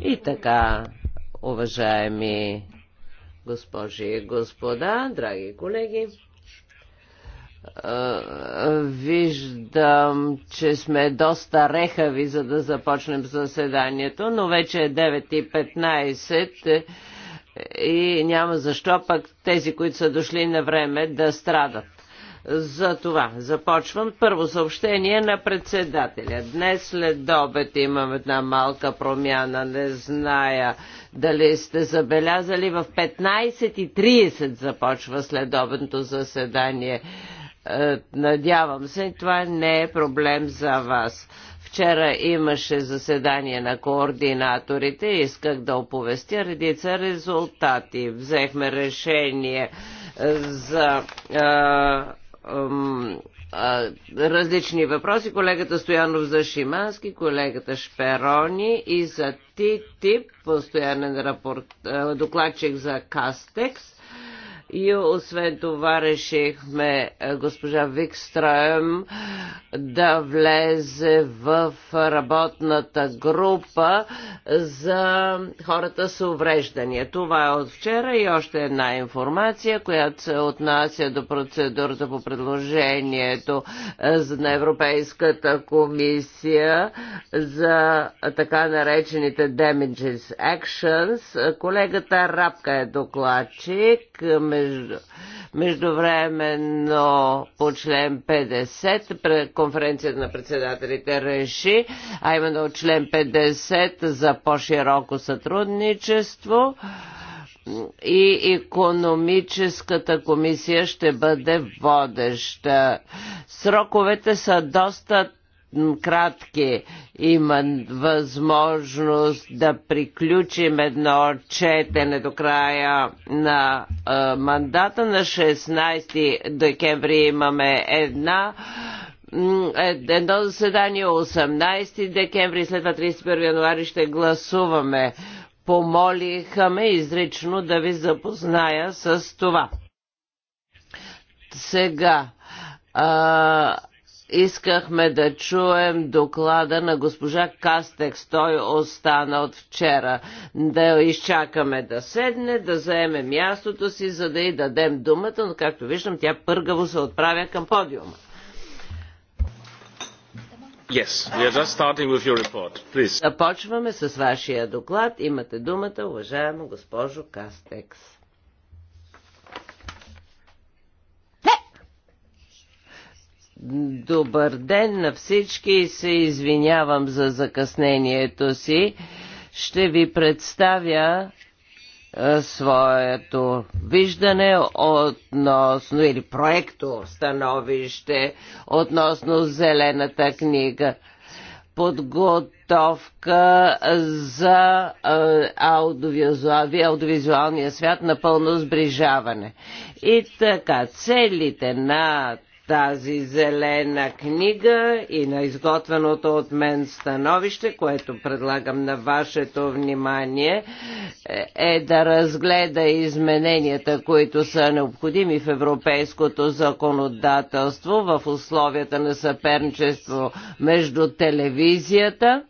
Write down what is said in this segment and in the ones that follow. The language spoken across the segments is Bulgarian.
И така, уважаеми госпожи и господа, драги колеги, Виждам, че сме доста рехави, за да започнем заседанието, но вече е 9.15 е, и няма защо пък тези, които са дошли на време, да страдат. За това започвам. Първо съобщение на председателя. Днес след обед имам една малка промяна. Не зная дали сте забелязали. В 15.30 започва следобедното заседание. Е, надявам се, това не е проблем за вас. Вчера имаше заседание на координаторите и исках да оповестя редица резултати. Взехме решение е, за е, различни въпроси. Колегата Стоянов за Шимански, колегата Шперони и за ТИТИП, постоянен рапорт, докладчик за Кастекс и освен това решихме е, госпожа Викстроем да влезе в работната група за хората с увреждания. Това е от вчера и още една информация, която се отнася до процедурата по предложението е, на Европейската комисия за така наречените Damages Actions. Колегата Рапка е докладчик между, междувременно по член 50 конференцията на председателите реши, а именно член 50 за по-широко сътрудничество и економическата комисия ще бъде водеща. Сроковете са доста кратки. Има възможност да приключим едно четене до края на а, мандата. На 16 декември имаме една е, едно заседание 18 декември, след това 31 януари ще гласуваме. Помолиха ме изрично да ви запозная с това. Сега, а, Искахме да чуем доклада на госпожа Кастекс. Той остана от вчера. Да изчакаме да седне, да заеме мястото си, за да й дадем думата, но както виждам, тя пъргаво се отправя към подиума. Yes, we are just starting with your report. Please. Започваме с вашия доклад. Имате думата, уважаема госпожо Кастекс. Добър ден на всички и се извинявам за закъснението си. Ще ви представя своето виждане относно или проекто становище относно зелената книга подготовка за аудиовизуалния, аудиовизуалния свят на пълно сближаване. И така, целите на тази зелена книга и на изготвеното от мен становище, което предлагам на вашето внимание, е, е да разгледа измененията, които са необходими в европейското законодателство в условията на съперничество между телевизията,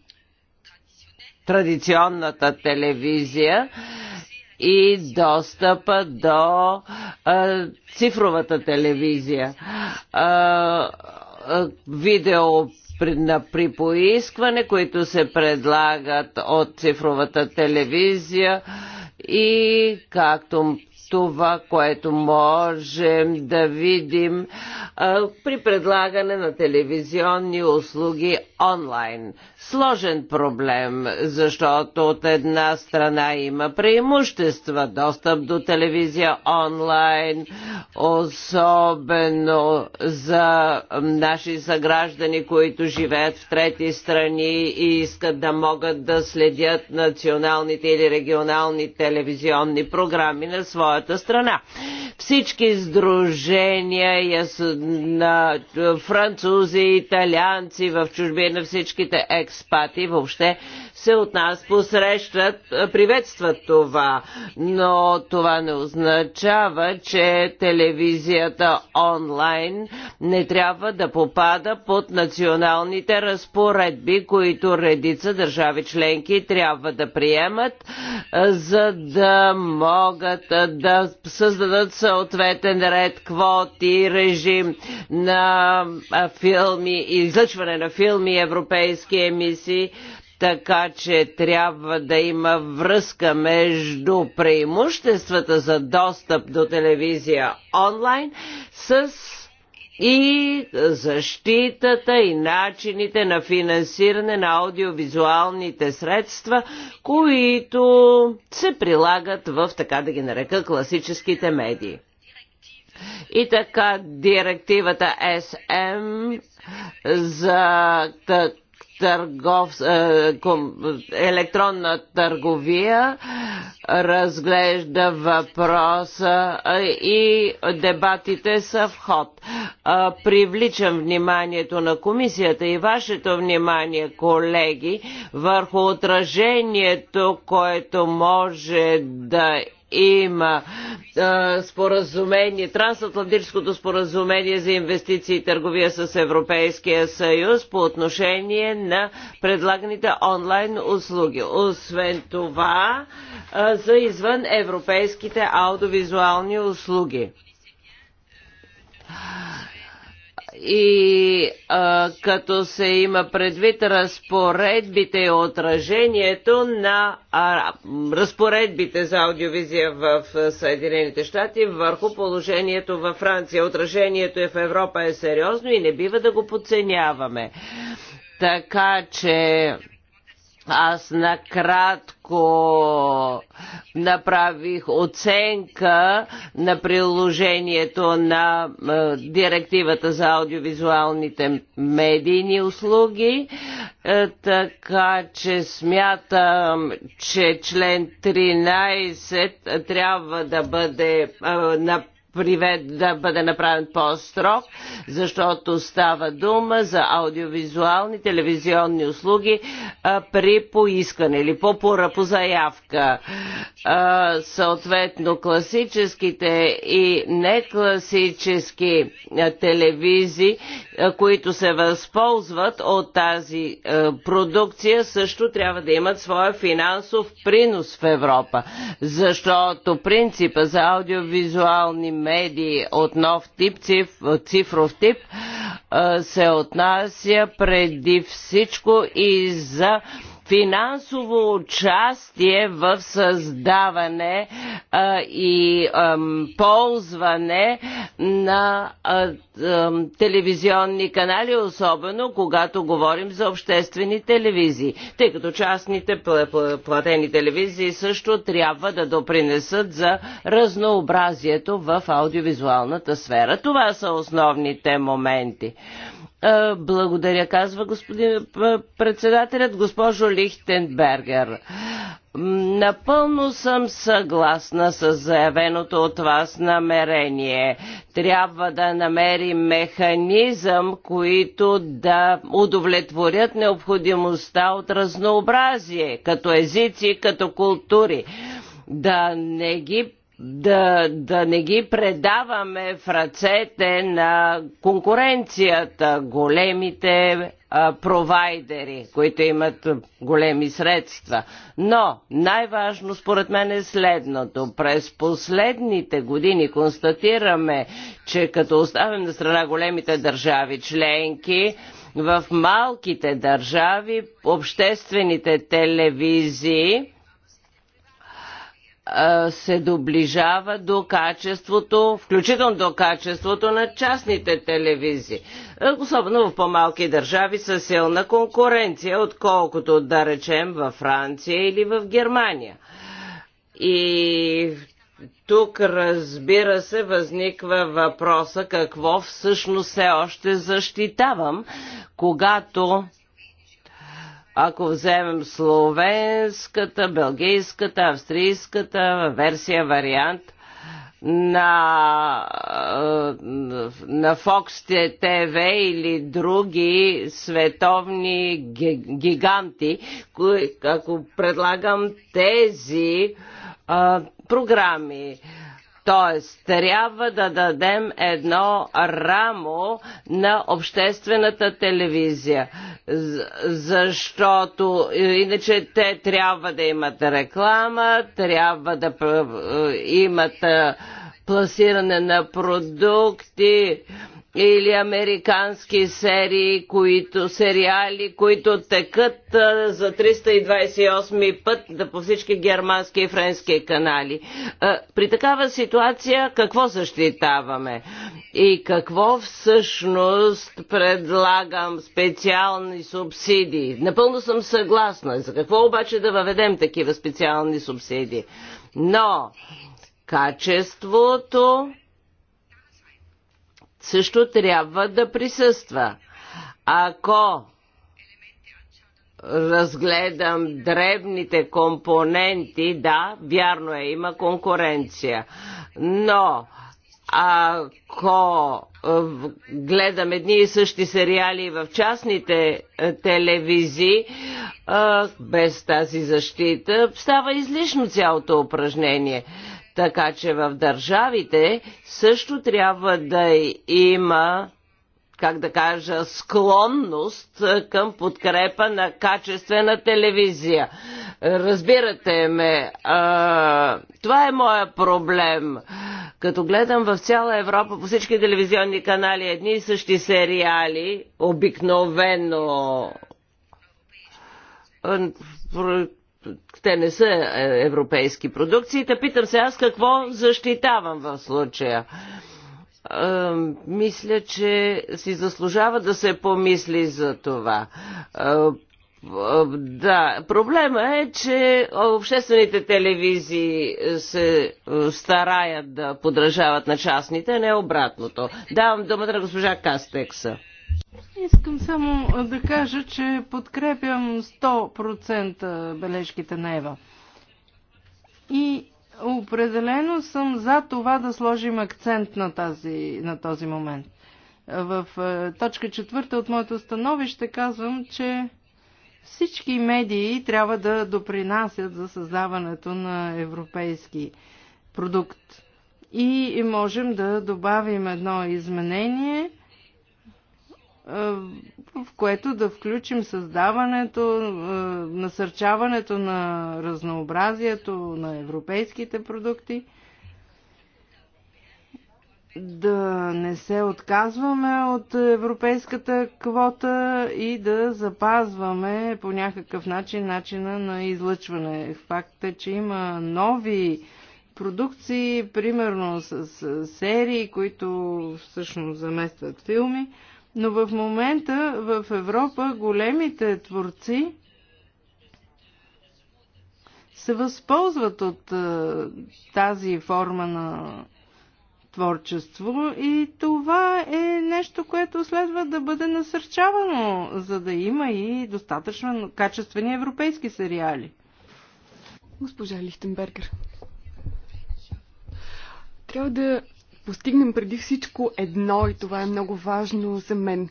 традиционната телевизия, и достъпа до а, цифровата телевизия. А, видео при поискване, които се предлагат от цифровата телевизия и както това, което можем да видим а, при предлагане на телевизионни услуги онлайн сложен проблем, защото от една страна има преимущества, достъп до телевизия онлайн, особено за наши съграждани, които живеят в трети страни и искат да могат да следят националните или регионални телевизионни програми на своята страна. Всички сдружения на французи, италианци в чужбина, всичките екс експати въобще се от нас посрещат, приветстват това. Но това не означава, че телевизията онлайн не трябва да попада под националните разпоредби, които редица държави членки трябва да приемат, за да могат да създадат съответен ред квоти, режим на филми, излъчване на филми европейски емисии емисии, така че трябва да има връзка между преимуществата за достъп до телевизия онлайн с и защитата и начините на финансиране на аудиовизуалните средства, които се прилагат в, така да ги нарека, класическите медии. И така директивата СМ за търгов, е, електронна търговия разглежда въпроса е, и дебатите са в ход. Е, привличам вниманието на комисията и вашето внимание, колеги, върху отражението, което може да има споразумение, трансатлантическото споразумение за инвестиции и търговия с Европейския съюз по отношение на предлаганите онлайн услуги. Освен това, за извън европейските аудиовизуални услуги и а, като се има предвид разпоредбите и отражението на а, разпоредбите за аудиовизия в Съединените щати върху положението във Франция. Отражението е в Европа е сериозно и не бива да го подценяваме. Така че аз накратко направих оценка на приложението на е, директивата за аудиовизуалните медийни услуги, е, така че смятам, че член 13 трябва да бъде е, на привед, да бъде направен по-строг, защото става дума за аудиовизуални телевизионни услуги а, при поискане или по, пора по заявка. А, съответно, класическите и некласически телевизии, а, които се възползват от тази а, продукция, също трябва да имат своя финансов принос в Европа, защото принципа за аудиовизуални медии от нов тип, циф, цифров тип, се отнася преди всичко и за финансово участие в създаване а, и а, ползване на а, а, телевизионни канали, особено когато говорим за обществени телевизии, тъй като частните платени телевизии също трябва да допринесат за разнообразието в аудиовизуалната сфера. Това са основните моменти. Е, благодаря, казва господин е, председателят, госпожо Лихтенбергер. Напълно съм съгласна с заявеното от вас намерение. Трябва да намерим механизъм, които да удовлетворят необходимостта от разнообразие, като езици, като култури. Да не ги да, да не ги предаваме в ръцете на конкуренцията, големите а, провайдери, които имат големи средства. Но най-важно според мен е следното. През последните години констатираме, че като оставим на страна големите държави членки, в малките държави обществените телевизии се доближава до качеството, включително до качеството на частните телевизии. Особено в по-малки държави са силна конкуренция, отколкото да речем във Франция или в Германия. И тук, разбира се, възниква въпроса какво всъщност все още защитавам, когато ако вземем словенската, белгийската, австрийската версия, вариант на, е, на Fox TV или други световни гиганти, кои, ако предлагам тези а, е, програми, Тоест, трябва да дадем едно рамо на обществената телевизия, защото е, иначе те трябва да имат реклама, трябва да е, имат е, пласиране на продукти, или американски серии, които, сериали, които текат за 328 път да по всички германски и френски канали. При такава ситуация какво защитаваме? И какво всъщност предлагам специални субсидии? Напълно съм съгласна. За какво обаче да въведем такива специални субсидии? Но качеството също трябва да присъства. Ако разгледам дребните компоненти, да, вярно е, има конкуренция. Но ако гледам едни и същи сериали в частните телевизии, без тази защита, става излишно цялото упражнение. Така че в държавите също трябва да има как да кажа, склонност към подкрепа на качествена телевизия. Разбирате ме, а, това е моя проблем. Като гледам в цяла Европа по всички телевизионни канали едни и същи сериали, обикновено те не са е, европейски продукции. Та питам се аз какво защитавам в случая е, мисля, че си заслужава да се помисли за това. Е, да, проблема е, че обществените телевизии се стараят да подражават на частните, а не обратното. Давам думата на госпожа Кастекса. Искам само да кажа, че подкрепям 100% бележките на Ева. И определено съм за това да сложим акцент на, тази, на този момент. В е, точка четвърта от моето становище казвам, че всички медии трябва да допринасят за създаването на европейски продукт. И можем да добавим едно изменение – е, в което да включим създаването, е, насърчаването на разнообразието на европейските продукти, да не се отказваме от европейската квота и да запазваме по някакъв начин начина на излъчване. Факт е, че има нови продукции, примерно с серии, които всъщност заместват филми. Но в момента в Европа големите творци се възползват от тази форма на творчество и това е нещо, което следва да бъде насърчавано, за да има и достатъчно качествени европейски сериали. Госпожа Лихтенбергер, трябва да постигнем преди всичко едно и това е много важно за мен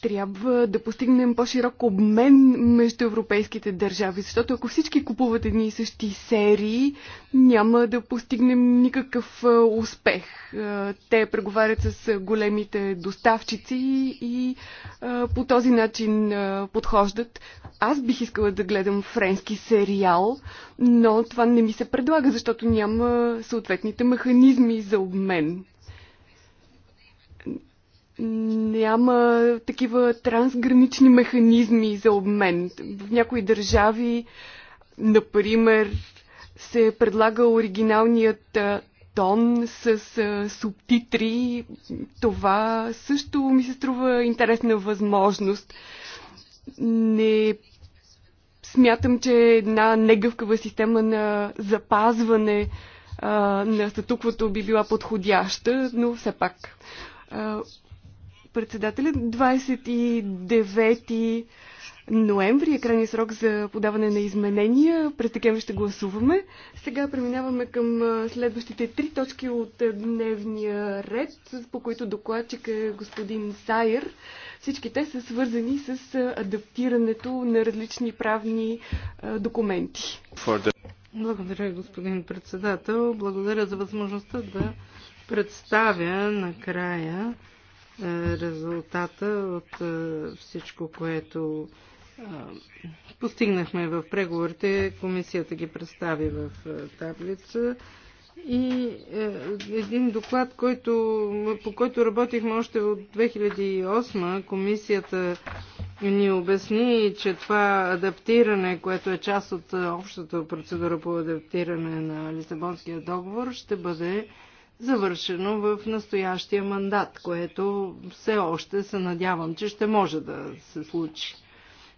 трябва да постигнем по-широк обмен между европейските държави, защото ако всички купуват едни и същи серии, няма да постигнем никакъв успех. Те преговарят с големите доставчици и по този начин подхождат. Аз бих искала да гледам френски сериал, но това не ми се предлага, защото няма съответните механизми за обмен няма такива трансгранични механизми за обмен. В някои държави, например, се предлага оригиналният тон с субтитри. Това също ми се струва интересна възможност. Не смятам, че е една негъвкава система на запазване а, на статуквото би била подходяща, но все пак. А, председателя. 29 ноември е крайния срок за подаване на изменения. През декември ще гласуваме. Сега преминаваме към следващите три точки от дневния ред, по които докладчик е господин Сайер. Всички те са свързани с адаптирането на различни правни документи. Благодаря, господин председател. Благодаря за възможността да представя накрая е резултата от е, всичко, което е, постигнахме в преговорите. Комисията ги представи в таблица. И един доклад, който, по който работихме още от 2008, комисията ни обясни, че това адаптиране, което е част от общата процедура по адаптиране на Лисабонския договор, ще бъде завършено в настоящия мандат, което все още се надявам, че ще може да се случи.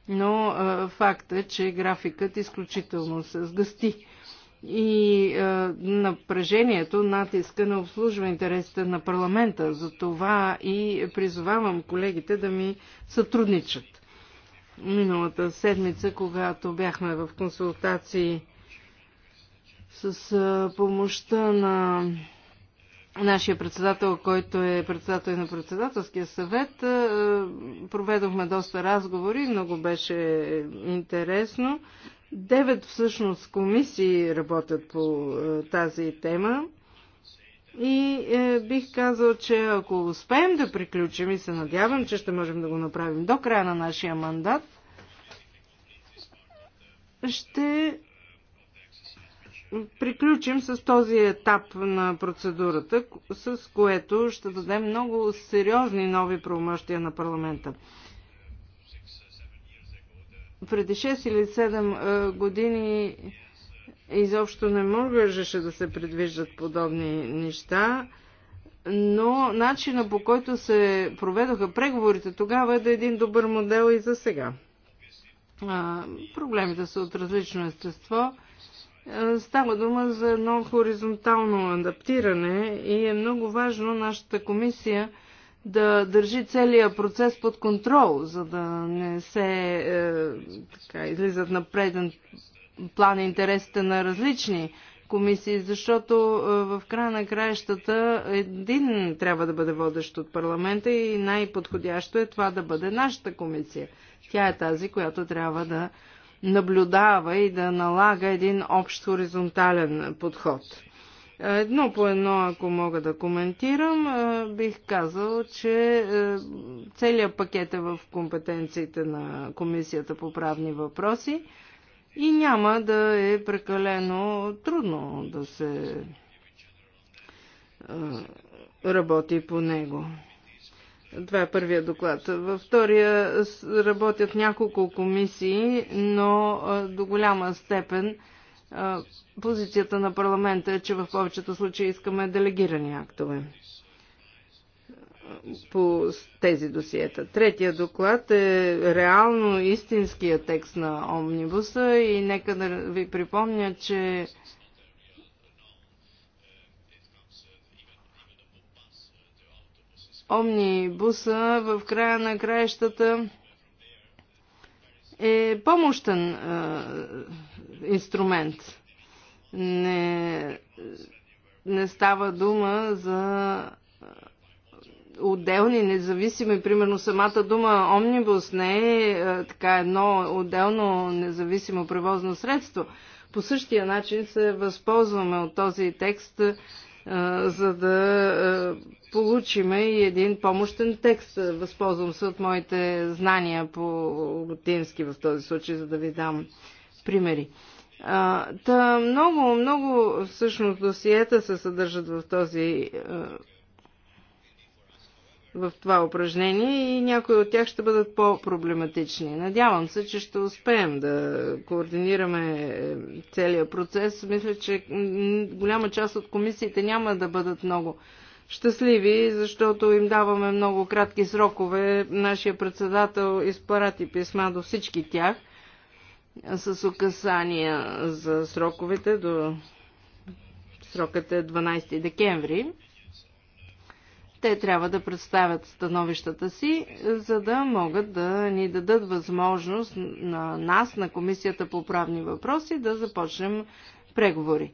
Но а, факт е, че графикът изключително се сгъсти и а, напрежението, натиска не обслужва интересите на парламента. За това и призовавам колегите да ми сътрудничат. Миналата седмица, когато бяхме в консултации с а, помощта на нашия председател, който е председател на председателския съвет, е, проведохме доста разговори, много беше интересно. Девет всъщност комисии работят по е, тази тема. И е, бих казал, че ако успеем да приключим и се надявам, че ще можем да го направим до края на нашия мандат, ще приключим с този етап на процедурата, с което ще дадем много сериозни нови правомощия на парламента. Преди 6 или 7 е, години изобщо не можеше да се предвиждат подобни неща, но начина по който се проведоха преговорите тогава е да е един добър модел и за сега. Проблемите са от различно естество Става дума за едно хоризонтално адаптиране и е много важно нашата комисия да държи целият процес под контрол, за да не се е, така, излизат на преден план интересите на различни комисии, защото е, в края на краищата един трябва да бъде водещ от парламента и най-подходящо е това да бъде нашата комисия. Тя е тази, която трябва да наблюдава и да налага един общ хоризонтален подход. Едно по едно, ако мога да коментирам, е, бих казал, че е, целият пакет е в компетенциите на Комисията по правни въпроси и няма да е прекалено трудно да се е, работи по него. Това е първия доклад. Във втория работят няколко комисии, но до голяма степен позицията на парламента е, че в повечето случаи искаме делегирани актове по тези досиета. Третия доклад е реално истинския текст на Омнибуса и нека да ви припомня, че омнибуса в края на краищата е помощен е, инструмент. Не, не става дума за отделни, независими, примерно самата дума омнибус не е, е така едно отделно независимо превозно средство. По същия начин се възползваме от този текст, е, за да е, получиме и един помощен текст. Възползвам се от моите знания по латински в този случай, за да ви дам примери. Та много, много всъщност досиета се съдържат в този в това упражнение и някои от тях ще бъдат по-проблематични. Надявам се, че ще успеем да координираме е, целият процес. Мисля, че голяма част от комисиите няма да бъдат много щастливи, защото им даваме много кратки срокове. Нашия председател изпарати писма до всички тях с указания за сроковете до срокът е 12 декември. Те трябва да представят становищата си, за да могат да ни дадат възможност на нас, на Комисията по правни въпроси, да започнем преговори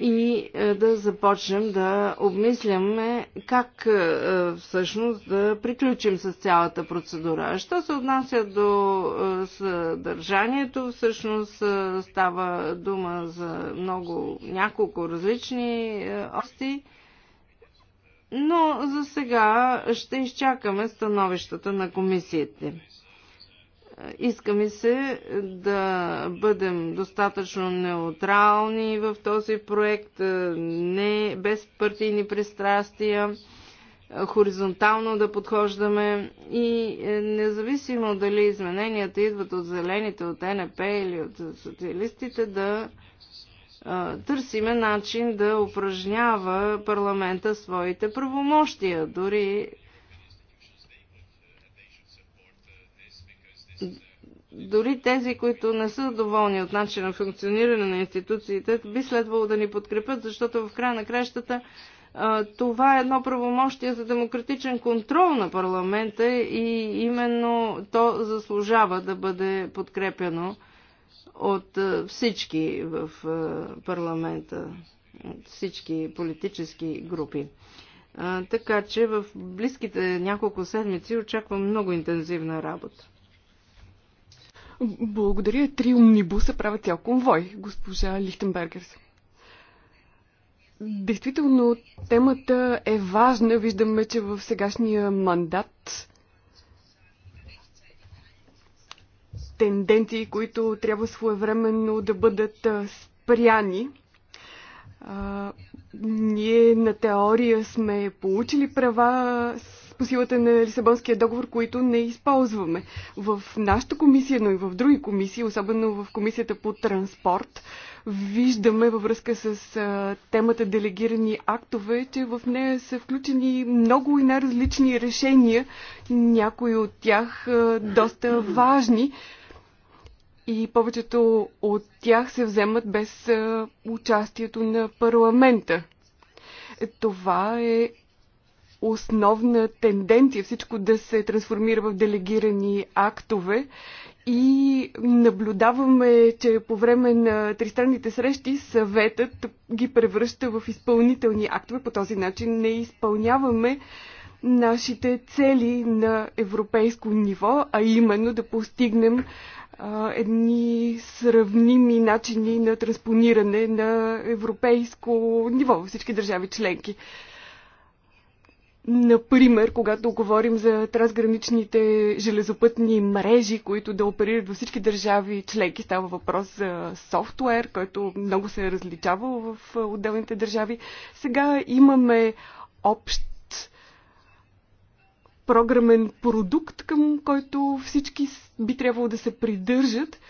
и е, да започнем да обмисляме как е, всъщност да приключим с цялата процедура. Що се отнася до е, съдържанието, всъщност става дума за много, няколко различни ости, но за сега ще изчакаме становищата на комисиите. Иска ми се да бъдем достатъчно неутрални в този проект, не без партийни пристрастия, хоризонтално да подхождаме и е, независимо дали измененията идват от зелените, от НП или от социалистите, да търсиме начин да упражнява парламента своите правомощия, дори дори тези, които не са доволни от начина на функциониране на институциите, би следвало да ни подкрепят, защото в края на кращата това е едно правомощие за демократичен контрол на парламента и именно то заслужава да бъде подкрепено от всички в парламента, от всички политически групи. Така че в близките няколко седмици очаквам много интензивна работа. Благодаря. Три умнибуса правят цял конвой, госпожа Лихтенбергерс. Действително, темата е важна. Виждаме, че в сегашния мандат тенденции, които трябва своевременно да бъдат спряни. А, ние на теория сме получили права, по силата на Лисабонския договор, които не използваме. В нашата комисия, но и в други комисии, особено в комисията по транспорт, виждаме във връзка с а, темата делегирани актове, че в нея са включени много и най-различни решения, някои от тях а, доста важни и повечето от тях се вземат без а, участието на парламента. Е, това е основна тенденция всичко да се трансформира в делегирани актове и наблюдаваме, че по време на тристранните срещи съветът ги превръща в изпълнителни актове. По този начин не изпълняваме нашите цели на европейско ниво, а именно да постигнем а, едни сравними начини на транспониране на европейско ниво във всички държави членки. Например, когато говорим за трансграничните железопътни мрежи, които да оперират във всички държави членки, става въпрос за софтуер, който много се е различавал в отделните държави. Сега имаме общ програмен продукт, към който всички би трябвало да се придържат.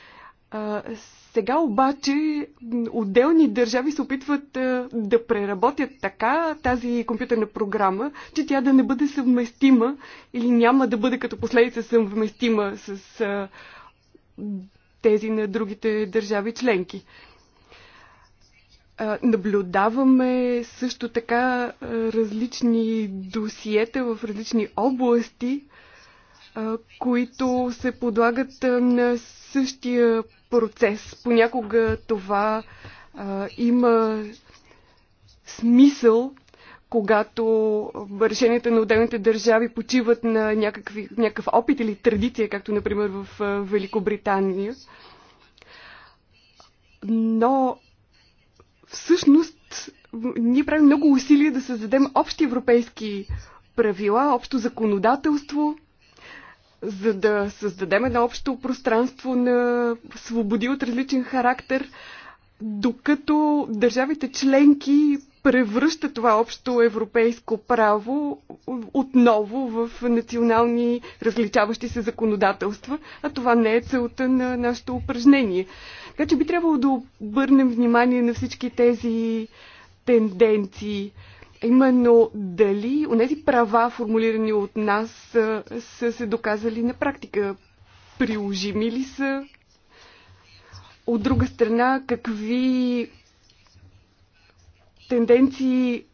Сега обаче отделни държави се опитват е, да преработят така тази компютърна програма, че тя да не бъде съвместима или няма да бъде като последица съвместима с е, тези на другите държави членки. Е, наблюдаваме също така различни досиета в различни области, които се подлагат на същия процес. Понякога това а, има смисъл, когато решенията на отделните държави почиват на някакви, някакъв опит или традиция, както например в Великобритания. Но всъщност ние правим много усилия да създадем общи европейски правила, общо законодателство, за да създадем едно общо пространство на свободи от различен характер, докато държавите членки превръща това общо европейско право отново в национални различаващи се законодателства, а това не е целта на нашето упражнение. Така че би трябвало да обърнем внимание на всички тези тенденции именно дали тези права, формулирани от нас, са, са се доказали на практика. Приложими ли са? От друга страна, какви тенденции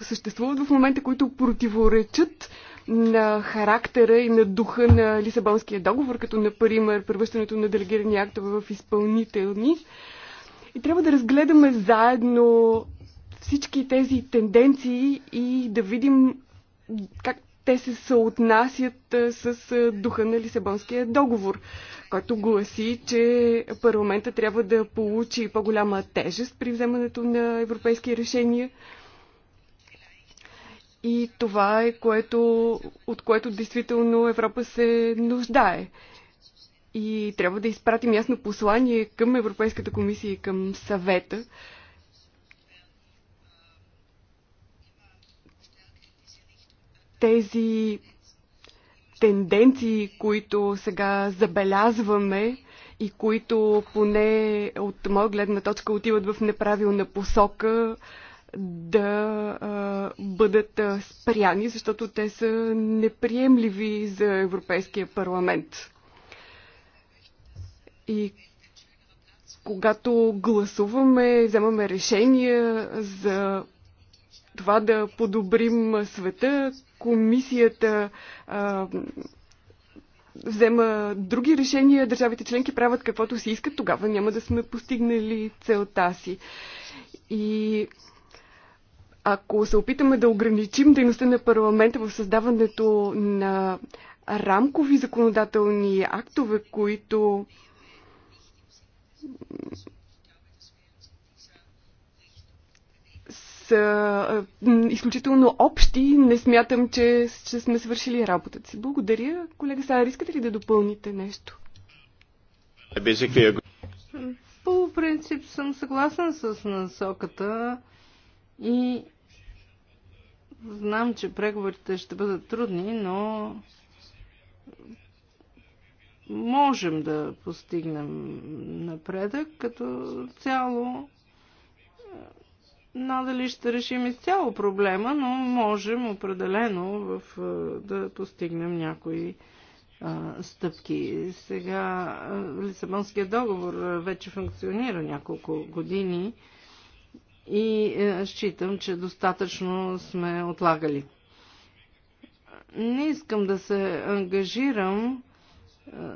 съществуват в момента, които противоречат на характера и на духа на Лисабонския договор, като например превръщането на делегирани актове в изпълнителни. И трябва да разгледаме заедно всички тези тенденции и да видим как те се съотнасят с духа на Лисабонския договор, който гласи, че парламента трябва да получи по-голяма тежест при вземането на европейски решения. И това е което, от което действително Европа се нуждае. И трябва да изпратим ясно послание към Европейската комисия и към съвета, тези тенденции, които сега забелязваме и които поне от моя гледна точка отиват в неправилна посока, да а, бъдат а, спряни, защото те са неприемливи за Европейския парламент. И когато гласуваме, вземаме решения за това да подобрим света, комисията а, взема други решения, държавите членки правят каквото си искат, тогава няма да сме постигнали целта си. И ако се опитаме да ограничим дейността на парламента в създаването на рамкови законодателни актове, които са изключително общи, не смятам, че, че сме свършили работата си. Благодаря. Колега Сара, искате ли да допълните нещо? По принцип съм съгласен с насоката и знам, че преговорите ще бъдат трудни, но можем да постигнем напредък. Като цяло надали ще решим изцяло проблема, но можем определено в, да постигнем някои а, стъпки. Сега Лисабонския договор вече функционира няколко години и е, считам, че достатъчно сме отлагали. Не искам да се ангажирам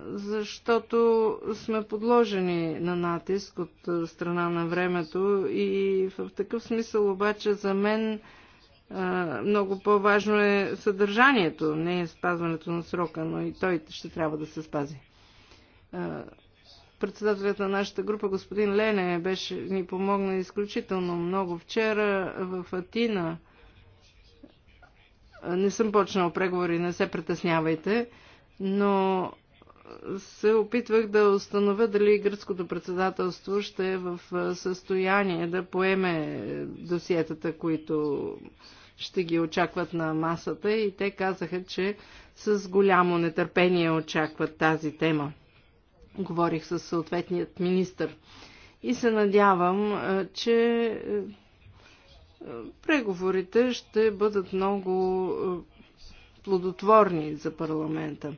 защото сме подложени на натиск от страна на времето и в такъв смисъл обаче за мен много по-важно е съдържанието, не е спазването на срока, но и той ще трябва да се спази. Председателят на нашата група, господин Лене, беше, ни помогна изключително много вчера в Атина. Не съм почнал преговори, не се притеснявайте, но се опитвах да установя дали гръцкото председателство ще е в състояние да поеме досиетата, които ще ги очакват на масата и те казаха, че с голямо нетърпение очакват тази тема. Говорих с съответният министр и се надявам, че преговорите ще бъдат много плодотворни за парламента.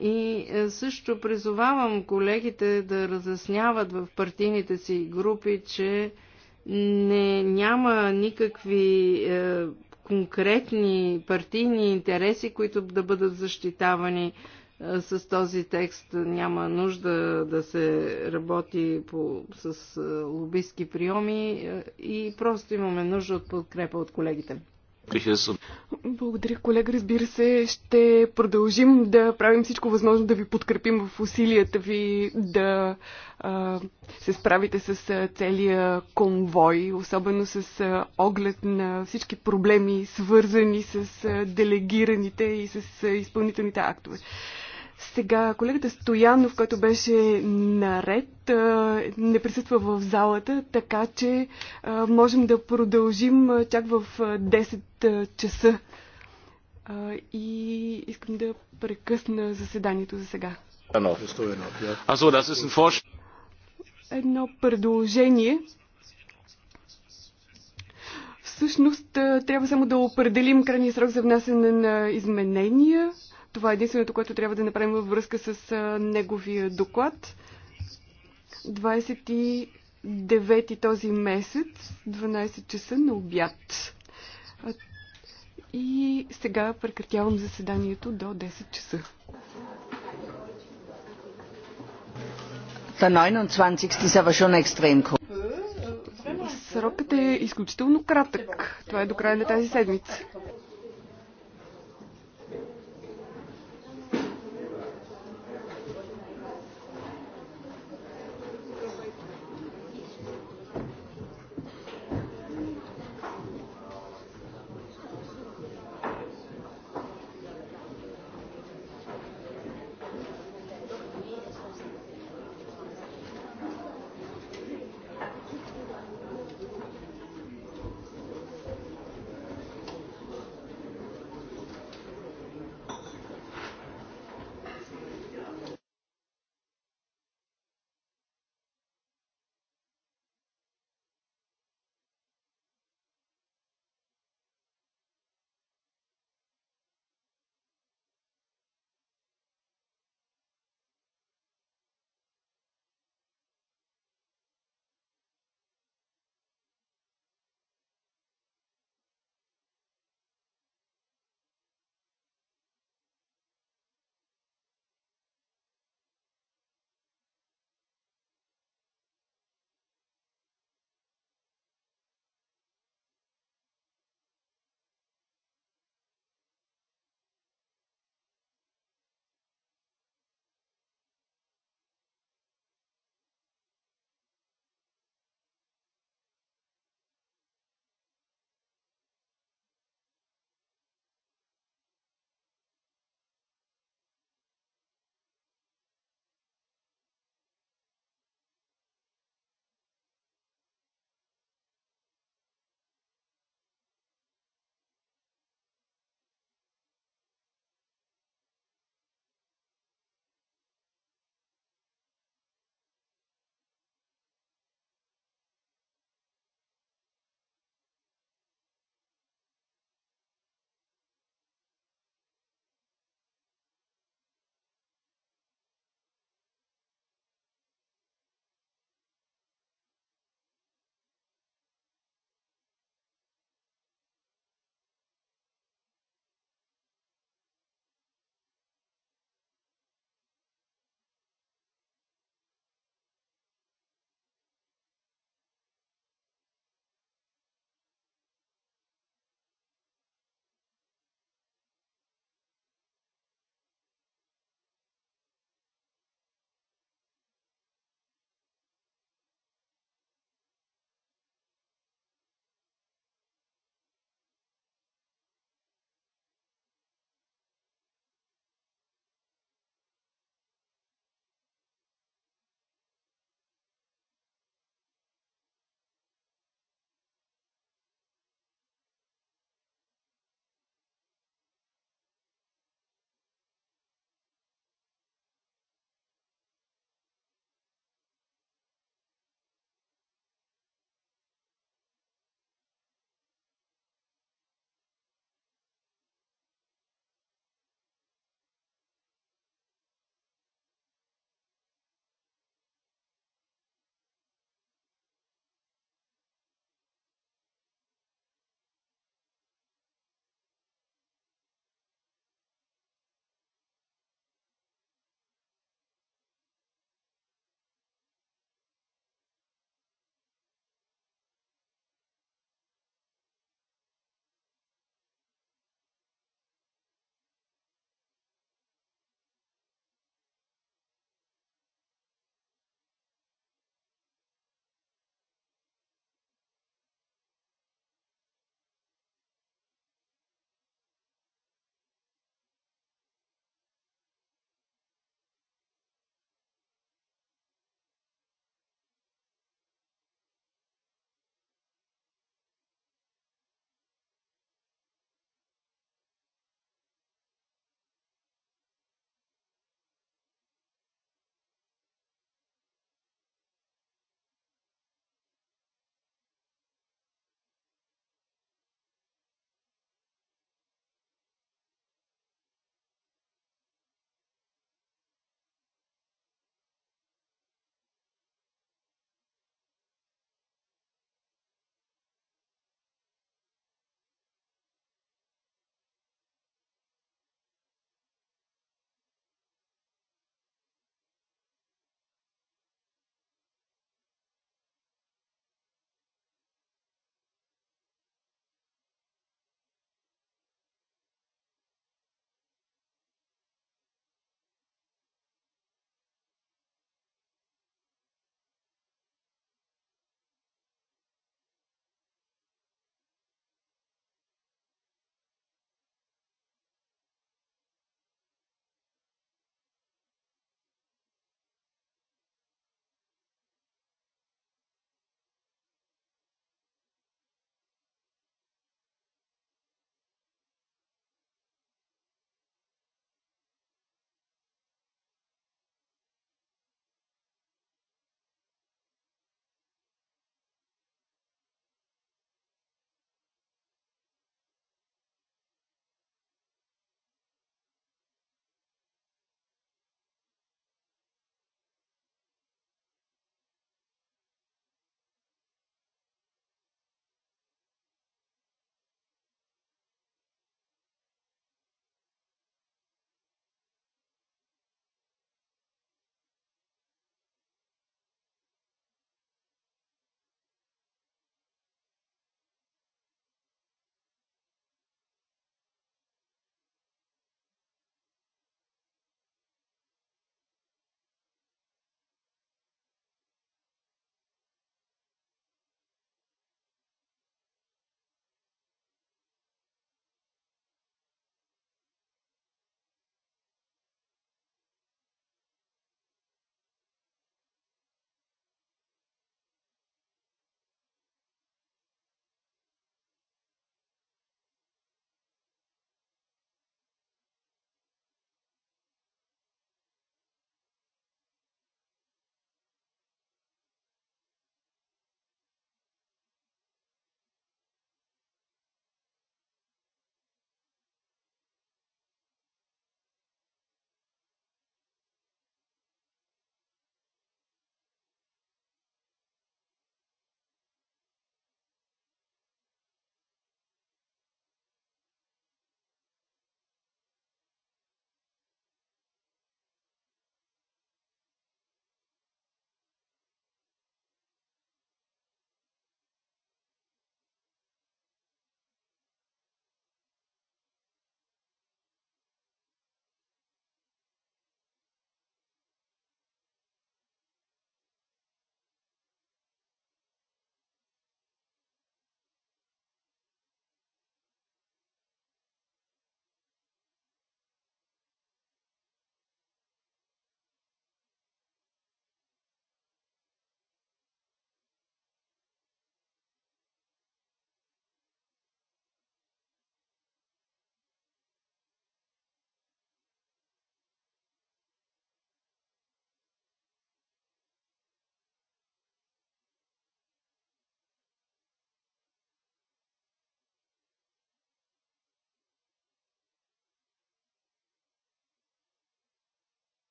И е, също призовавам колегите да разясняват в партийните си групи, че не, няма никакви е, конкретни партийни интереси, които да бъдат защитавани е, с този текст. Няма нужда да се работи по, с е, лобистки приеми е, и просто имаме нужда от подкрепа от колегите. Благодаря, колега. Разбира се, ще продължим да правим всичко възможно да ви подкрепим в усилията ви да а, се справите с целия конвой, особено с а, оглед на всички проблеми, свързани с а, делегираните и с а, изпълнителните актове. Сега колегата Стоянов, който беше наред, не присъства в залата, така че можем да продължим чак в 10 часа. И искам да прекъсна заседанието за сега. Едно предложение. Всъщност трябва само да определим крайния срок за внасяне на изменения. Това е единственото, което трябва да направим във връзка с неговия доклад. 29 този месец, 12 часа на обяд. И сега прекратявам заседанието до 10 часа. 29. Срокът е изключително кратък. Това е до края на тази седмица.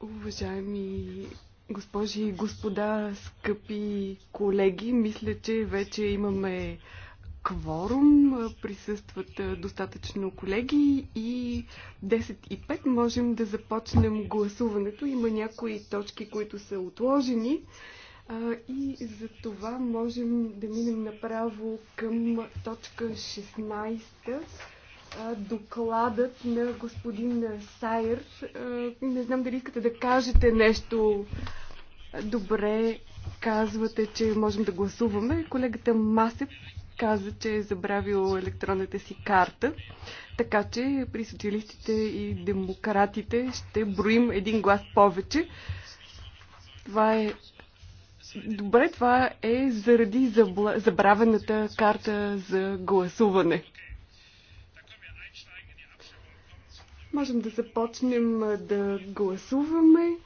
Уважаеми госпожи и господа, скъпи колеги, мисля, че вече имаме кворум, присъстват достатъчно колеги и 10 и 5 можем да започнем гласуването. Има някои точки, които са отложени и за това можем да минем направо към точка 16 докладът на господин Сайер. Не знам дали искате да кажете нещо. Добре, казвате, че можем да гласуваме. Колегата Масеп каза, че е забравил електронната си карта. Така че при социалистите и демократите ще броим един глас повече. Това е Добре, това е заради забравената карта за гласуване. Можем да започнем да гласуваме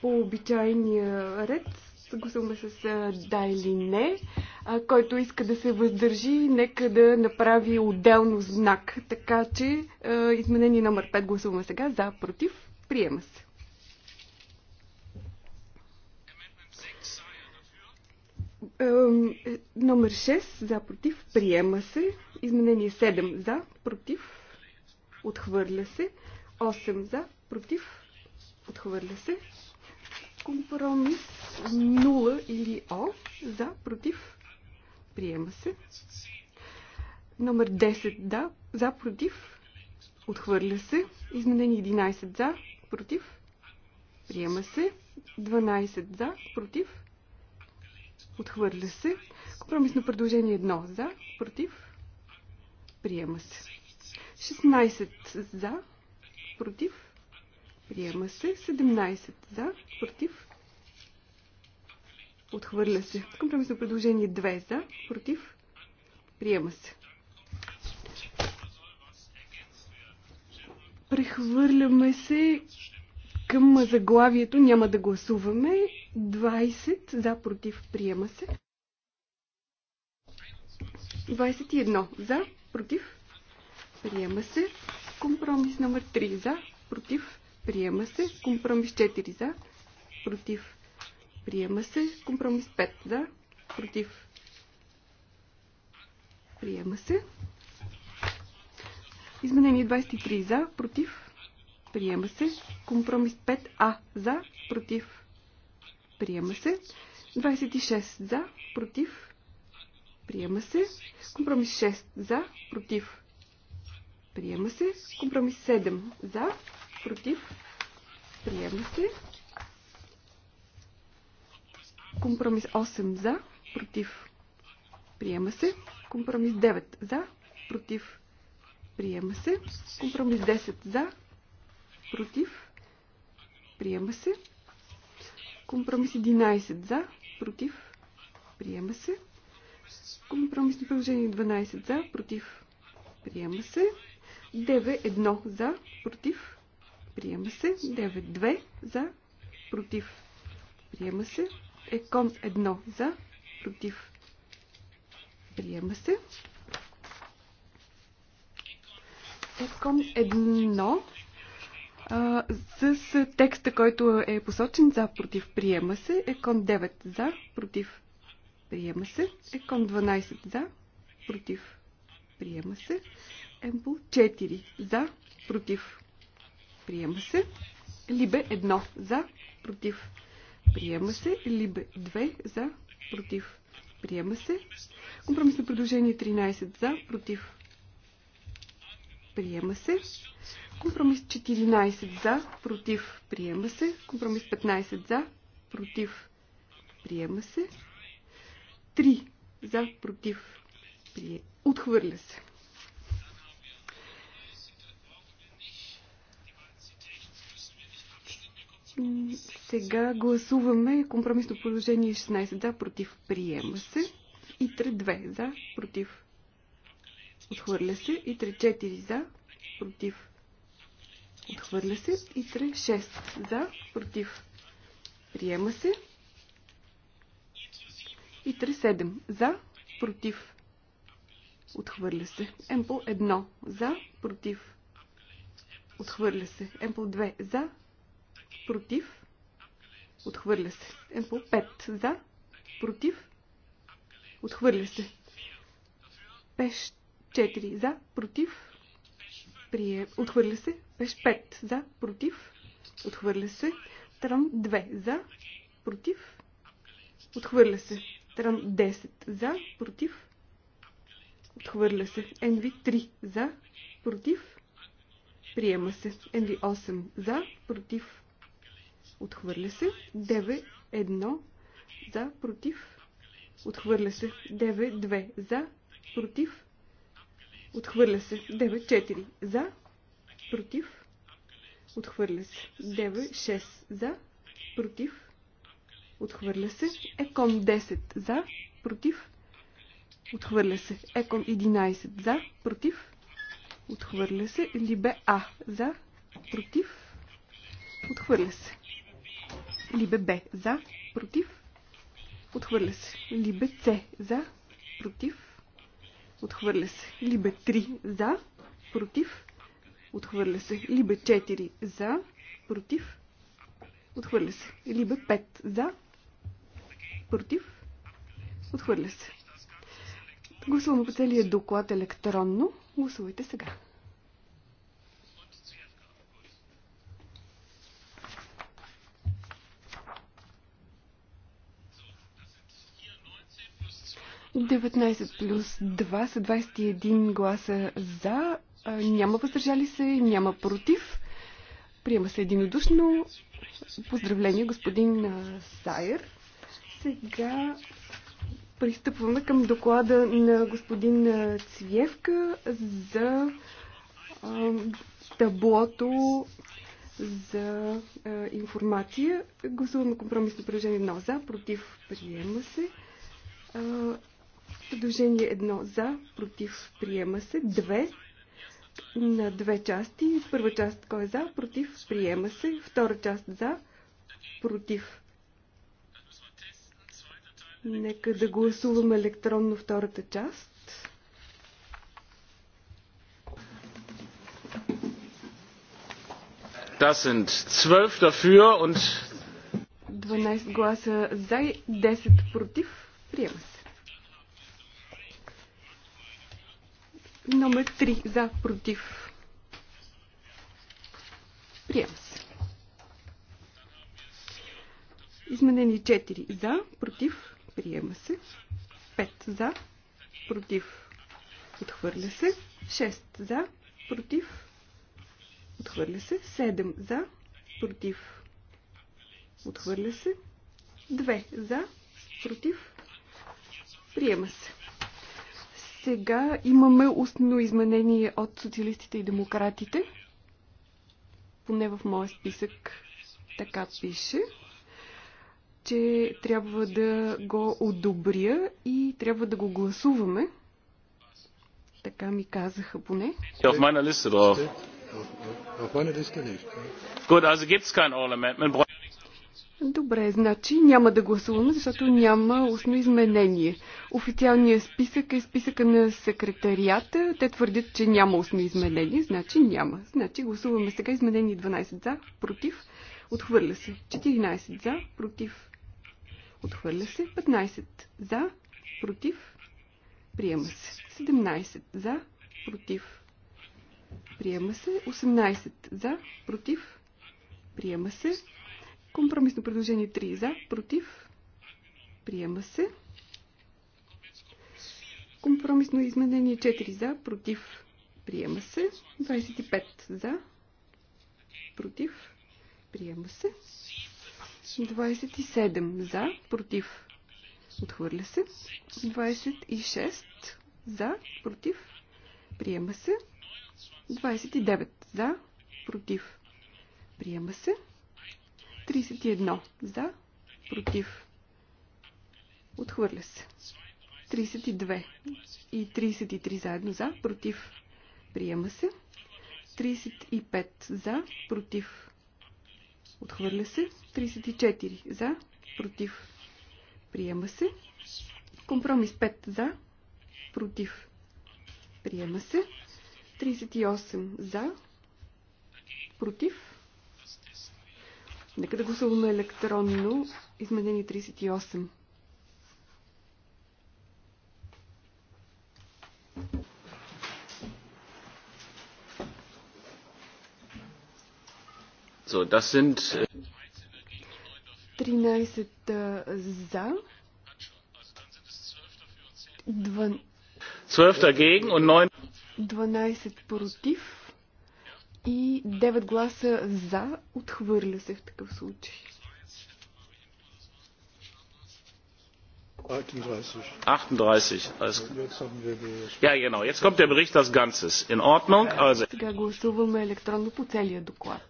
по обичайния ред. Гласуваме с да или не. Който иска да се въздържи, нека да направи отделно знак. Така че изменение номер 5 гласуваме сега. За, против, приема се. Е, номер 6 за против приема се. Изменение 7 за против Отхвърля се. 8 за, против. Отхвърля се. Компромис 0 или О. За, против. Приема се. Номер 10 да, за, против. Отхвърля се. Изменени 11 за, против. Приема се. 12 за, против. Отхвърля се. Компромисно предложение 1 за, против. Приема се. 16 за, против, приема се. 17 за, против, отхвърля се. Компромисно предложение 2 за, против, приема се. Прехвърляме се към заглавието. Няма да гласуваме. 20 за, против, приема се. 21 за, против, Приема се. Компромис номер 3 за. Против. Приема се. Компромис 4 за. Против. Приема се. Компромис 5 за. Против. Приема се. Изменение 23 за. Против. Приема се. Компромис 5а за. Против. Приема се. 26 за. Против. Приема се. Компромис 6 за. Против. Приема се. Компромис 7 за. Против. Приема се. Компромис 8 за. Против. Приема се. Компромис 9 за. Против. Приема се. Компромис 10 за. Против. Приема се. Компромис 11 за. Против. Приема се. Компромисно приложение 12 за. Против. Приема се. 9-1 за, против, приема се. 9-2 за, против, приема се. Екон 1 за, против, приема се. Екон 1 с текста, който е посочен за, против, приема се. Екон 9 за, против, приема се. Екон 12 за, против, приема се. Ембл 4 за, против, приема се. Либе 1 за, против, приема се. Либе 2 за, против, приема се. Компромисно предложение 13 за, против, приема се. Компромис 14 за, против, приема се. Компромис 15 за, против, приема се. 3 за, против, отхвърля се. Сега гласуваме компромисно положение 16. За, против, приема се. И 3-2. За, против, отхвърля се. И 3-4. За, против, отхвърля се. И 3-6. За, против, приема се. И 3-7. За, против, отхвърля се. Емпл 1. За, против, отхвърля се. Емпл 2. За, против, отхвърля се. Емпо, 5 за, против, отхвърля се. Пеш 4 за, против, прие, отхвърля се. Пеш 5 за, против, отхвърля се. Трам 2 за, против, отхвърля се. Трам 10 за, против, отхвърля се. Енви 3 за, против, приема се. Енви 8 за, против, Отхвърля се. 9-1 за, против. Отхвърля се. 9-2 за, против. Отхвърля се. 9-4 за, против. Отхвърля се. 9-6 за, против. Отхвърля се. Екон 10 за, против. Отхвърля се. Екон 11 за, против. Отхвърля се. Либе А за, против. Отхвърля се. Либе Б за, против, отхвърля се. Либе С за, против, отхвърля се. Либе 3 за, против, отхвърля се. Либе 4 за, против, отхвърля се. Либе 5 за, против, отхвърля се. Гласуваме по целия доклад електронно. Гласувайте сега. 19 плюс 2 са 21 гласа за, няма въздържали се, няма против. Приема се единодушно. Поздравление, господин Сайер. Сега пристъпваме към доклада на господин Цвевка за таблото за а, информация. Гласуваме компромисно предложение 1 за, против приема се. А, Предложение едно за, против, приема се. Две на две части. Първа част кой е за, против, приема се. Втора част за, против. Нека да гласуваме електронно втората част. Das sind 12 dafür und 12 гласа за и 10 против. Приема се. Номер 3 за против. Приема се. Изменени 4 за против. Приема се. 5 за против. Отхвърля се. 6 за против. Отхвърля се. 7 за против. Отхвърля се. 2 за против. Приема се. Сега имаме устно изменение от социалистите и демократите. Поне в моя списък така пише, че трябва да го одобря и трябва да го гласуваме. Така ми казаха поне. Auf meiner Liste drauf. Auf meiner Liste nicht. Gut, also gibt's kein Amendment. Добре, значи няма да гласуваме, защото няма устно изменение. Официалният списък е списъка на секретарията. Те твърдят, че няма устно изменение, значи няма. Значи гласуваме сега изменение 12 за, против, отхвърля се. 14 за, против, отхвърля се. 15 за, против, приема се. 17 за, против, приема се. 18 за, против, приема се. Компромисно предложение 3 за, против, приема се. Компромисно изменение 4 за, против, приема се. 25 за, против, приема се. 27 за, против, отхвърля се. 26 за, против, приема се. 29 за, против, приема се. 31 за, против, отхвърля се. 32 и 33 заедно за, против, приема се. 35 за, против, отхвърля се. 34 за, против, приема се. Компромис 5 за, против, приема се. 38 за, против, Нека да гласуваме електронно изменение 38. So, das sind 13 äh, за, 12, 12 dagegen und 9 12 против и 9 гласа за отхвърля се в такъв случай. 38. Сега гласуваме електронно по целия доклад.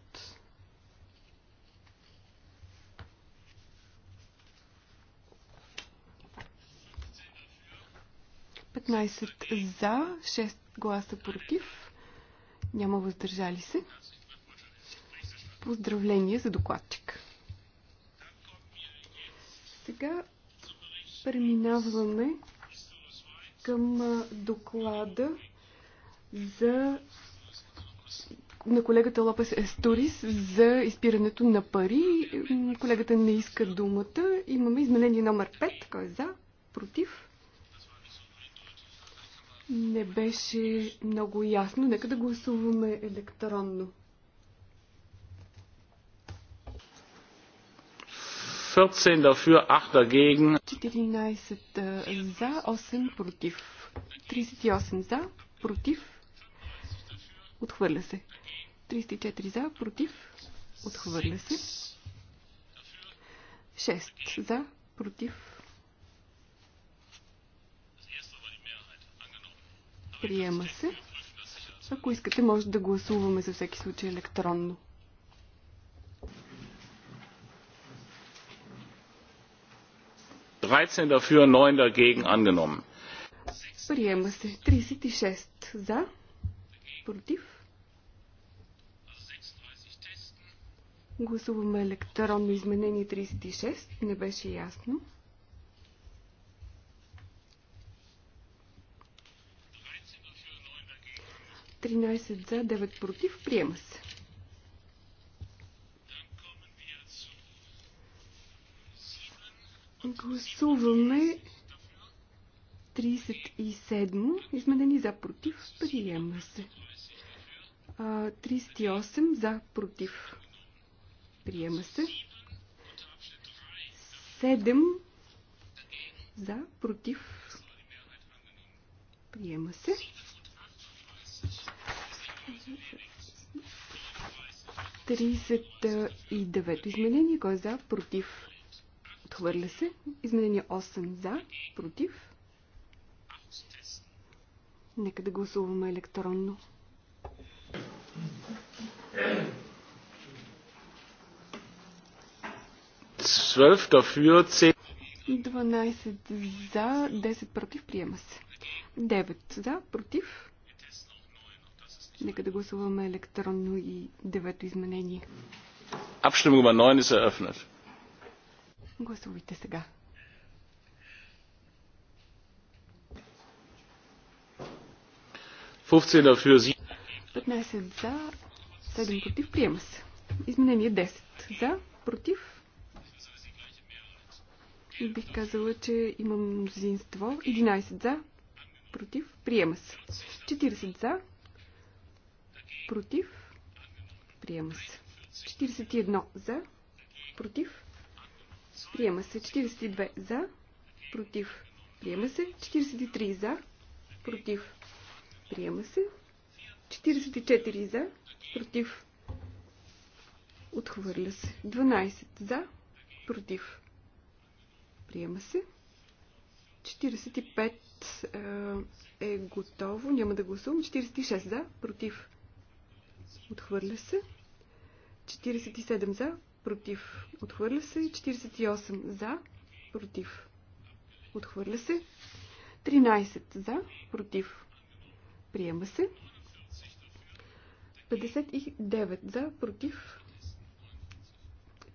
Петнайсет за, 6 гласа против. Няма въздържали се. Поздравление за докладчик. Сега преминаваме към доклада за на колегата Лопес Есторис за изпирането на пари. Колегата не иска думата. Имаме изменение номер 5. Кой е за? Против? не беше много ясно. Нека да гласуваме електронно. 14 dafür, 8 dagegen. 14 за, 8 против. 38 за, против. Отхвърля се. 34 за, против. Отхвърля се. 6 за, против. Приема се. Ако искате, може да гласуваме за всеки случай електронно. 9 dagegen Приема се 36 за, против. Гласуваме електронно изменение 36. Не беше ясно. 13 за, 9 против. Приема се. Гласуваме 37 изменени за против. Приема се. 38 за против. Приема се. 7 за против. Приема се. 39 изменение. Кой е за? Против. Отхвърля се. Изменение 8 за. Против. Нека да гласуваме електронно. Дафюр, 12 за, 10 против, приема се. 9 за, против, Нека да гласуваме електронно и девето изменение. Abstimmung 9 е eröffnet. Гласувайте сега. 15 за, 7 против, приема се. Изменение 10 за, против. Бих казала, че имам мнозинство. 11 за, против, приема се. 40 за, Против. Приема се. 41 за. Против. Приема се. 42 за. Против. Приема се. 43 за. Против. Приема се. 44 за. Против. Отхвърля се. 12 за. Против. Приема се. 45 е, е готово. Няма да гласувам. 46 за. Против. Отхвърля се. 47 за. Против. Отхвърля се. 48 за. Против. Отхвърля се. 13 за. Против. Приема се. 59 за. Против.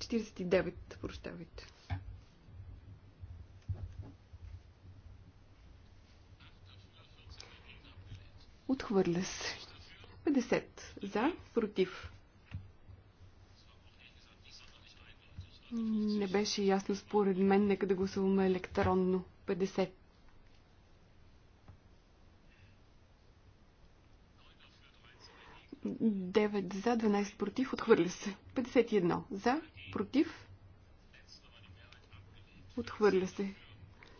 49, прощавайте. Отхвърля се. 50 за, против. Не беше ясно според мен. Нека да гласуваме електронно. 50. Девет за, 12 против, отхвърля се. 51 за, против, отхвърля се.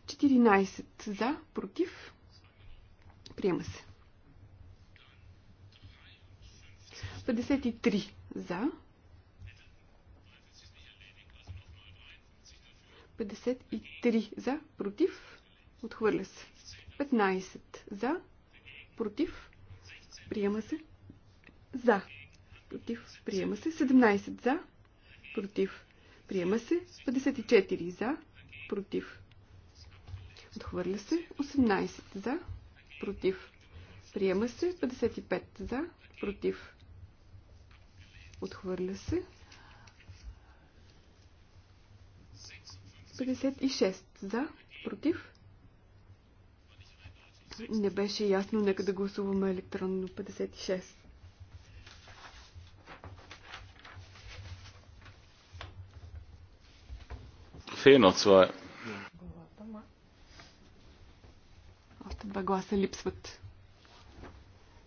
14 за, против, приема се. 53 за. 53 за. Против. Отхвърля се. 15 за. Против. Приема се. За. Против. Приема се. 17 за. Против. Приема се. 54 за. Против. Отхвърля се. 18 за. Против. Приема се. 55 за. Против. Отхвърля се. 56 за, против. Не беше ясно, нека да гласуваме електронно 56. Фено, това е. Още два гласа липсват.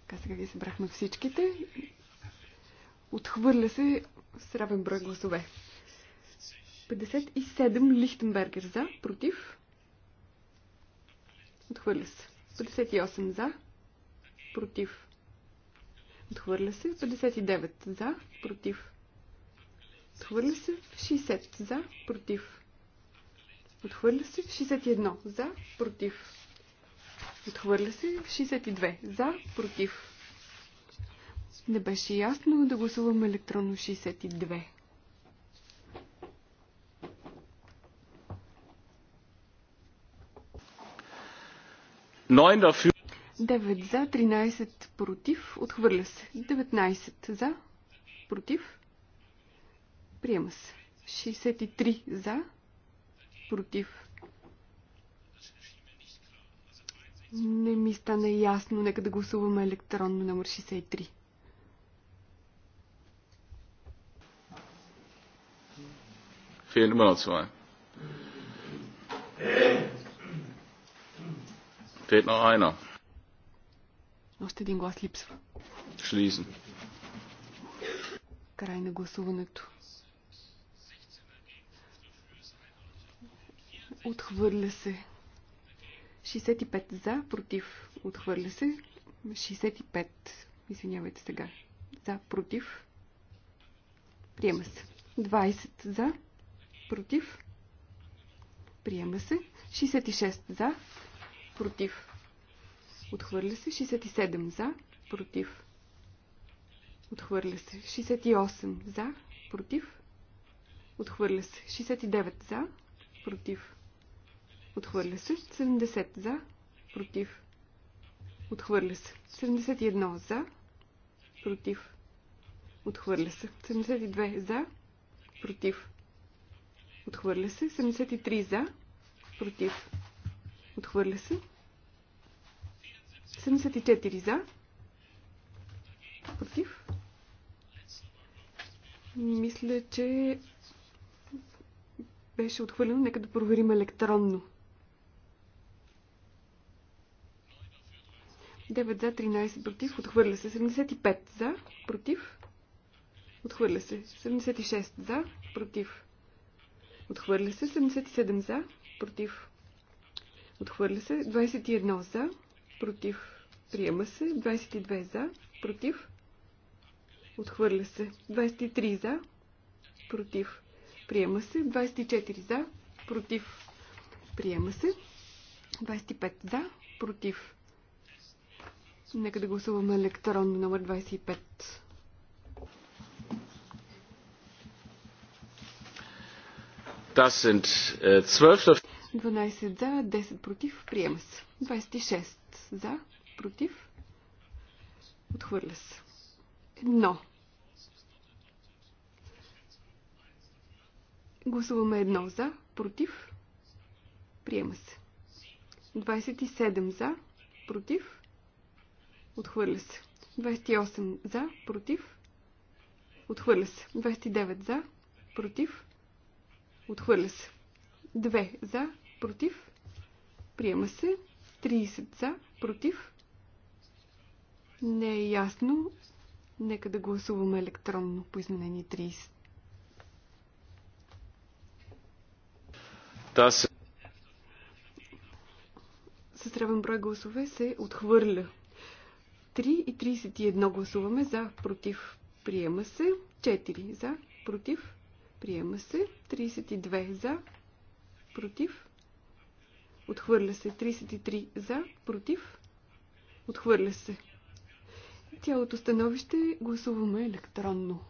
Така сега ги събрахме всичките. Отхвърля се с равен брой гласове. 57 Лихтенбергер за, против. Отхвърля се. 58 за, против. Отхвърля се. 59 за, против. Отхвърля се. 60 за, против. Отхвърля се. 61 за, против. Отхвърля се. 62 за, против. Не беше ясно да гласуваме електронно 62. 9 за, 13 против, отхвърля се. 19 за, против, приема се. 63 за, против. Не ми стане ясно, нека да гласуваме електронно номер 63. noch zwei. Fehlt noch einer. Още един глас липсва. Schließen. Край на гласуването. Отхвърля се. 65 за, против. Отхвърля се. 65. Извинявайте сега. За, против. Приема се. 20 за против, приема се. 66 за, против, отхвърля се. 67 за, против, отхвърля се. 68 за, против, отхвърля се. 69 за, против, отхвърля се. 70 за, против, отхвърля се. 71 за, против, отхвърля се. 72 за, против, Отхвърля се. 73 за. Против. Отхвърля се. 74 за. Против. Мисля, че беше отхвърлено. Нека да проверим електронно. 9 за, 13 против. Отхвърля се. 75 за. Против. Отхвърля се. 76 за. Против. Отхвърля се. 77 за. Против. Отхвърля се. 21 за. Против. Приема се. 22 за. Против. Отхвърля се. 23 за. Против. Приема се. 24 за. Против. Приема се. 25 за. Против. Нека да гласуваме електронно номер 25. 12. 12 äh, за, 10 против. Приема се. 26 за, против. Отхвърля се. Едно. Гласуваме едно за, против. Приема се. 27 за, против. Отхвърля се. 28 за, против. Отхвърля се. 29 за, против. Отхвърля се. 2 за, против. Приема се. 30 за, против. Не е ясно. Нека да гласуваме електронно по изменение 30. се... С равен брой гласове се отхвърля. 3 и 31 гласуваме за, против, приема се. 4 за, против, Приема се. 32 за. Против. Отхвърля се. 33 за. Против. Отхвърля се. Цялото становище гласуваме електронно.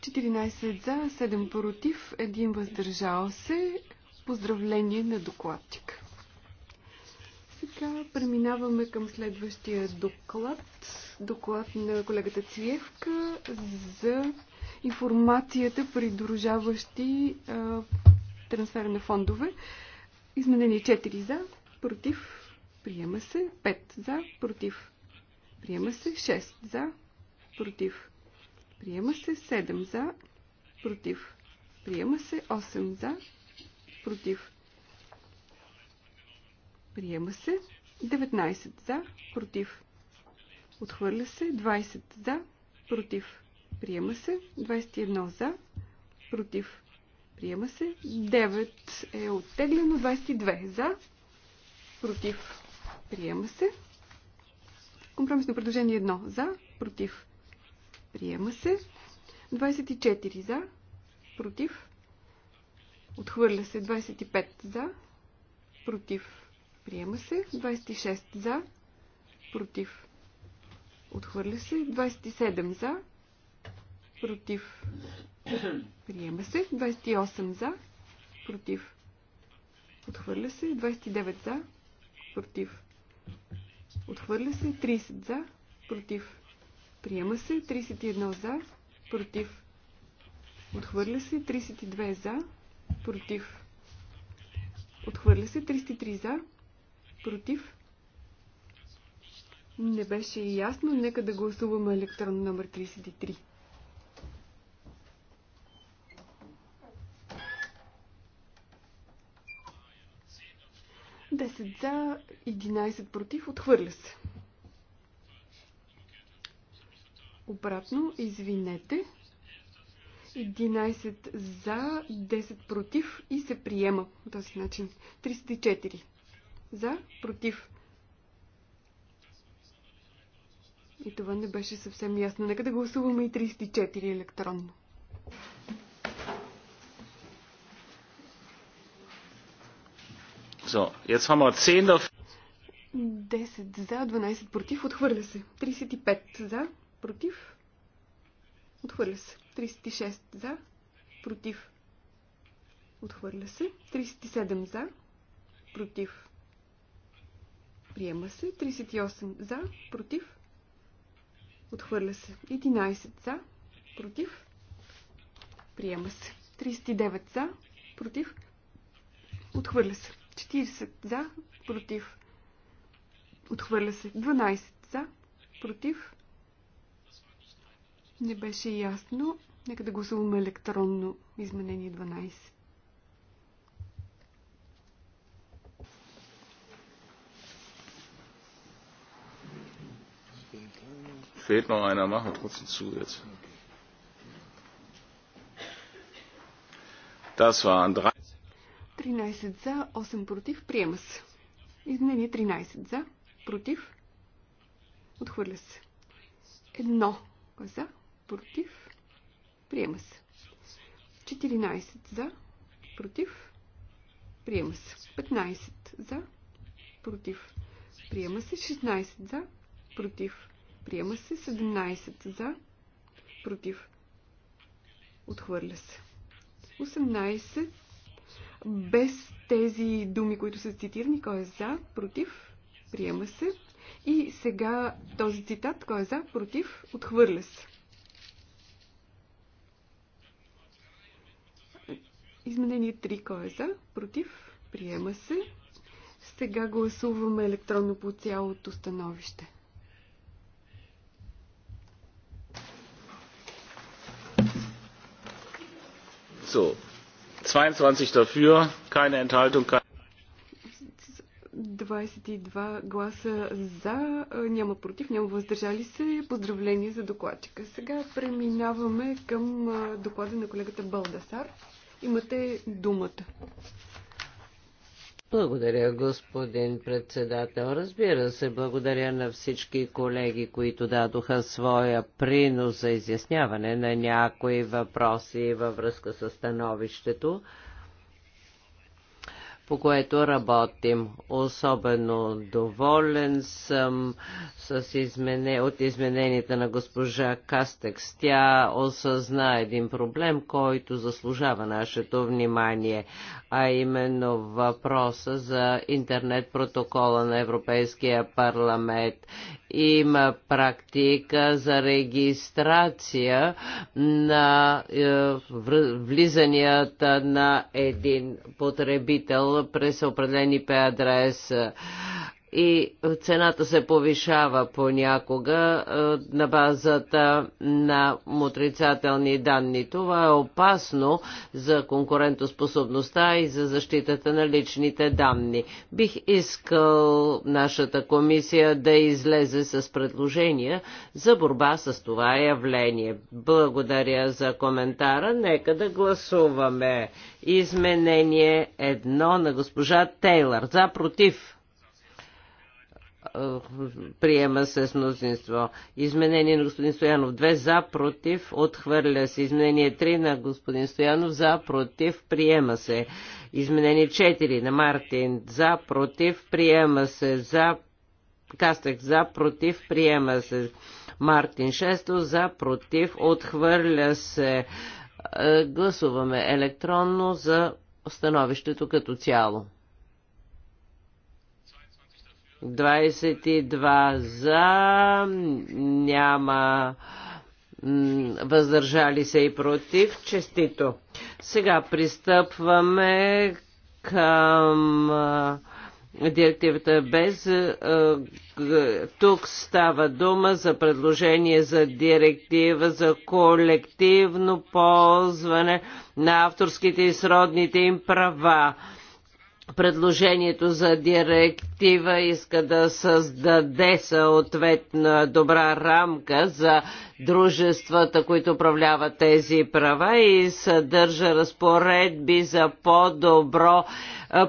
Четиринайсет за, 7 против, 1 въздържал се. Поздравление на докладчик преминаваме към следващия доклад. Доклад на колегата Циевка за информацията, придружаващи а, трансфера на фондове. Изменени 4 за, против, приема се. 5 за, против, приема се. 6 за, против, приема се. 7 за, против, приема се. 8 за, против, приема се. 19 за, против. Отхвърля се. 20 за, против. Приема се. 21 за, против. Приема се. 9 е оттеглено. 22 за, против. Приема се. Компромисно предложение 1 за, против. Приема се. 24 за, против. Отхвърля се. 25 за, против. Приема се. 26 за. Против. Отхвърля се. 27 за. Против. Приема се. 28 за. Против. Отхвърля се. 29 за. Против. Отхвърля се. 30 за. Против. Приема се. 31 за. Против. Отхвърля се. 32 за. Против. Отхвърля се 33 за, против. Не беше ясно. Нека да гласуваме електронно номер 33. Десет за, 11 против, отхвърля се. Обратно, извинете. 11 за, 10 против и се приема по този начин. 34 за, против. И това не беше съвсем ясно. Нека да гласуваме и 34 електронно. So, jetzt haben wir 10 dafür. 10 за, 12 против, отхвърля се. 35 за, против, отхвърля се. 36 за, против, отхвърля се. 37 за, против, Приема се. 38 за, против. Отхвърля се. 11 за, против. Приема се. 39 за, против. Отхвърля се. 40 за, против. Отхвърля се. 12 за, против. Не беше ясно. Нека да гласуваме електронно изменение 12. fehlt noch einer, machen wir trotzdem zu jetzt. Das waren 13. 13 за, 8 против, приема се. Изменение 13 за, против, отхвърля се. Едно за, против, приема се. 14 за, против, приема се. 15 за, против, приема се. 16 за, против, Приема се 17 за. Против. Отхвърля се. 18 без тези думи, които са цитирани, кой е за, против, приема се. И сега този цитат, кой е за, против, отхвърля се. Изменение 3, кой е за, против, приема се. Сега гласуваме електронно по цялото становище. 22 гласа за, няма против, няма въздържали се. Поздравление за докладчика. Сега преминаваме към доклада на колегата Балдасар. Имате думата. Благодаря, господин председател. Разбира се, благодаря на всички колеги, които дадоха своя принос за изясняване на някои въпроси във връзка с становището по което работим. Особено доволен съм с измене, от измененията на госпожа Кастекс. Тя осъзна един проблем, който заслужава нашето внимание, а именно въпроса за интернет протокола на Европейския парламент има практика за регистрация на е, влизанията на един потребител през определени п адрес и цената се повишава понякога е, на базата на отрицателни данни. Това е опасно за конкурентоспособността и за защитата на личните данни. Бих искал нашата комисия да излезе с предложения за борба с това явление. Благодаря за коментара. Нека да гласуваме изменение едно на госпожа Тейлър. За против приема се с мнозинство. Изменение на господин Стоянов 2 за, против, отхвърля се. Изменение 3 на господин Стоянов за, против, приема се. Изменение 4 на Мартин за, против, приема се. За, Кастък за, против, приема се. Мартин 6 за, против, отхвърля се. Е, гласуваме електронно за становището като цяло. 22 за, няма въздържали се и против. Честито! Сега пристъпваме към директивата без. Тук става дума за предложение за директива за колективно ползване на авторските и сродните им права предложението за директива иска да създаде съответна добра рамка за дружествата, които управляват тези права и съдържа разпоредби за по-добро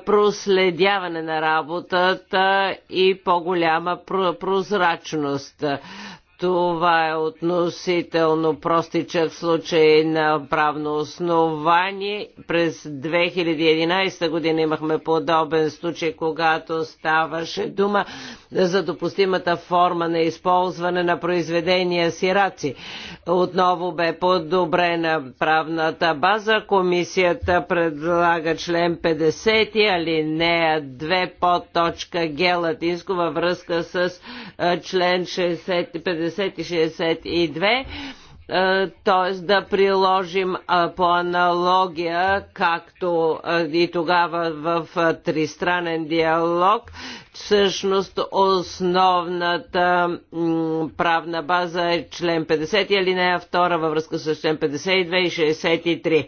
проследяване на работата и по-голяма прозрачност. Това е относително простичък случай на правно основание. През 2011 година имахме подобен случай, когато ставаше дума за допустимата форма на използване на произведения сираци. Отново бе подобрена правната база. Комисията предлага член 50, алинея 2, под Г латинско във връзка с член 60, 50 и 62 т.е. да приложим по аналогия, както и тогава в тристранен диалог, всъщност основната правна база е член 50 алинея 2 във връзка с член 52 и 63.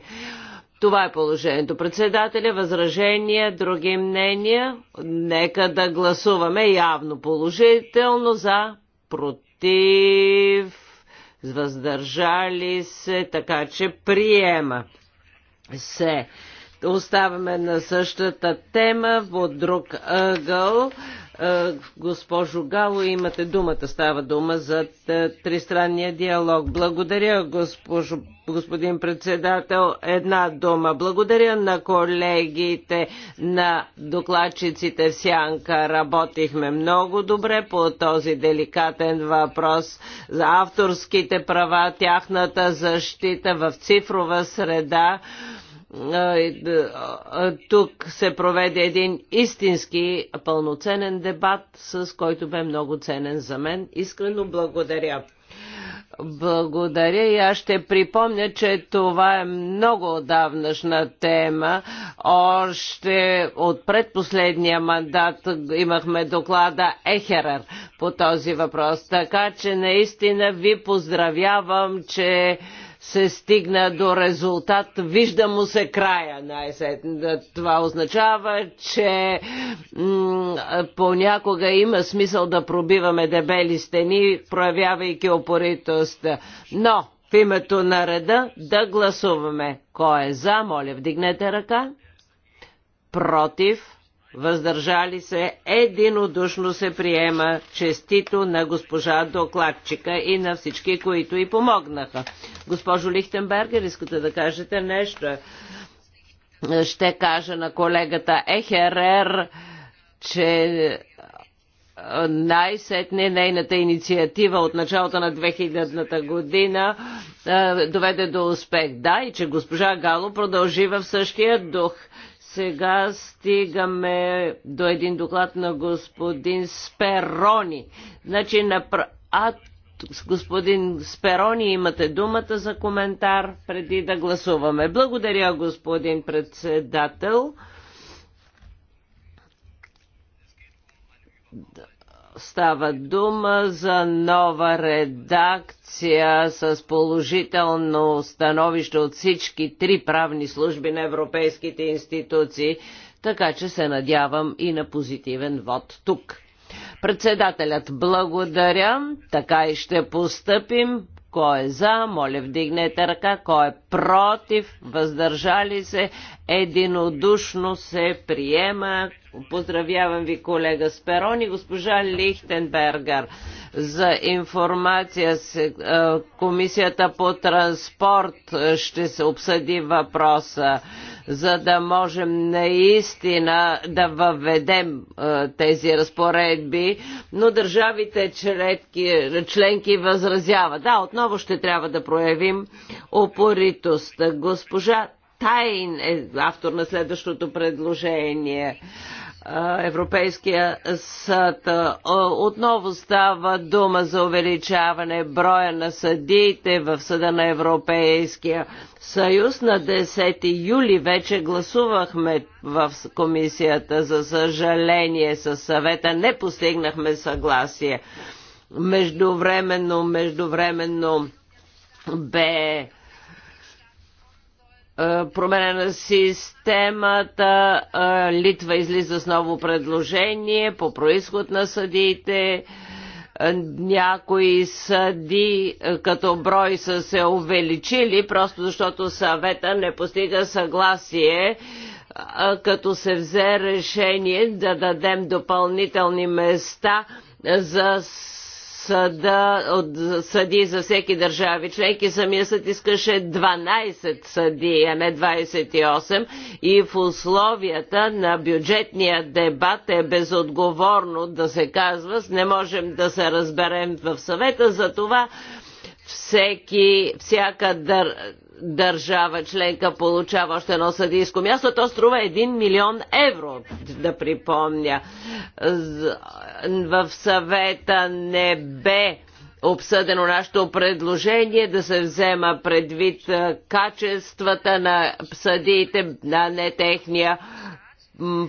Това е положението. Председателя, възражения, други мнения. Нека да гласуваме явно положително за против против, въздържали се, така че приема се. Оставаме на същата тема по друг ъгъл. Е, госпожо Гало, имате думата. Става дума за тристранния диалог. Благодаря, госпожо, господин председател. Една дума. Благодаря на колегите, на докладчиците в Сянка. Работихме много добре по този деликатен въпрос за авторските права, тяхната защита в цифрова среда тук се проведе един истински пълноценен дебат, с който бе много ценен за мен. Искрено благодаря. Благодаря и аз ще припомня, че това е много давнашна тема. Още от предпоследния мандат имахме доклада Ехерер по този въпрос. Така че наистина ви поздравявам, че се стигна до резултат, вижда му се края най Това означава, че понякога има смисъл да пробиваме дебели стени, проявявайки опоритост. Но в името на реда да гласуваме. Кой е за, моля, вдигнете ръка. Против въздържали се, единодушно се приема честито на госпожа докладчика и на всички, които и помогнаха. Госпожо Лихтенбергер, искате да кажете нещо? Ще кажа на колегата Ехерер, че най-сетне нейната инициатива от началото на 2000-та година доведе до успех. Да, и че госпожа Гало продължи в същия дух. Сега стигаме до един доклад на господин Сперони. Значи, напр... а, господин Сперони, имате думата за коментар преди да гласуваме. Благодаря, господин председател. Да Става дума за нова редакция с положително становище от всички три правни служби на европейските институции, така че се надявам и на позитивен вод тук. Председателят благодаря, така и ще постъпим. Кой е за, моля вдигнете ръка, кой е против, въздържали се, единодушно се приема. Поздравявам ви, колега Сперони, госпожа Лихтенбергер. За информация е, Комисията по транспорт е, ще се обсъди въпроса, за да можем наистина да въведем е, тези разпоредби, но държавите членки, членки възразяват. Да, отново ще трябва да проявим опорит заетост. Госпожа Тайн е автор на следващото предложение. Европейския съд. Отново става дума за увеличаване броя на съдиите в съда на Европейския съюз. На 10 юли вече гласувахме в комисията. За съжаление с съвета не постигнахме съгласие. Междувременно, междувременно бе е, променена системата, е, Литва излиза с ново предложение по происход на съдиите, е, някои съди като брой са се увеличили, просто защото съвета не постига съгласие като се взе решение да дадем допълнителни места за съда от съди за всеки държави членки. Самия съд искаше 12 съди, а не 28 и в условията на бюджетния дебат е безотговорно да се казва, не можем да се разберем в съвета, за това всеки, всяка държава, държава членка получава още едно съдийско място, то струва 1 милион евро, да припомня. В съвета не бе обсъдено нашето предложение да се взема предвид е, качествата на съдиите, на не техния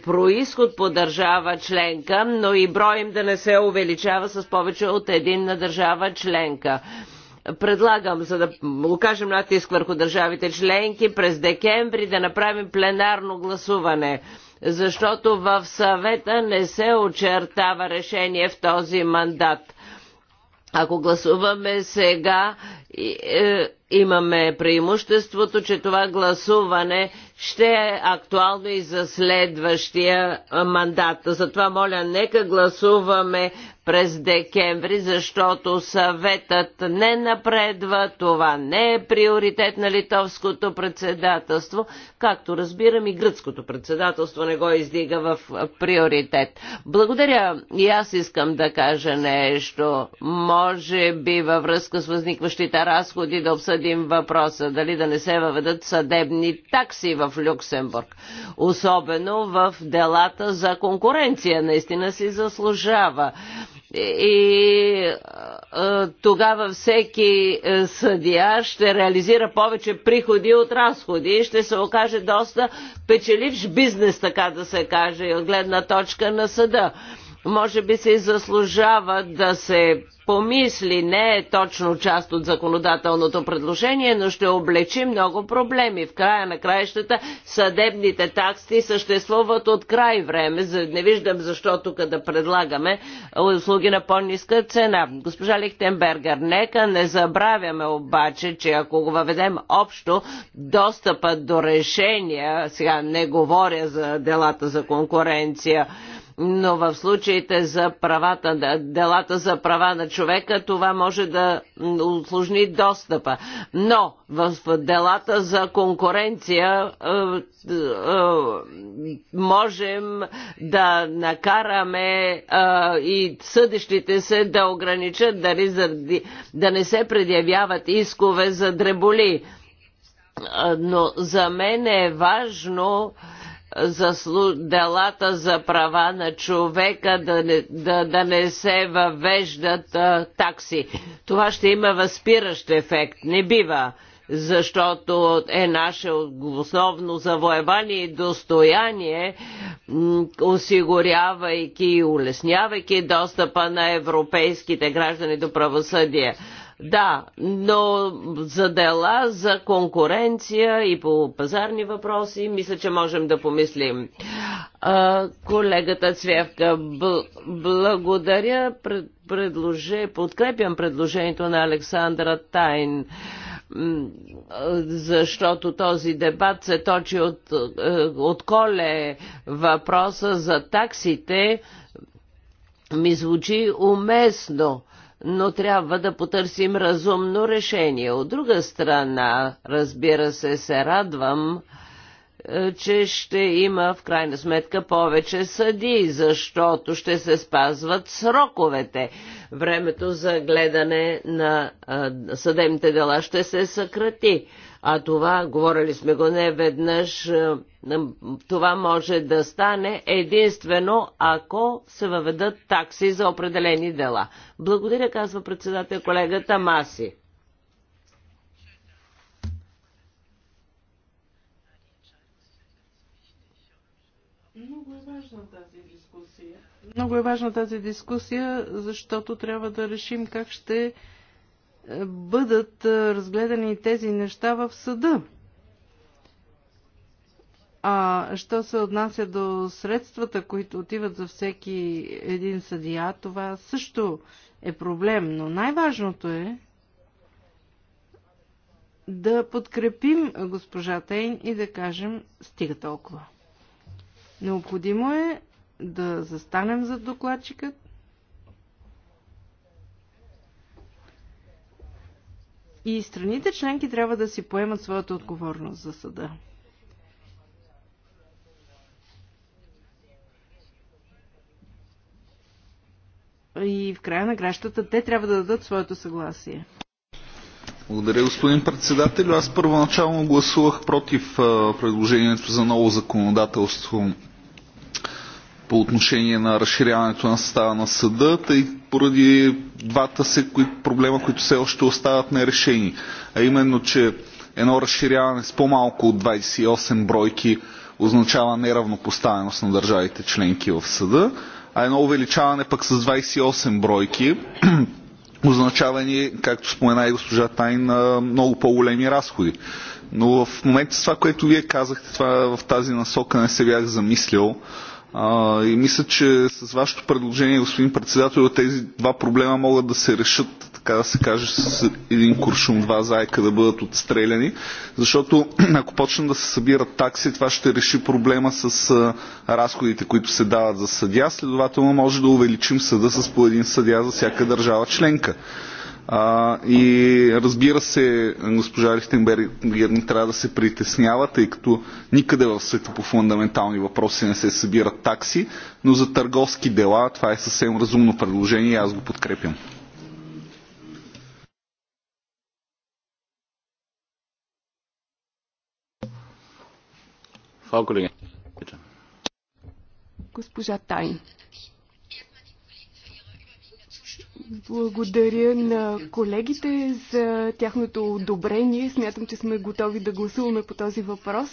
происход по държава членка, но и броем да не се увеличава с повече от един на държава членка. Предлагам, за да окажем натиск върху държавите членки, през декември да направим пленарно гласуване защото в съвета не се очертава решение в този мандат. Ако гласуваме сега, е, имаме преимуществото, че това гласуване ще е актуално и за следващия мандат. Затова моля, нека гласуваме през декември, защото съветът не напредва, това не е приоритет на литовското председателство, както разбирам и гръцкото председателство не го издига в приоритет. Благодаря и аз искам да кажа нещо. Може би във връзка с възникващите разходи да обсъдим въпроса дали да не се въведат съдебни такси в Люксембург. Особено в делата за конкуренция наистина си заслужава и тогава всеки съдия ще реализира повече приходи от разходи и ще се окаже доста печеливш бизнес, така да се каже, от гледна точка на съда може би се заслужава да се помисли, не е точно част от законодателното предложение, но ще облечи много проблеми. В края на краищата съдебните такси съществуват от край време. Не виждам защо тук да предлагаме услуги на по-ниска цена. Госпожа Лихтенбергер, нека не забравяме обаче, че ако го въведем общо достъпът до решения, сега не говоря за делата за конкуренция, но в случаите за правата, делата за права на човека, това може да усложни достъпа. Но в делата за конкуренция е, е, можем да накараме е, и съдещите се да ограничат, дали заради, да не се предявяват искове за дреболи но за мен е важно за делата за права на човека да не, да, да не се въвеждат а, такси. Това ще има възпиращ ефект. Не бива защото е наше основно завоевание и достояние, осигурявайки и улеснявайки достъпа на европейските граждани до правосъдие. Да, но за дела, за конкуренция и по пазарни въпроси, мисля, че можем да помислим. А, колегата бл- благодаря. Пред, предложи, подкрепям предложението на Александра Тайн защото този дебат се точи от, е, от коле въпроса за таксите ми звучи уместно но трябва да потърсим разумно решение. От друга страна, разбира се, се радвам, е, че ще има в крайна сметка повече съди, защото ще се спазват сроковете. Времето за гледане на е, съдебните дела ще се съкрати. А това, говорили сме го не веднъж, е, това може да стане единствено ако се въведат такси за определени дела. Благодаря, казва председател колегата Маси. Много е важна тази дискусия, защото трябва да решим как ще е, бъдат е, разгледани тези неща в съда. А що се отнася до средствата, които отиват за всеки един съдия, това също е проблем. Но най-важното е да подкрепим госпожа Тейн и да кажем стига толкова. Необходимо е да застанем за докладчикът. И страните членки трябва да си поемат своята отговорност за съда. И в края на кращата те трябва да дадат своето съгласие. Благодаря, господин председател. Аз първоначално гласувах против предложението за ново законодателство по отношение на разширяването на състава на съда, тъй поради двата се, кои, проблема, които все още остават нерешени. А именно, че едно разширяване с по-малко от 28 бройки означава неравнопоставеност на държавите членки в съда, а едно увеличаване пък с 28 бройки означава ни, както спомена и госпожа Тайн, много по-големи разходи. Но в момента с това, което вие казахте, това в тази насока не се бях замислил. А, и мисля, че с вашето предложение, господин председател, тези два проблема могат да се решат, така да се каже, с един куршум, два зайка да бъдат отстреляни. Защото ако почнат да се събират такси, това ще реши проблема с а, разходите, които се дават за съдя. Следователно може да увеличим съда с по един съдя за всяка държава членка. А, и разбира се, госпожа Рихтенбергер не трябва да се притеснява, тъй като никъде в света по фундаментални въпроси не се събират такси, но за търговски дела това е съвсем разумно предложение и аз го подкрепям. Госпожа Тайн. Благодаря на колегите за тяхното одобрение. Смятам, че сме готови да гласуваме по този въпрос.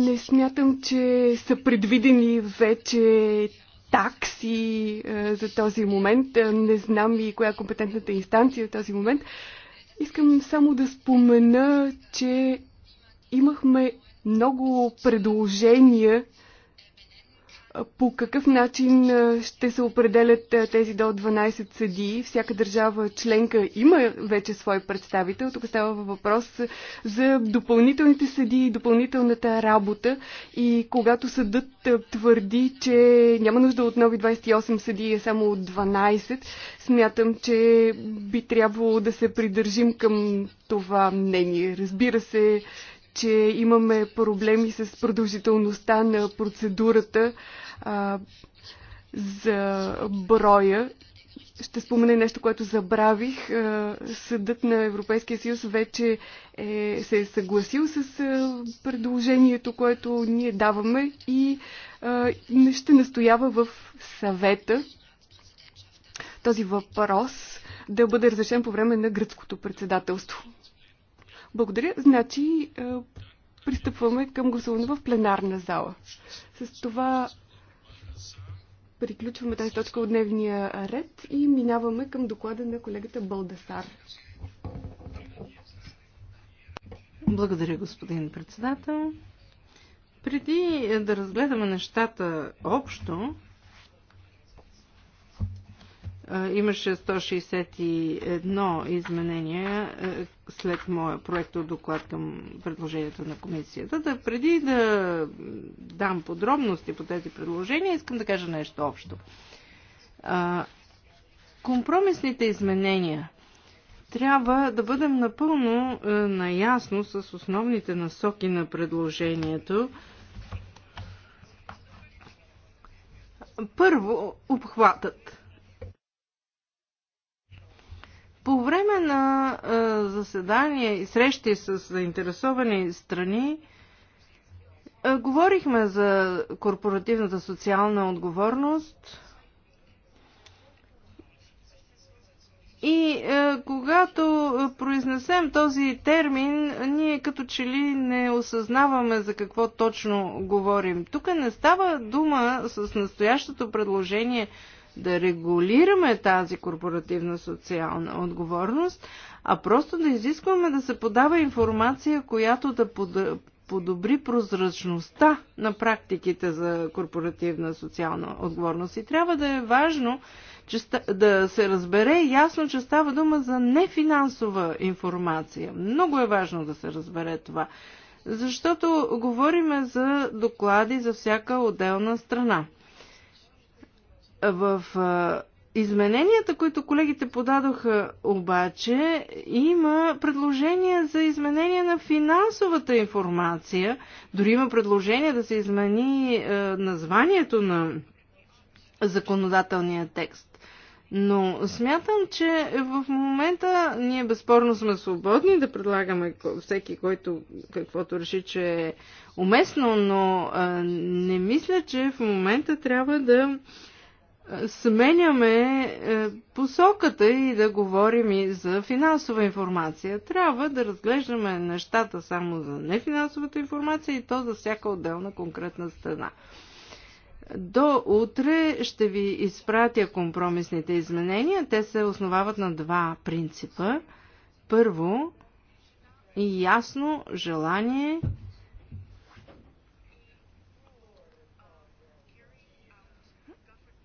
Не смятам, че са предвидени вече такси е, за този момент. Е, не знам и коя е компетентната инстанция в е този момент. Искам само да спомена, че имахме много предложения по какъв начин ще се определят тези до 12 съдии? Всяка държава членка има вече свой представител. Тук става въпрос за допълнителните съдии, допълнителната работа. И когато съдът твърди, че няма нужда от нови 28 съдии, а само от 12, смятам, че би трябвало да се придържим към това мнение. Разбира се, че имаме проблеми с продължителността на процедурата а, за броя. Ще спомена нещо, което забравих. Съдът на Европейския съюз вече е, се е съгласил с предложението, което ние даваме и не ще настоява в съвета този въпрос да бъде разрешен по време на гръцкото председателство. Благодаря. Значи, е, пристъпваме към гласуване в пленарна зала. С това приключваме тази точка от дневния ред и минаваме към доклада на колегата Балдасар. Благодаря, господин председател. Преди да разгледаме нещата общо, Имаше 161 изменения след моя от доклад към предложението на комисията. Да, преди да дам подробности по тези предложения, искам да кажа нещо общо. Компромисните изменения трябва да бъдем напълно наясно с основните насоки на предложението, първо, обхватът. По време на е, заседания и срещи с заинтересовани страни, е, говорихме за корпоративната социална отговорност и е, когато произнесем този термин, ние като че ли не осъзнаваме за какво точно говорим. Тук не става дума с настоящото предложение да регулираме тази корпоративна социална отговорност, а просто да изискваме да се подава информация, която да подобри прозрачността на практиките за корпоративна социална отговорност. И трябва да е важно че, да се разбере ясно, че става дума за нефинансова информация. Много е важно да се разбере това, защото говориме за доклади за всяка отделна страна. В измененията, които колегите подадоха обаче, има предложение за изменение на финансовата информация. Дори има предложение да се измени названието на законодателния текст. Но смятам, че в момента ние безспорно сме свободни да предлагаме всеки, който каквото реши, че е уместно, но а, не мисля, че в момента трябва да сменяме е, посоката и да говорим и за финансова информация. Трябва да разглеждаме нещата само за нефинансовата информация и то за всяка отделна конкретна страна. До утре ще ви изпратя компромисните изменения. Те се основават на два принципа. Първо, ясно желание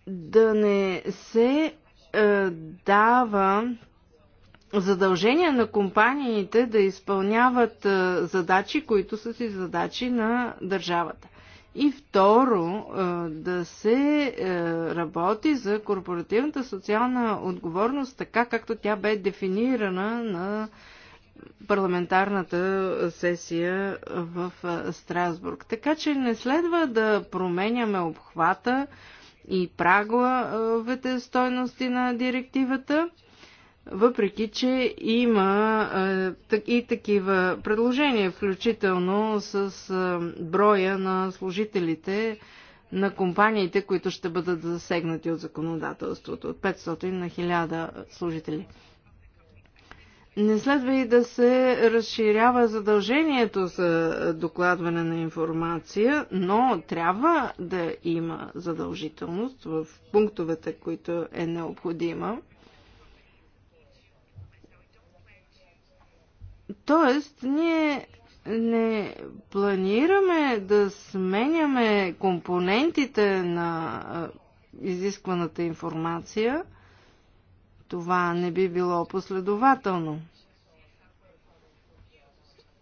да не се е, дава задължение на компаниите да изпълняват е, задачи, които са си задачи на държавата. И второ, е, да се е, работи за корпоративната социална отговорност така, както тя бе дефинирана на парламентарната сесия в е, Страсбург. Така че не следва да променяме обхвата, и праговете стойности на директивата, въпреки че има и такива предложения, включително с броя на служителите на компаниите, които ще бъдат засегнати от законодателството, от 500 на 1000 служители. Не следва и да се разширява задължението за докладване на информация, но трябва да има задължителност в пунктовете, които е необходима. Тоест, ние не планираме да сменяме компонентите на изискваната информация, това не би било последователно.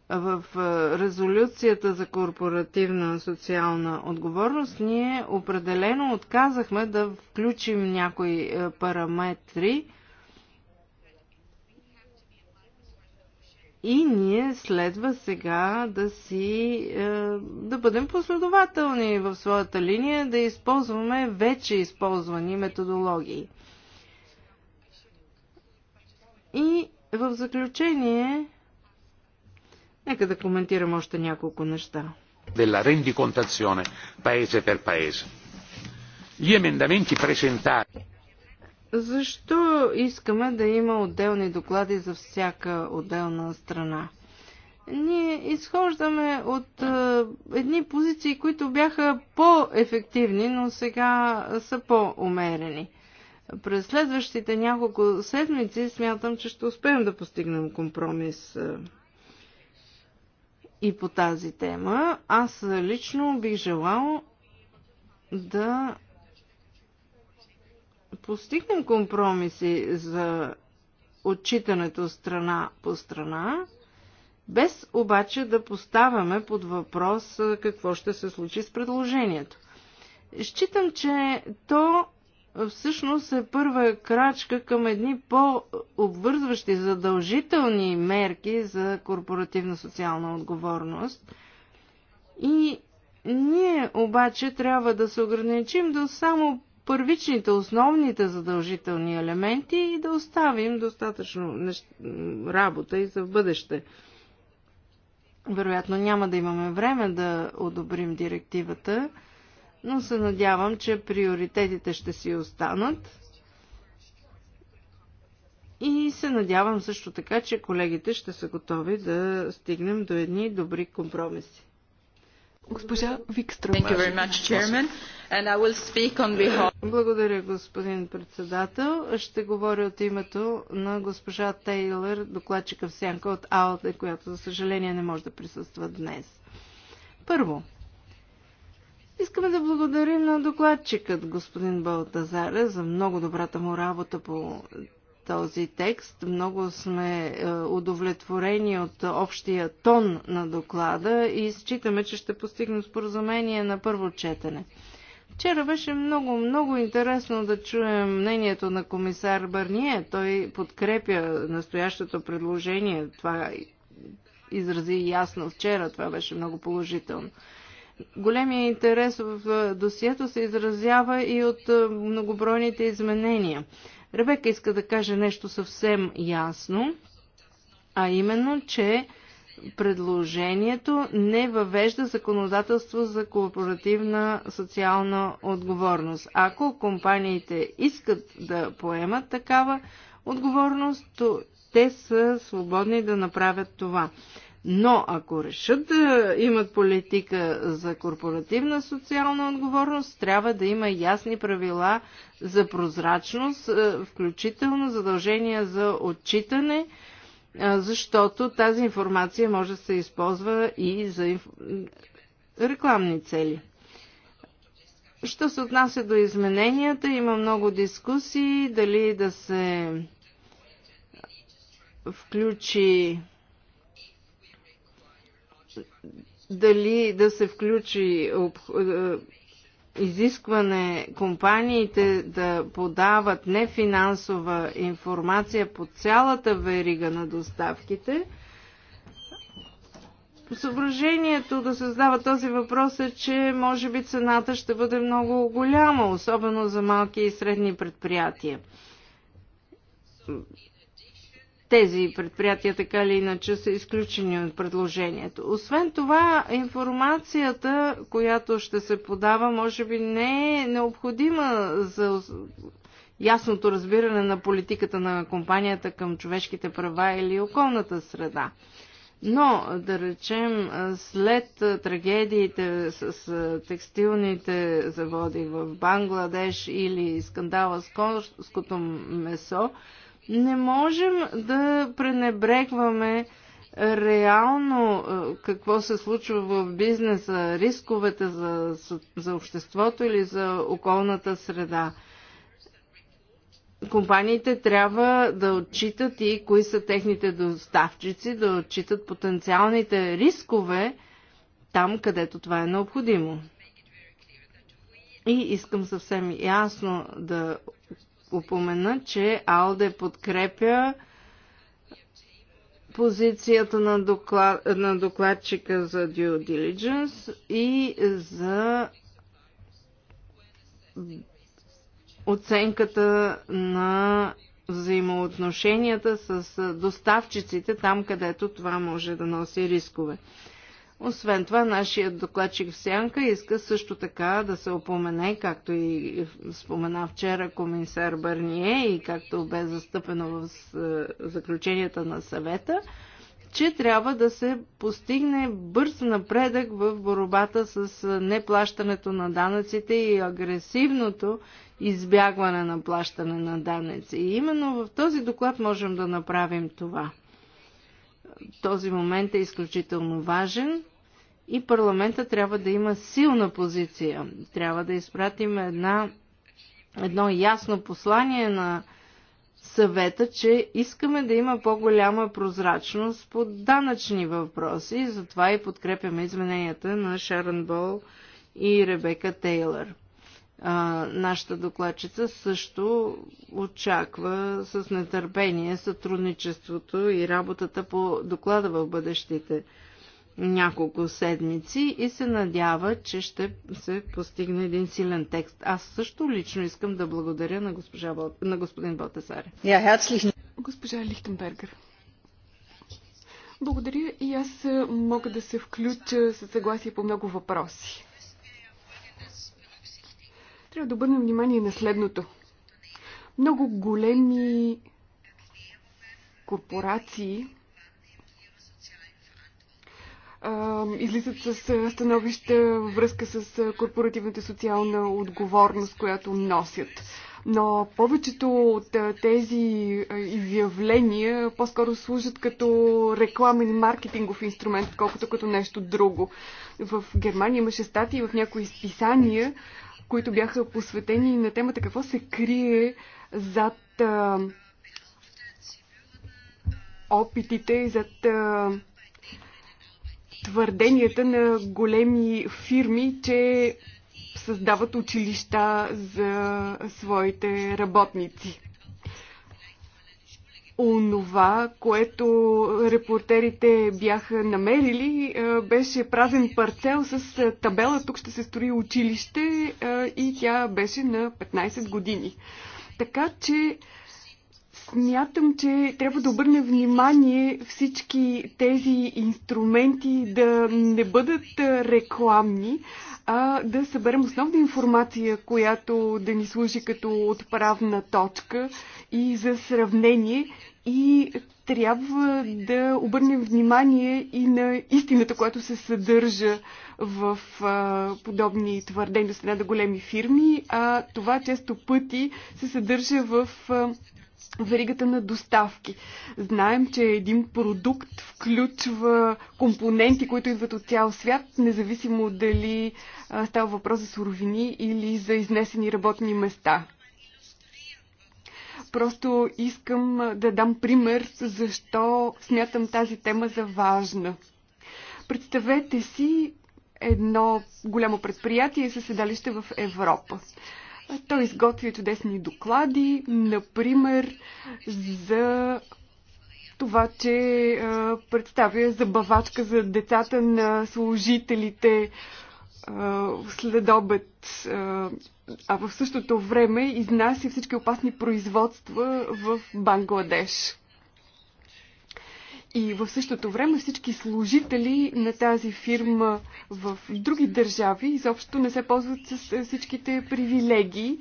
В е, резолюцията за корпоративна социална отговорност ние определено отказахме да включим някои е, параметри, И ние следва сега да си е, да бъдем последователни в своята линия, да използваме вече използвани методологии. И в заключение, нека да коментирам още няколко неща. Della rendicontazione paese per paese. Gli emendamenti presentati. Защо искаме да има отделни доклади за всяка отделна страна? Ние изхождаме от е, едни позиции, които бяха по-ефективни, но сега са по-умерени. През следващите няколко седмици смятам, че ще успеем да постигнем компромис е, и по тази тема. Аз лично бих желал да постигнем компромиси за отчитането страна по страна, без обаче да поставяме под въпрос е, какво ще се случи с предложението. Считам, че то всъщност е първа крачка към едни по-обвързващи задължителни мерки за корпоративна социална отговорност. И ние обаче трябва да се ограничим до само първичните, основните задължителни елементи и да оставим достатъчно нещ... работа и за в бъдеще. Вероятно няма да имаме време да одобрим директивата но се надявам, че приоритетите ще си останат. И се надявам също така, че колегите ще са готови да стигнем до едни добри компромиси. Госпожа Викстрома. Благодаря, господин председател. Ще говоря от името на госпожа Тейлър, докладчика в сянка от АОД, която за съжаление не може да присъства днес. Първо, Искаме да благодарим на докладчикът господин Балтазаре за много добрата му работа по този текст. Много сме е, удовлетворени от общия тон на доклада и считаме, че ще постигнем споразумение на първо четене. Вчера беше много, много интересно да чуем мнението на комисар Барние. Той подкрепя настоящото предложение. Това изрази ясно вчера. Това беше много положително. Големия интерес в досието се изразява и от многобройните изменения. Ребека иска да каже нещо съвсем ясно, а именно, че предложението не въвежда законодателство за корпоративна социална отговорност. Ако компаниите искат да поемат такава отговорност, то те са свободни да направят това. Но ако решат да имат политика за корпоративна социална отговорност, трябва да има ясни правила за прозрачност, е, включително задължения за отчитане, е, защото тази информация може да се използва и за инф... рекламни цели. Що се отнася до измененията, има много дискусии дали да се включи дали да се включи об, е, изискване компаниите да подават нефинансова информация по цялата верига на доставките. Съображението да създава този въпрос е, че може би цената ще бъде много голяма, особено за малки и средни предприятия тези предприятия така или иначе са изключени от предложението. Освен това, информацията, която ще се подава, може би не е необходима за ясното разбиране на политиката на компанията към човешките права или околната среда. Но, да речем, след трагедиите с текстилните заводи в Бангладеш или скандала с конското месо, не можем да пренебрегваме реално е, какво се случва в бизнеса, рисковете за, за обществото или за околната среда. Компаниите трябва да отчитат и кои са техните доставчици, да отчитат потенциалните рискове там, където това е необходимо. И искам съвсем ясно да упомена, че АЛДЕ подкрепя позицията на, доклад, на докладчика за due diligence и за оценката на взаимоотношенията с доставчиците там, където това може да носи рискове. Освен това, нашия докладчик в Сянка иска също така да се опомене, както и спомена вчера комисар Бърние и както бе застъпено в е, заключенията на съвета, че трябва да се постигне бърз напредък в борбата с неплащането на данъците и агресивното избягване на плащане на данъци. И именно в този доклад можем да направим това. Този момент е изключително важен и парламента трябва да има силна позиция. Трябва да изпратим една, едно ясно послание на съвета, че искаме да има по-голяма прозрачност по данъчни въпроси, затова и подкрепяме измененията на Шарън Бол и Ребека Тейлър. А, нашата докладчица също очаква с нетърпение сътрудничеството и работата по доклада в бъдещите няколко седмици и се надява, че ще се постигне един силен текст. Аз също лично искам да благодаря на, госпожа, на господин Балтасаре. Госпожа Лихтенбергер. Благодаря и аз мога да се включа със съгласие по много въпроси трябва да обърнем внимание на следното. Много големи корпорации излизат с становища връзка с корпоративната социална отговорност, която носят. Но повечето от тези изявления по-скоро служат като рекламен маркетингов инструмент, колкото като нещо друго. В Германия имаше статии в някои списания, които бяха посветени на темата какво се крие зад а, опитите и зад а, твърденията на големи фирми, че създават училища за своите работници онова, което репортерите бяха намерили, е, беше празен парцел с е, табела «Тук ще се строи училище» е, и тя беше на 15 години. Така че смятам, че трябва да обърнем внимание всички тези инструменти да не бъдат рекламни, а да съберем основна информация, която да ни служи като отправна точка и за сравнение и трябва да обърнем внимание и на истината, която се съдържа в а, подобни твърдения страна на големи фирми, а това често пъти се съдържа в а, веригата на доставки. Знаем, че един продукт включва компоненти, които идват от цял свят, независимо дали а, става въпрос за суровини или за изнесени работни места. Просто искам да дам пример защо смятам тази тема за важна. Представете си едно голямо предприятие със седалище в Европа. Той изготви чудесни доклади, например, за това, че представя забавачка за децата на служителите след обед а в същото време изнася всички опасни производства в Бангладеш. И в същото време всички служители на тази фирма в други държави изобщо не се ползват с всичките привилегии,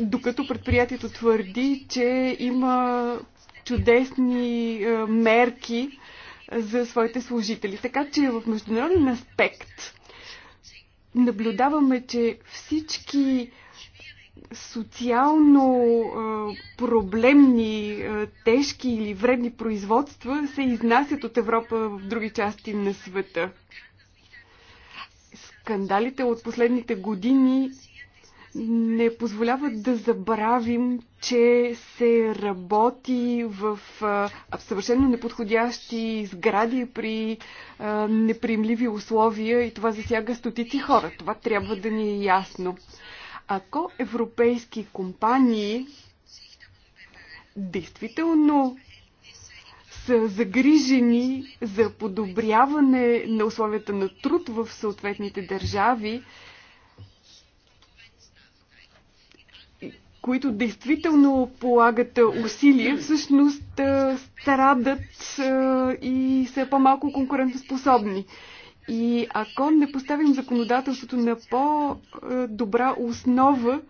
докато предприятието твърди, че има чудесни мерки за своите служители. Така че в международен аспект наблюдаваме, че всички социално проблемни, тежки или вредни производства се изнасят от Европа в други части на света. Скандалите от последните години не позволяват да забравим, че се работи в съвършенно неподходящи сгради при неприемливи условия и това засяга стотици хора. Това трябва да ни е ясно. Ако европейски компании действително са загрижени за подобряване на условията на труд в съответните държави които действително полагат усилия, всъщност страдат и са по-малко конкурентоспособни. И ако не поставим законодателството на по-добра основа,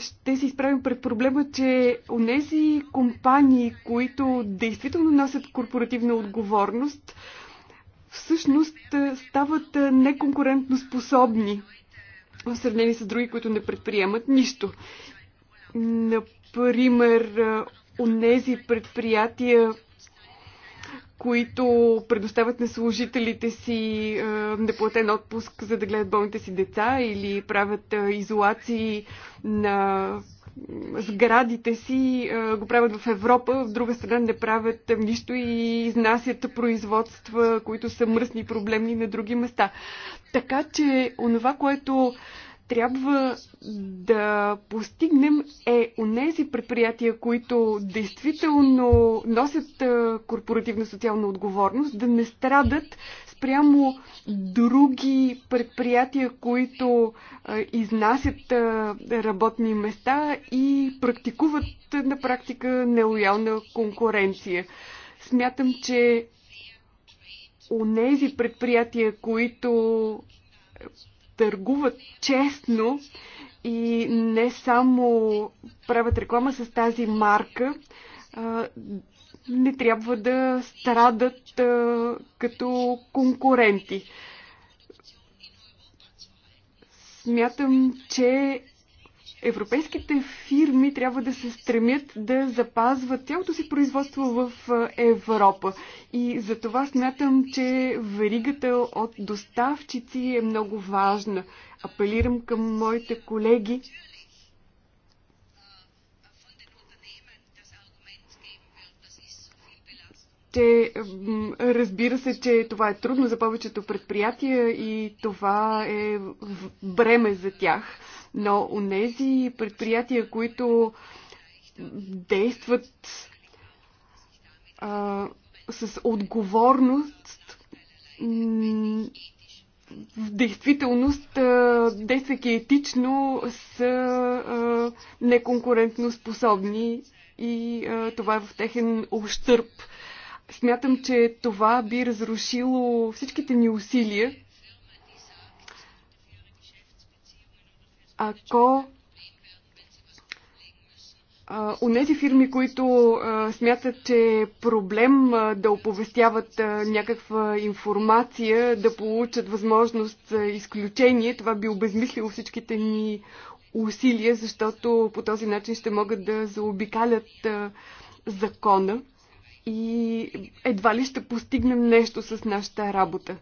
ще се изправим пред проблема, че онези компании, които действително носят корпоративна отговорност, всъщност стават неконкурентно способни в сравнение с други, които не предприемат нищо. Например, онези предприятия, които предоставят на служителите си неплатен отпуск, за да гледат болните си деца или правят изолации на сградите си го правят в Европа, в друга страна не правят нищо и изнасят производства, които са мръсни и проблемни на други места. Така че онова, което трябва да постигнем е онези предприятия, които действително носят корпоративна социална отговорност, да не страдат спрямо други предприятия, които изнасят работни места и практикуват на практика нелоялна конкуренция. Смятам, че нези предприятия, които търгуват честно и не само правят реклама с тази марка, не трябва да страдат а, като конкуренти. Смятам, че европейските фирми трябва да се стремят да запазват цялото си производство в Европа. И за това смятам, че веригата от доставчици е много важна. Апелирам към моите колеги че разбира се, че това е трудно за повечето предприятия и това е бреме за тях. Но у нези предприятия, които действат а, с отговорност, в действителност, действайки етично, са неконкурентно способни и това е в техен ущърп. Смятам, че това би разрушило всичките ни усилия, ако нези фирми, които а, смятат, че е проблем а, да оповестяват а, някаква информация, да получат възможност за изключение, това би обезмислило всичките ни усилия, защото по този начин ще могат да заобикалят а, закона и едва ли ще постигнем нещо с нашата работа.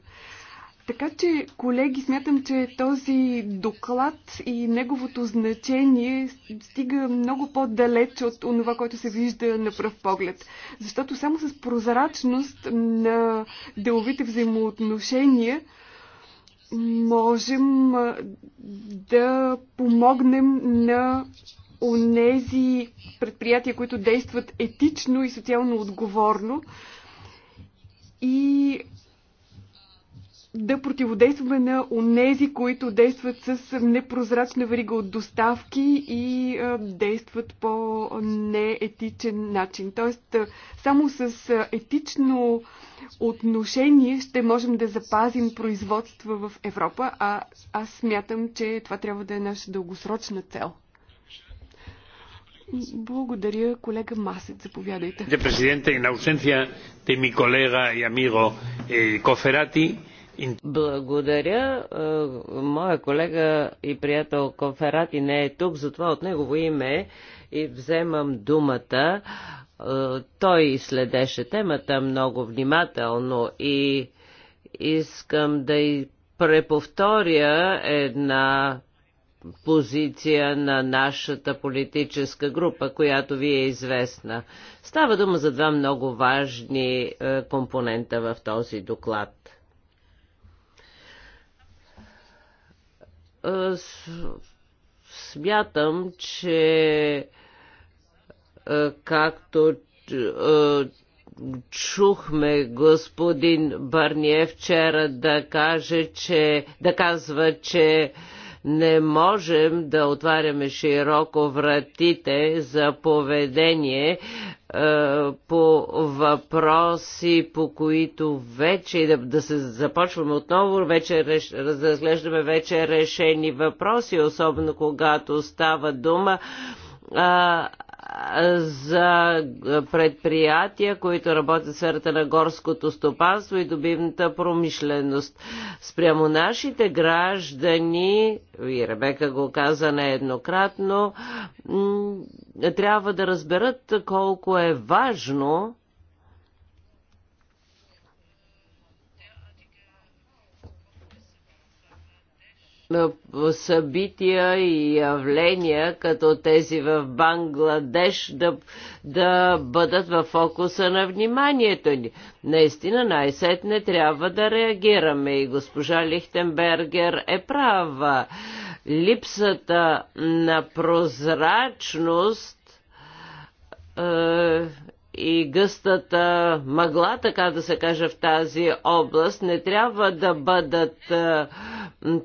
Така че, колеги, смятам, че този доклад и неговото значение стига много по-далеч от това, което се вижда на пръв поглед. Защото само с прозрачност на деловите взаимоотношения можем да помогнем на онези предприятия, които действат етично и социално отговорно и да противодействаме на онези, които действат с непрозрачна верига от доставки и действат по неетичен начин. Тоест, само с етично отношение ще можем да запазим производства в Европа, а аз смятам, че това трябва да е наша дългосрочна цел. Благодаря, колега Масет. Заповядайте. Президенте, in ausencia de mi colega y amigo Коферати, благодаря. Е, моя колега и приятел Коферати, не е тук, затова от негово име и вземам думата. Е, той следеше темата много внимателно и искам да и преповторя една позиция на нашата политическа група, която ви е известна. Става дума за два много важни е, компонента в този доклад. Е, смятам, че е, както чухме господин Барние вчера да каже, че да казва, че не можем да отваряме широко вратите за поведение е, по въпроси, по които вече да, да се започваме отново, вече реш, разглеждаме вече решени въпроси, особено когато става дума а, за предприятия, които работят в сферата на горското стопанство и добивната промишленост. Спрямо нашите граждани, и Ребека го каза нееднократно, трябва да разберат колко е важно събития и явления, като тези в Бангладеш, да, да бъдат в фокуса на вниманието ни. Наистина най-сетне трябва да реагираме и госпожа Лихтенбергер е права. Липсата на прозрачност е, и гъстата мъгла, така да се каже, в тази област не трябва да бъдат е,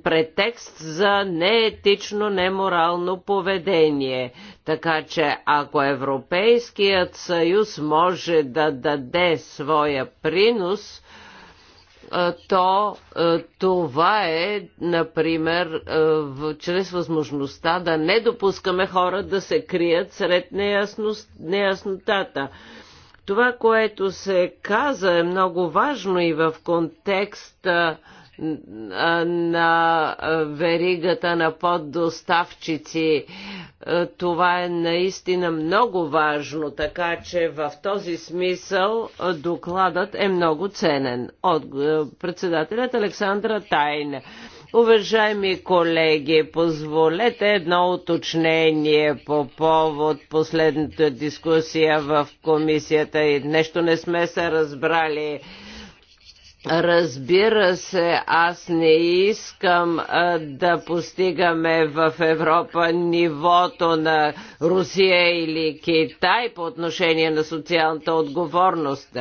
претекст за неетично, неморално поведение. Така че ако Европейският съюз може да даде своя принос, е, то е, това е, например, чрез възможността да не допускаме хора да се крият сред неясност, неяснотата. Това, което се каза е много важно и в контекста на веригата на поддоставчици. Това е наистина много важно, така че в този смисъл докладът е много ценен. От председателят Александра Тайна. Уважаеми колеги, позволете едно уточнение по повод последната дискусия в комисията и нещо не сме се разбрали. Разбира се, аз не искам а, да постигаме в Европа нивото на Русия или Китай по отношение на социалната отговорност.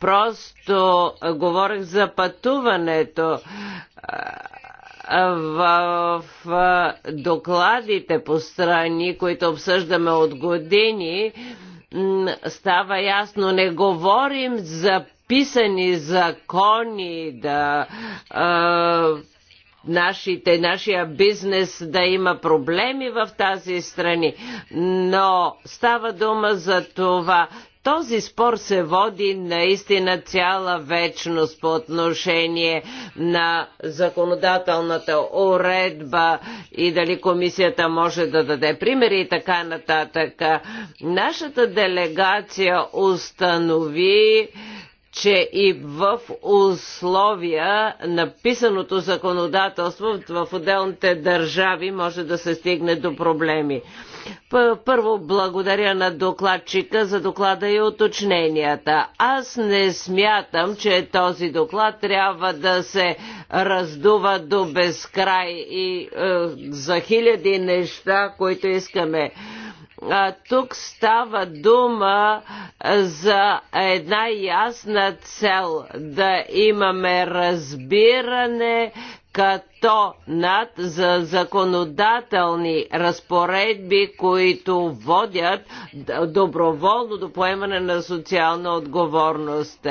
Просто а, говорих за пътуването. А, в докладите по страни, които обсъждаме от години, става ясно, не говорим за писани закони, да нашите, нашия бизнес да има проблеми в тази страни, но става дума за това този спор се води наистина цяла вечност по отношение на законодателната уредба и дали комисията може да даде примери и така нататък. Нашата делегация установи, че и в условия на писаното законодателство в отделните държави може да се стигне до проблеми. Първо благодаря на докладчика за доклада и уточненията. Аз не смятам, че този доклад трябва да се раздува до безкрай и е, за хиляди неща, които искаме. А, тук става дума е, за една ясна цел да имаме разбиране като над за законодателни разпоредби, които водят доброволно до поемане на социална отговорност.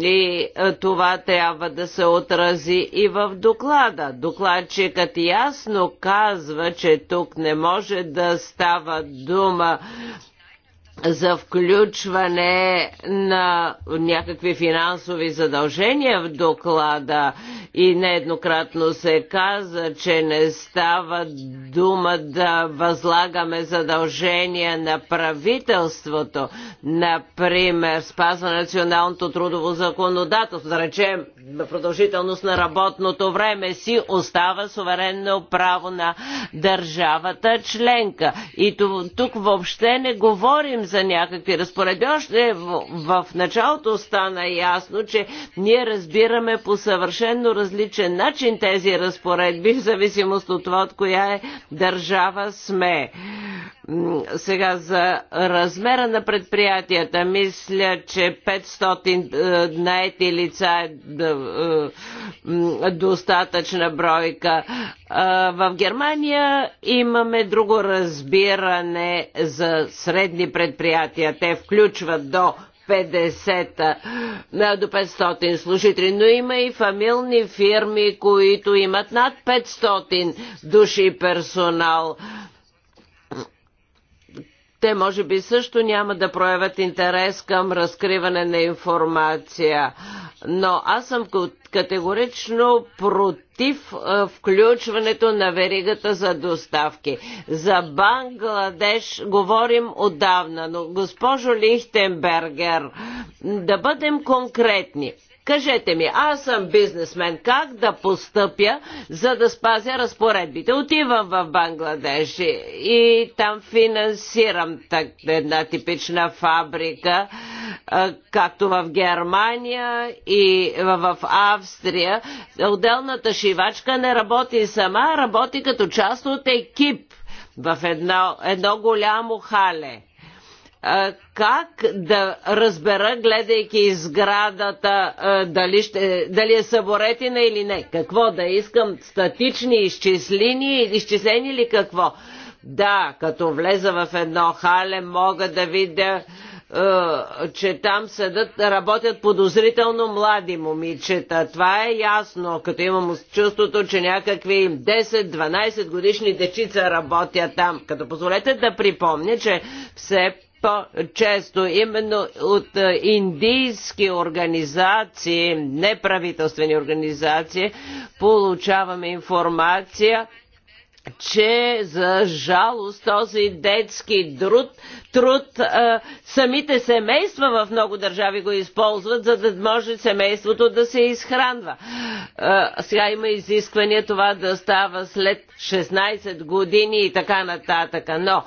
И е, това трябва да се отрази и в доклада. Докладчикът ясно казва, че тук не може да става дума за включване на някакви финансови задължения в доклада и нееднократно се каза, че не става дума да възлагаме задължения на правителството, например спазва националното трудово законодателство, да речем продължителност на работното време си остава суверенно право на държавата членка. И тук въобще не говорим за някакви разпоредби. Още в, в началото стана ясно, че ние разбираме по съвършенно различен начин тези разпоредби, в зависимост от това, от коя е държава сме. Сега за размера на предприятията, мисля, че 500 е, наети лица е, е достатъчна бройка. Е, в Германия имаме друго разбиране за средни предприятия предприятия. Те включват до 50 до 500 служители, но има и фамилни фирми, които имат над 500 души персонал те може би също няма да проявят интерес към разкриване на информация. Но аз съм категорично против е, включването на веригата за доставки. За Бангладеш говорим отдавна, но госпожо Лихтенбергер, да бъдем конкретни. Кажете ми, аз съм бизнесмен, как да постъпя, за да спазя разпоредбите? Отивам в Бангладеш и там финансирам так, една типична фабрика, както в Германия и в Австрия. Отделната шивачка не работи сама, работи като част от екип в едно, едно голямо хале как да разбера, гледайки изградата, дали, ще, дали е съборетина или не. Какво да искам? Статични изчислени, изчислени или какво? Да, като влеза в едно хале, мога да видя, че там седат, работят подозрително млади момичета. Това е ясно, като имам чувството, че някакви 10-12 годишни дечица работят там. Като позволете да припомня, че все по-често именно от е, индийски организации, неправителствени организации, получаваме информация че за жалост този детски труд, труд а, е, самите семейства в много държави го използват, за да може семейството да се изхранва. А, е, сега има изисквания това да става след 16 години и така нататък. Но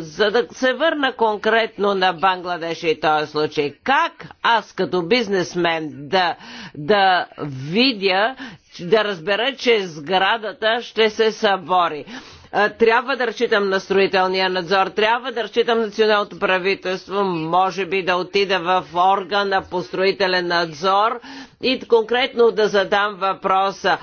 за да се върна конкретно на Бангладеш и този случай, как аз като бизнесмен да, да видя, да разбера, че сградата ще се събори? Трябва да разчитам на строителния надзор, трябва да разчитам националното правителство, може би да отида в органа по строителен надзор и конкретно да задам въпроса,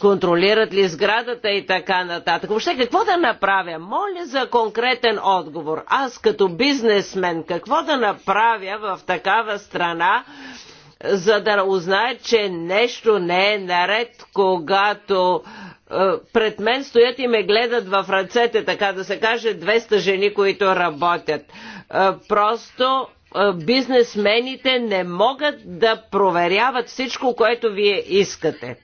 контролират ли сградата и така нататък. Въобще какво да направя? Моля за конкретен отговор. Аз като бизнесмен какво да направя в такава страна, за да узнаят, че нещо не е наред, когато е, пред мен стоят и ме гледат в ръцете, така да се каже, 200 жени, които работят. Е, просто е, бизнесмените не могат да проверяват всичко, което вие искате.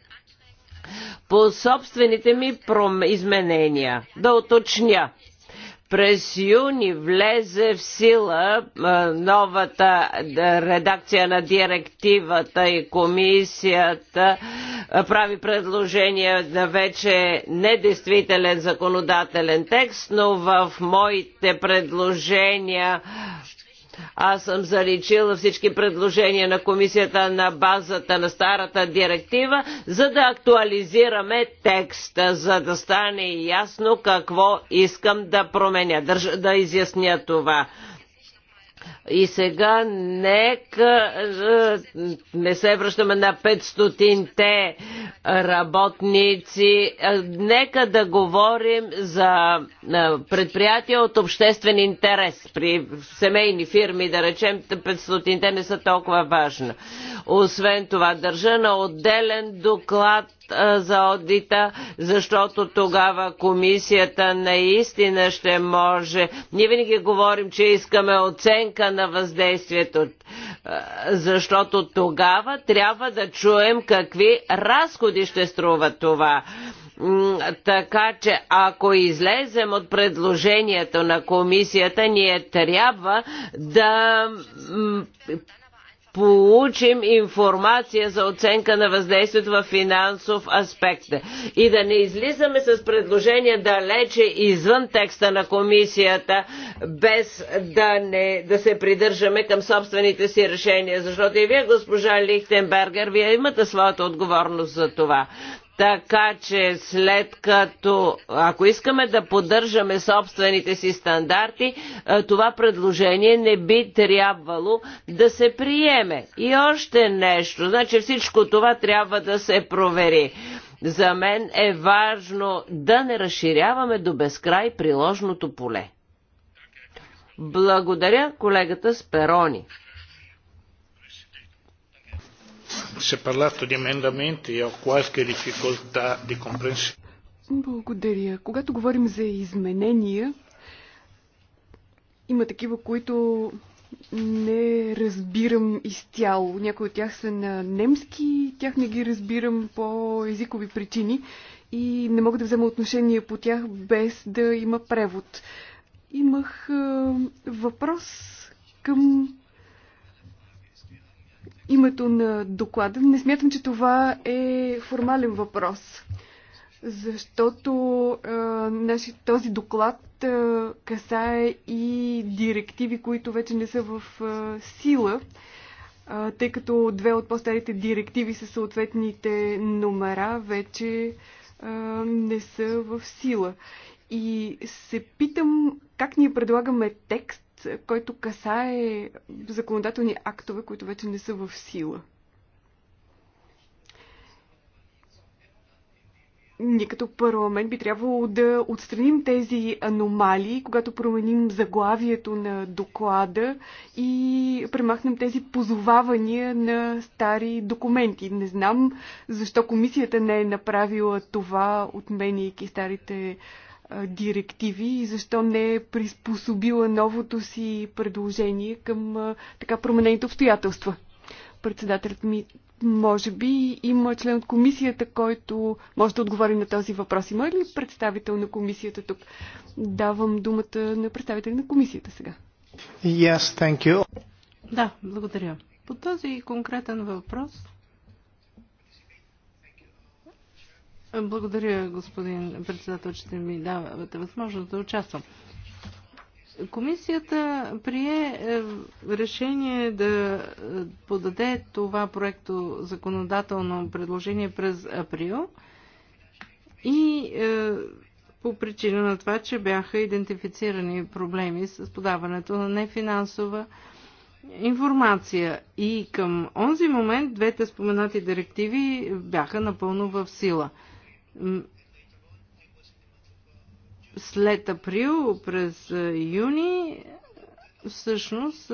По собствените ми изменения, да уточня, през юни влезе в сила новата редакция на директивата и комисията прави предложение да вече недействителен законодателен текст, но в моите предложения аз съм заличила всички предложения на комисията на базата на старата директива, за да актуализираме текста, за да стане ясно какво искам да променя, да изясня това. И сега нека е, не се връщаме на 500-те работници. Е, нека да говорим за е, предприятия от обществен интерес. При семейни фирми, да речем, 500-те не са толкова важни. Освен това, държа на отделен доклад за одита, защото тогава комисията наистина ще може. Ние винаги говорим, че искаме оценка на въздействието, защото тогава трябва да чуем какви разходи ще струва това така че ако излезем от предложението на комисията, ние трябва да получим информация за оценка на въздействието в финансов аспект. И да не излизаме с предложения далече извън текста на комисията, без да, не, да се придържаме към собствените си решения. Защото и вие, госпожа Лихтенбергер, вие имате своята отговорност за това. Така че след като, ако искаме да поддържаме собствените си стандарти, е, това предложение не би трябвало да се приеме. И още нещо, значи всичко това трябва да се провери. За мен е важно да не разширяваме до безкрай приложното поле. Благодаря колегата Сперони. Si è parlato di emendamenti, ho qualche difficoltà di comprensione. Благодаря. Когато говорим за изменения, има такива, които не разбирам изцяло. Някои от тях са на немски, тях не ги разбирам по езикови причини и не мога да взема отношение по тях без да има превод. Имах е, въпрос към името на доклада. Не смятам, че това е формален въпрос, защото а, наши, този доклад а, касае и директиви, които вече не са в а, сила, а, тъй като две от по-старите директиви със съответните номера вече а, не са в сила. И се питам как ние предлагаме текст, който касае законодателни актове, които вече не са в сила. Ние като парламент би трябвало да отстраним тези аномалии, когато променим заглавието на доклада и премахнем тези позовавания на стари документи. Не знам защо комисията не е направила това, отменяйки старите директиви и защо не е приспособила новото си предложение към така променените обстоятелства. Председателят ми може би има член от комисията, който може да отговори на този въпрос. Има ли представител на комисията тук? Давам думата на представител на комисията сега. Yes, thank you. Да, благодаря. По този конкретен въпрос Благодаря, господин председател, че ми давате възможност да участвам. Комисията прие е, решение да е, подаде това проекто законодателно предложение през април и е, по причина на това, че бяха идентифицирани проблеми с подаването на нефинансова информация. И към онзи момент двете споменати директиви бяха напълно в сила – след април, през юни, всъщност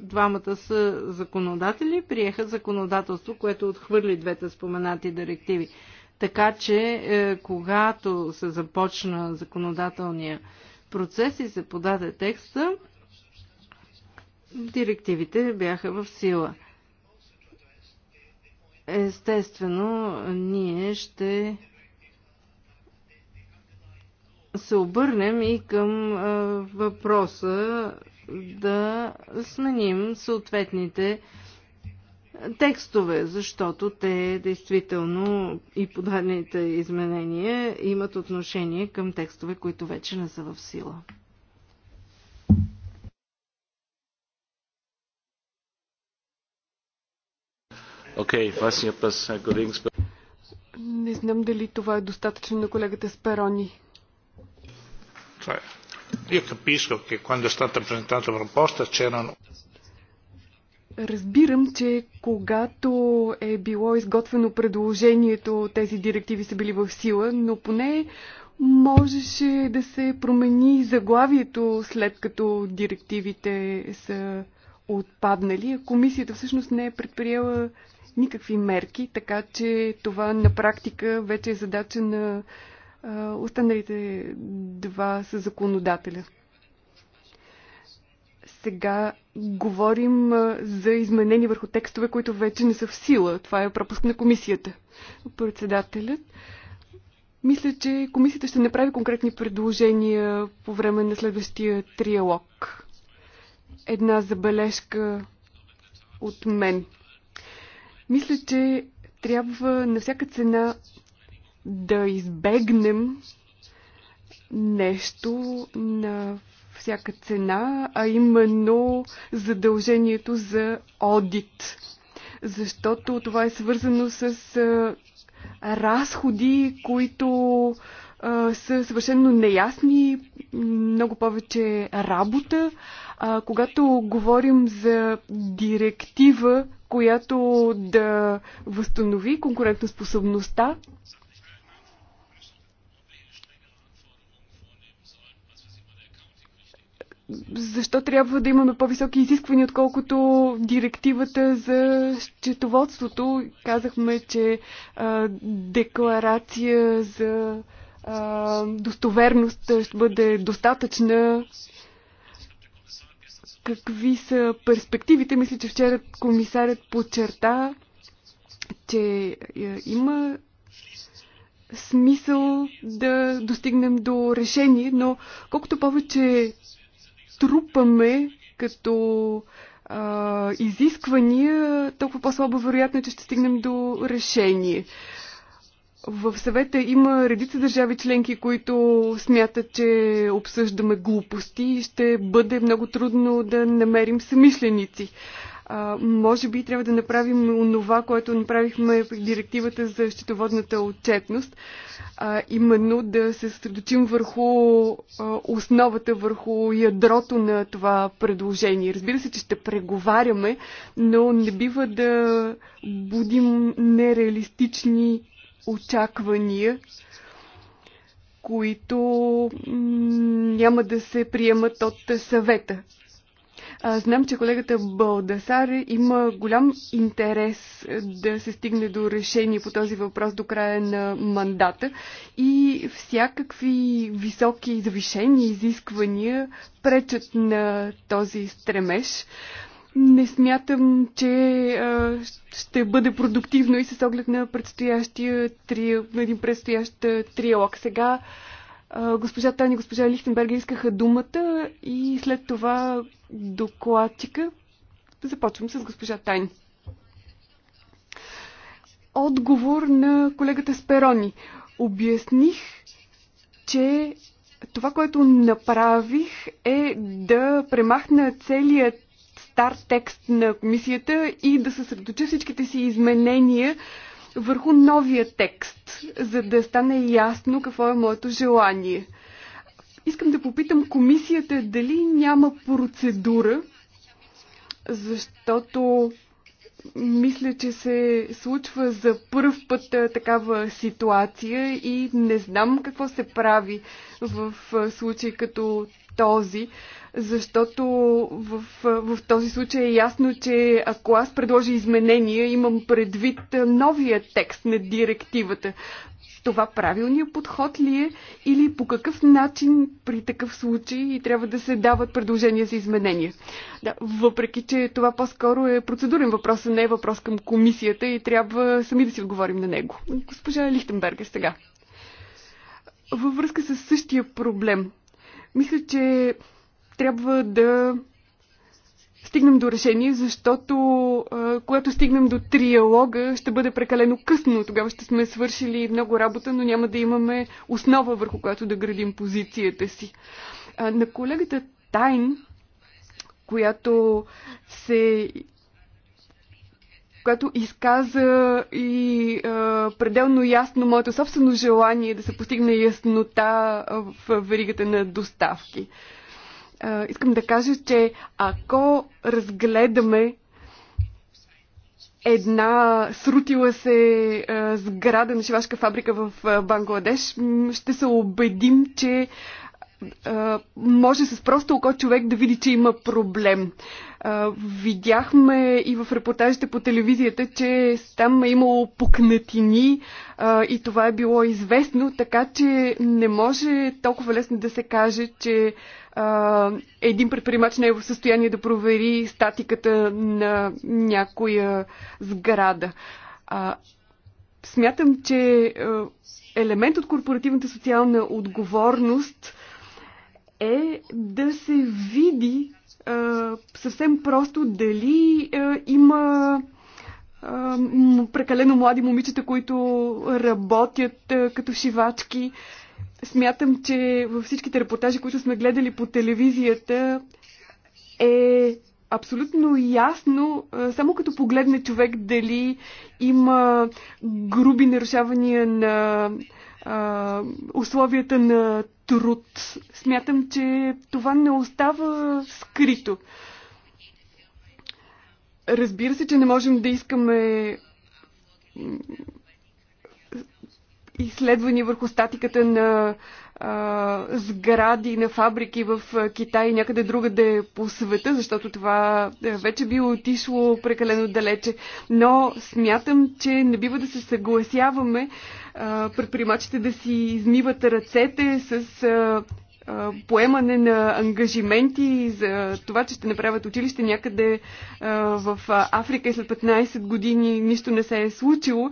двамата са законодатели, приеха законодателство, което отхвърли двете споменати директиви. Така че, е, когато се започна законодателния процес и се подаде текста, директивите бяха в сила – Естествено, ние ще се обърнем и към въпроса да сменим съответните текстове, защото те действително и подадените изменения имат отношение към текстове, които вече не са в сила. Okay, was hier Herr Не знам дали това е достатъчно на колегата Сперони. Разбирам, че когато е било изготвено предложението, тези директиви са били в сила, но поне можеше да се промени заглавието след като директивите са отпаднали. А комисията всъщност не е предприела никакви мерки, така че това на практика вече е задача на останалите два са законодателя. Сега говорим за изменения върху текстове, които вече не са в сила. Това е пропуск на комисията. Председателят. Мисля, че комисията ще направи конкретни предложения по време на следващия триалог. Една забележка от мен. Мисля, че трябва на всяка цена да избегнем нещо на всяка цена, а именно задължението за одит. Защото това е свързано с разходи, които а, са съвършенно неясни, много повече работа. А, когато говорим за директива, която да възстанови конкурентоспособността защо трябва да имаме по-високи изисквания, отколкото директивата за счетоводството? Казахме, че а, декларация за а, достоверност ще бъде достатъчна какви са перспективите. Мисля, че вчера комисарят подчерта, че е, има смисъл да достигнем до решение, но колкото повече трупаме като а, изисквания, толкова по-слабо вероятно е, че ще стигнем до решение. В съвета има редица държави членки, които смятат, че обсъждаме глупости и ще бъде много трудно да намерим самишленици. А, може би трябва да направим онова, което направихме в директивата за щитоводната отчетност, а, именно да се съсредоточим върху а, основата, върху ядрото на това предложение. Разбира се, че ще преговаряме, но не бива да будим нереалистични очаквания, които няма да се приемат от съвета. А, знам, че колегата Балдасар има голям интерес да се стигне до решение по този въпрос до края на мандата и всякакви високи завишени изисквания пречат на този стремеж. Не смятам, че а, ще бъде продуктивно и с оглед на предстоящия три, един предстоящ триалог. Сега а, госпожа Тани, госпожа Лихтенберга искаха думата и след това докладчика. Започвам с госпожа Тани отговор на колегата Сперони. Обясних, че това, което направих е да премахна целият стар текст на комисията и да съсредоча всичките си изменения върху новия текст, за да стане ясно какво е моето желание. Искам да попитам комисията дали няма процедура, защото мисля, че се случва за първ път такава ситуация и не знам какво се прави в случай като този, защото в, в този случай е ясно, че ако аз предложа изменения, имам предвид новия текст на директивата. Това правилният подход ли е или по какъв начин при такъв случай трябва да се дават предложения за изменения? Да, въпреки, че това по-скоро е процедурен въпрос, а не е въпрос към комисията и трябва сами да си отговорим на него. Госпожа Лихтенбергер сега. Във връзка с същия проблем, мисля, че трябва да стигнем до решение, защото а, когато стигнем до триалога, ще бъде прекалено късно. Тогава ще сме свършили много работа, но няма да имаме основа върху която да градим позицията си. А, на колегата Тайн, която се която изказа и а, пределно ясно моето собствено желание да се постигне яснота в веригата на доставки искам да кажа, че ако разгледаме една срутила се а, сграда на шивашка фабрика в а, Бангладеш, ще се убедим, че може с просто око човек да види, че има проблем. Видяхме и в репортажите по телевизията, че там е имало пукнатини и това е било известно, така че не може толкова лесно да се каже, че един предприемач не е в състояние да провери статиката на някоя сграда. Смятам, че елемент от корпоративната социална отговорност е да се види съвсем просто дали има прекалено млади момичета, които работят като шивачки. Смятам, че във всичките репортажи, които сме гледали по телевизията, е абсолютно ясно, само като погледне човек дали има груби нарушавания на а, условията на труд. Смятам, че това не остава скрито. Разбира се, че не можем да искаме изследвания върху статиката на а, сгради на фабрики в Китай и някъде другаде по света, защото това е, вече би отишло прекалено далече. Но смятам, че не бива да се съгласяваме предприемачите да си измиват ръцете с а, поемане на ангажименти за това, че ще направят училище някъде в Африка и след 15 години нищо не се е случило.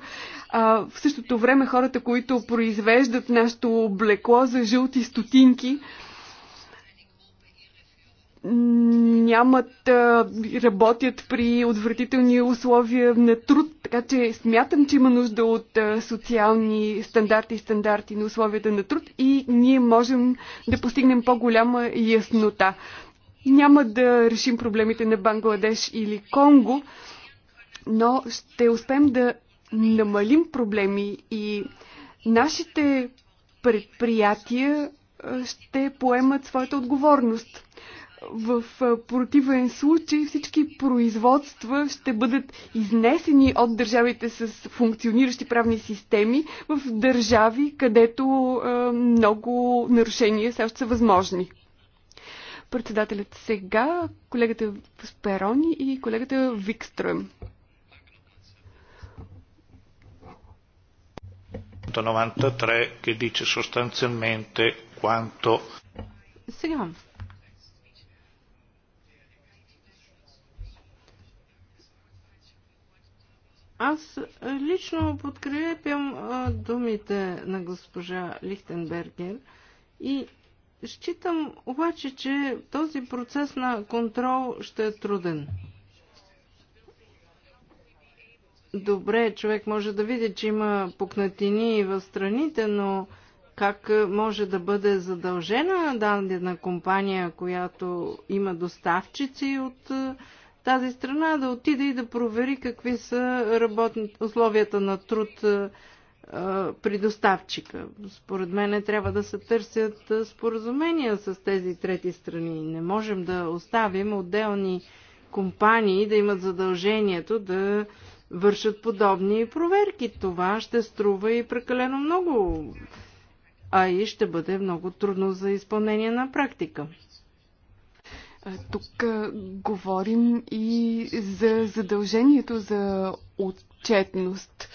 В същото време хората, които произвеждат нашето облекло за жълти стотинки, нямат, работят при отвратителни условия на труд, така че смятам, че има нужда от социални стандарти и стандарти на условията на труд и ние можем да постигнем по-голяма яснота. Няма да решим проблемите на Бангладеш или Конго, но ще успеем да намалим проблеми и нашите предприятия ще поемат своята отговорност в противен случай всички производства ще бъдат изнесени от държавите с функциониращи правни системи в държави, където много нарушения все още са възможни. Председателят сега, колегата Сперони и колегата Викстрем. 93 quanto. Сега, Аз лично подкрепям думите на госпожа Лихтенбергер и считам обаче, че този процес на контрол ще е труден. Добре, човек може да види, че има пукнатини в страните, но как може да бъде задължена дадена компания, която има доставчици от тази страна, да отиде и да провери какви са работни, условията на труд при доставчика. Според мен трябва да се търсят споразумения с тези трети страни. Не можем да оставим отделни компании да имат задължението да вършат подобни проверки. Това ще струва и прекалено много, а и ще бъде много трудно за изпълнение на практика. Тук говорим и за задължението за отчетност.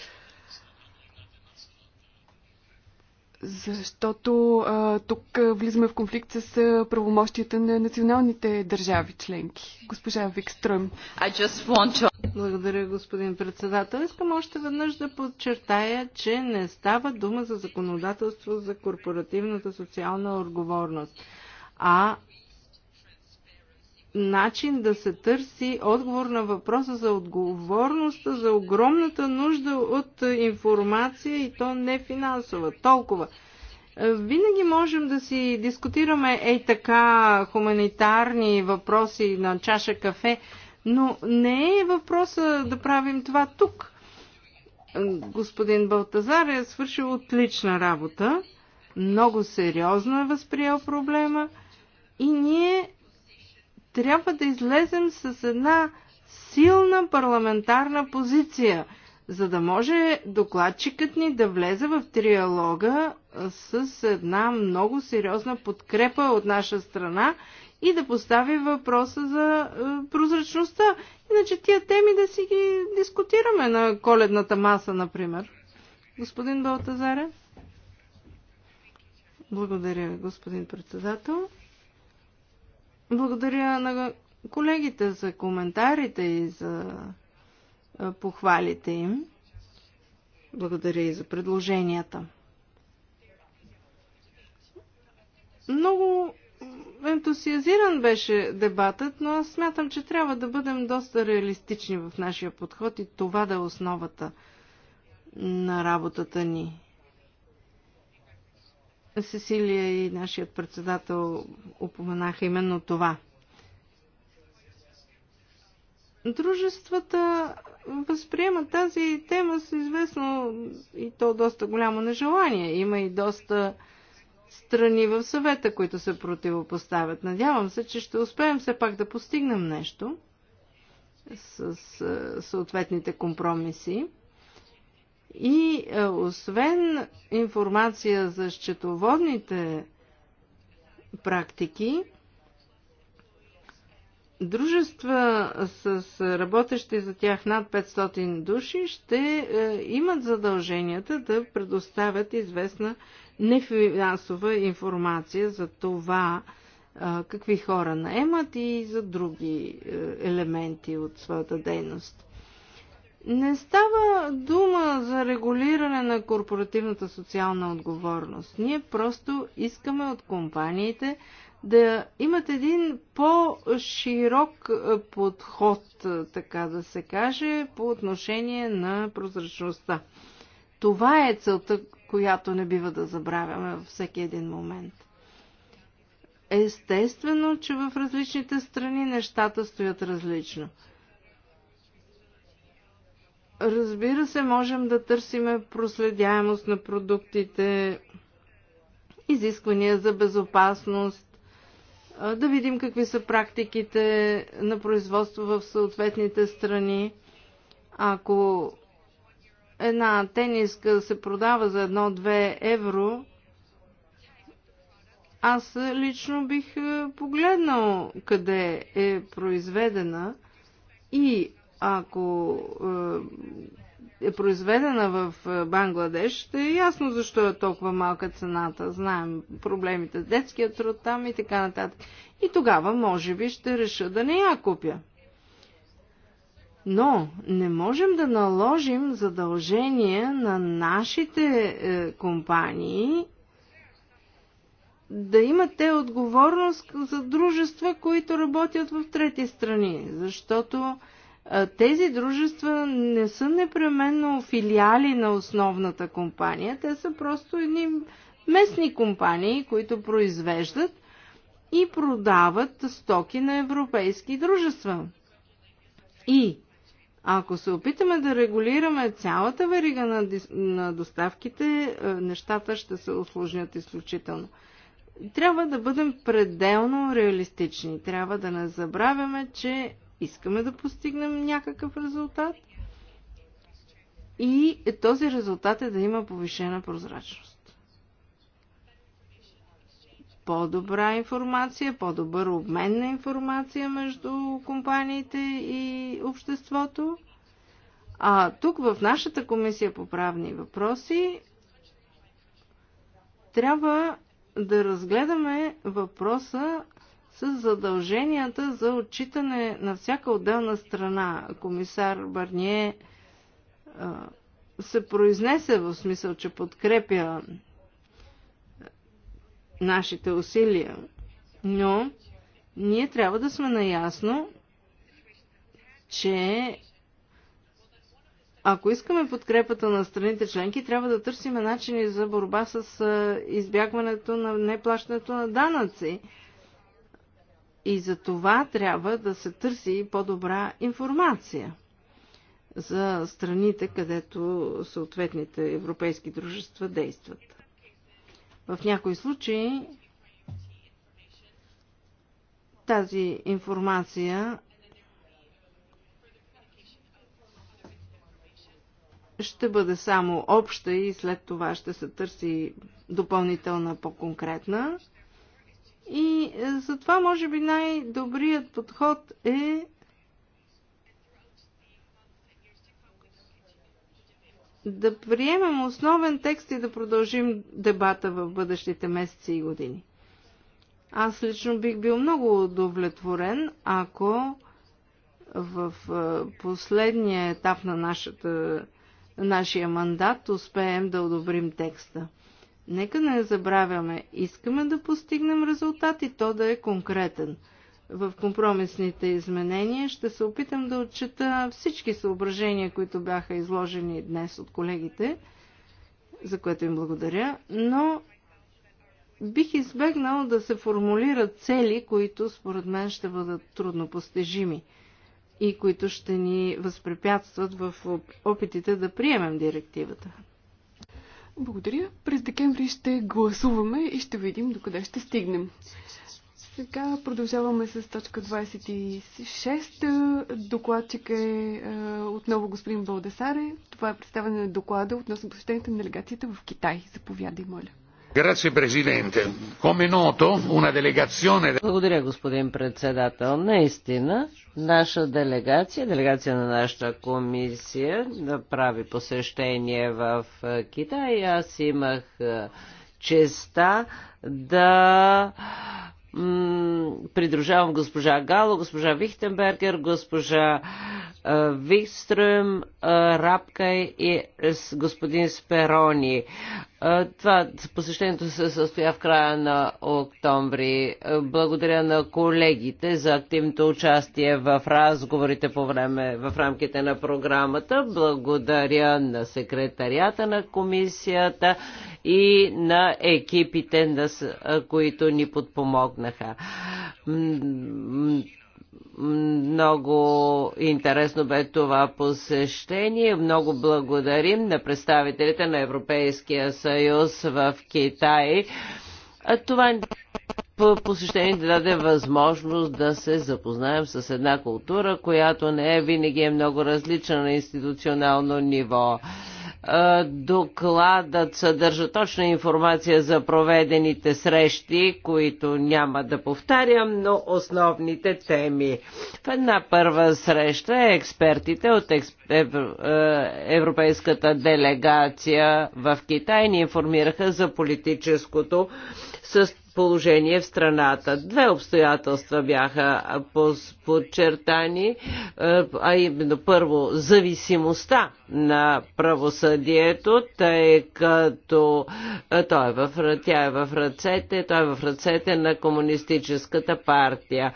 Защото а, тук влизаме в конфликт с а, правомощията на националните държави членки. Госпожа Викстръм. To... Благодаря, господин председател. Искам още веднъж да подчертая, че не става дума за законодателство за корпоративната социална отговорност, а начин да се търси отговор на въпроса за отговорността, за огромната нужда от информация и то не финансова, толкова. Винаги можем да си дискутираме ей така хуманитарни въпроси на чаша кафе, но не е въпроса да правим това тук. Господин Балтазар е свършил отлична работа, много сериозно е възприел проблема и ние трябва да излезем с една силна парламентарна позиция, за да може докладчикът ни да влезе в триалога с една много сериозна подкрепа от наша страна и да постави въпроса за прозрачността. Иначе тия теми да си ги дискутираме на коледната маса, например. Господин Балтазаре? Благодаря, господин председател. Благодаря на колегите за коментарите и за похвалите им. Благодаря и за предложенията. Много ентусиазиран беше дебатът, но аз смятам, че трябва да бъдем доста реалистични в нашия подход и това да е основата на работата ни. Сесилия и нашият председател упоменаха именно това. Дружествата възприемат тази тема с известно и то доста голямо нежелание. Има и доста страни в съвета, които се противопоставят. Надявам се, че ще успеем все пак да постигнем нещо с е, съответните компромиси. И е, освен информация за счетоводните практики, дружества с работещи за тях над 500 души ще е, имат задълженията да предоставят известна нефинансова информация за това е, какви хора наемат и за други елементи от своята дейност. Не става дума за регулиране на корпоративната социална отговорност. Ние просто искаме от компаниите да имат един по-широк е, подход, е, така да се каже, по отношение на прозрачността. Това е целта, която не бива да забравяме във всеки един момент. Естествено, че в различните страни нещата стоят различно – Разбира се, можем да търсиме проследяемост на продуктите, изисквания за безопасност, да видим какви са практиките на производство в съответните страни. Ако една тениска се продава за 1-2 евро, аз лично бих погледнал къде е произведена и ако е, е произведена в е, Бангладеш, ще е ясно защо е толкова малка цената. Знаем проблемите с детския труд там и така нататък. И тогава, може би, ще реша да не я купя. Но не можем да наложим задължение на нашите е, компании да имат те отговорност за дружества, които работят в трети страни, защото тези дружества не са непременно филиали на основната компания, те са просто едни местни компании, които произвеждат и продават стоки на европейски дружества. И ако се опитаме да регулираме цялата верига на, на доставките, е, нещата ще се осложнят изключително. Трябва да бъдем пределно реалистични. Трябва да не забравяме, че искаме да постигнем някакъв резултат и този резултат е да има повишена прозрачност. По-добра информация, по-добър обмен на информация между компаниите и обществото. А тук в нашата комисия по правни въпроси трябва да разгледаме въпроса с задълженията за отчитане на всяка отделна страна. Комисар Барние се произнесе в смисъл, че подкрепя нашите усилия, но ние трябва да сме наясно, че ако искаме подкрепата на страните членки, трябва да търсим начини за борба с избягването на неплащането на данъци. И за това трябва да се търси по-добра информация за страните, където съответните европейски дружества действат. В някои случаи тази информация ще бъде само обща и след това ще се търси допълнителна по-конкретна. И е, затова, може би, най-добрият подход е да приемем основен текст и да продължим дебата в бъдещите месеци и години. Аз лично бих бил много удовлетворен, ако в е, последния етап на нашата, нашия мандат успеем да одобрим текста. Нека не забравяме, искаме да постигнем резултат и то да е конкретен. В компромисните изменения ще се опитам да отчета всички съображения, които бяха изложени днес от колегите, за което им благодаря, но бих избегнал да се формулират цели, които според мен ще бъдат трудно постижими и които ще ни възпрепятстват в опитите да приемем директивата. Благодаря. През декември ще гласуваме и ще видим докъде ще стигнем. Сега продължаваме с точка 26. Докладчик е, е отново господин Балдасаре. Това е представяне на доклада относно посещението на делегацията в Китай. Заповядай, моля. Благодаря, господин председател. Наистина, наша делегация, делегация на нашата комисия, да посещение в е, Китай. Аз имах е, честа да придружавам госпожа Гало, госпожа Вихтенбергер, госпожа е, Вихстрюм, е, Рапкай и господин Сперони. Това посещението се състоя в края на октомври. Благодаря на колегите за активното участие в разговорите по време, в рамките на програмата. Благодаря на секретарията на комисията и на екипите, които ни подпомогнаха много интересно бе това посещение. Много благодарим на представителите на Европейския съюз в Китай. Това е посещение да даде възможност да се запознаем с една култура, която не е винаги е много различна на институционално ниво. Е, докладът съдържа точна информация за проведените срещи, които няма да повтарям, но основните теми. В една първа среща експертите от е, Европейската делегация в Китай ни информираха за политическото състояние положение в страната. Две обстоятелства бяха подчертани, е, а именно първо зависимостта на правосъдието, тъй като е, той е в, тя е в ръцете, той е в ръцете на комунистическата партия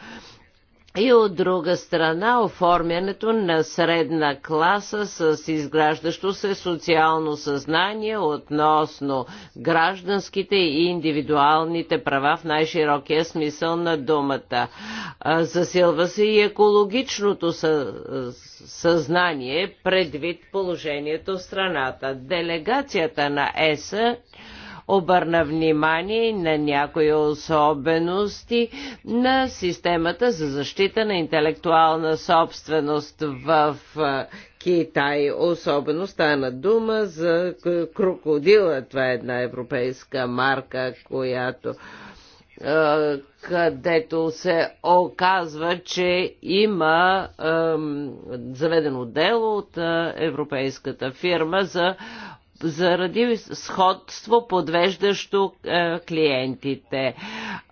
и от друга страна оформянето на средна класа с изграждащо се социално съзнание относно гражданските и индивидуалните права в най-широкия смисъл на думата. Засилва се и екологичното съзнание предвид положението в страната. Делегацията на ЕСА обърна внимание на някои особености на системата за защита на интелектуална собственост в Китай. Особено стана дума за крокодила. Това е една европейска марка, която където се оказва, че има е, заведено дело от европейската фирма за заради сходство, подвеждащо е, клиентите.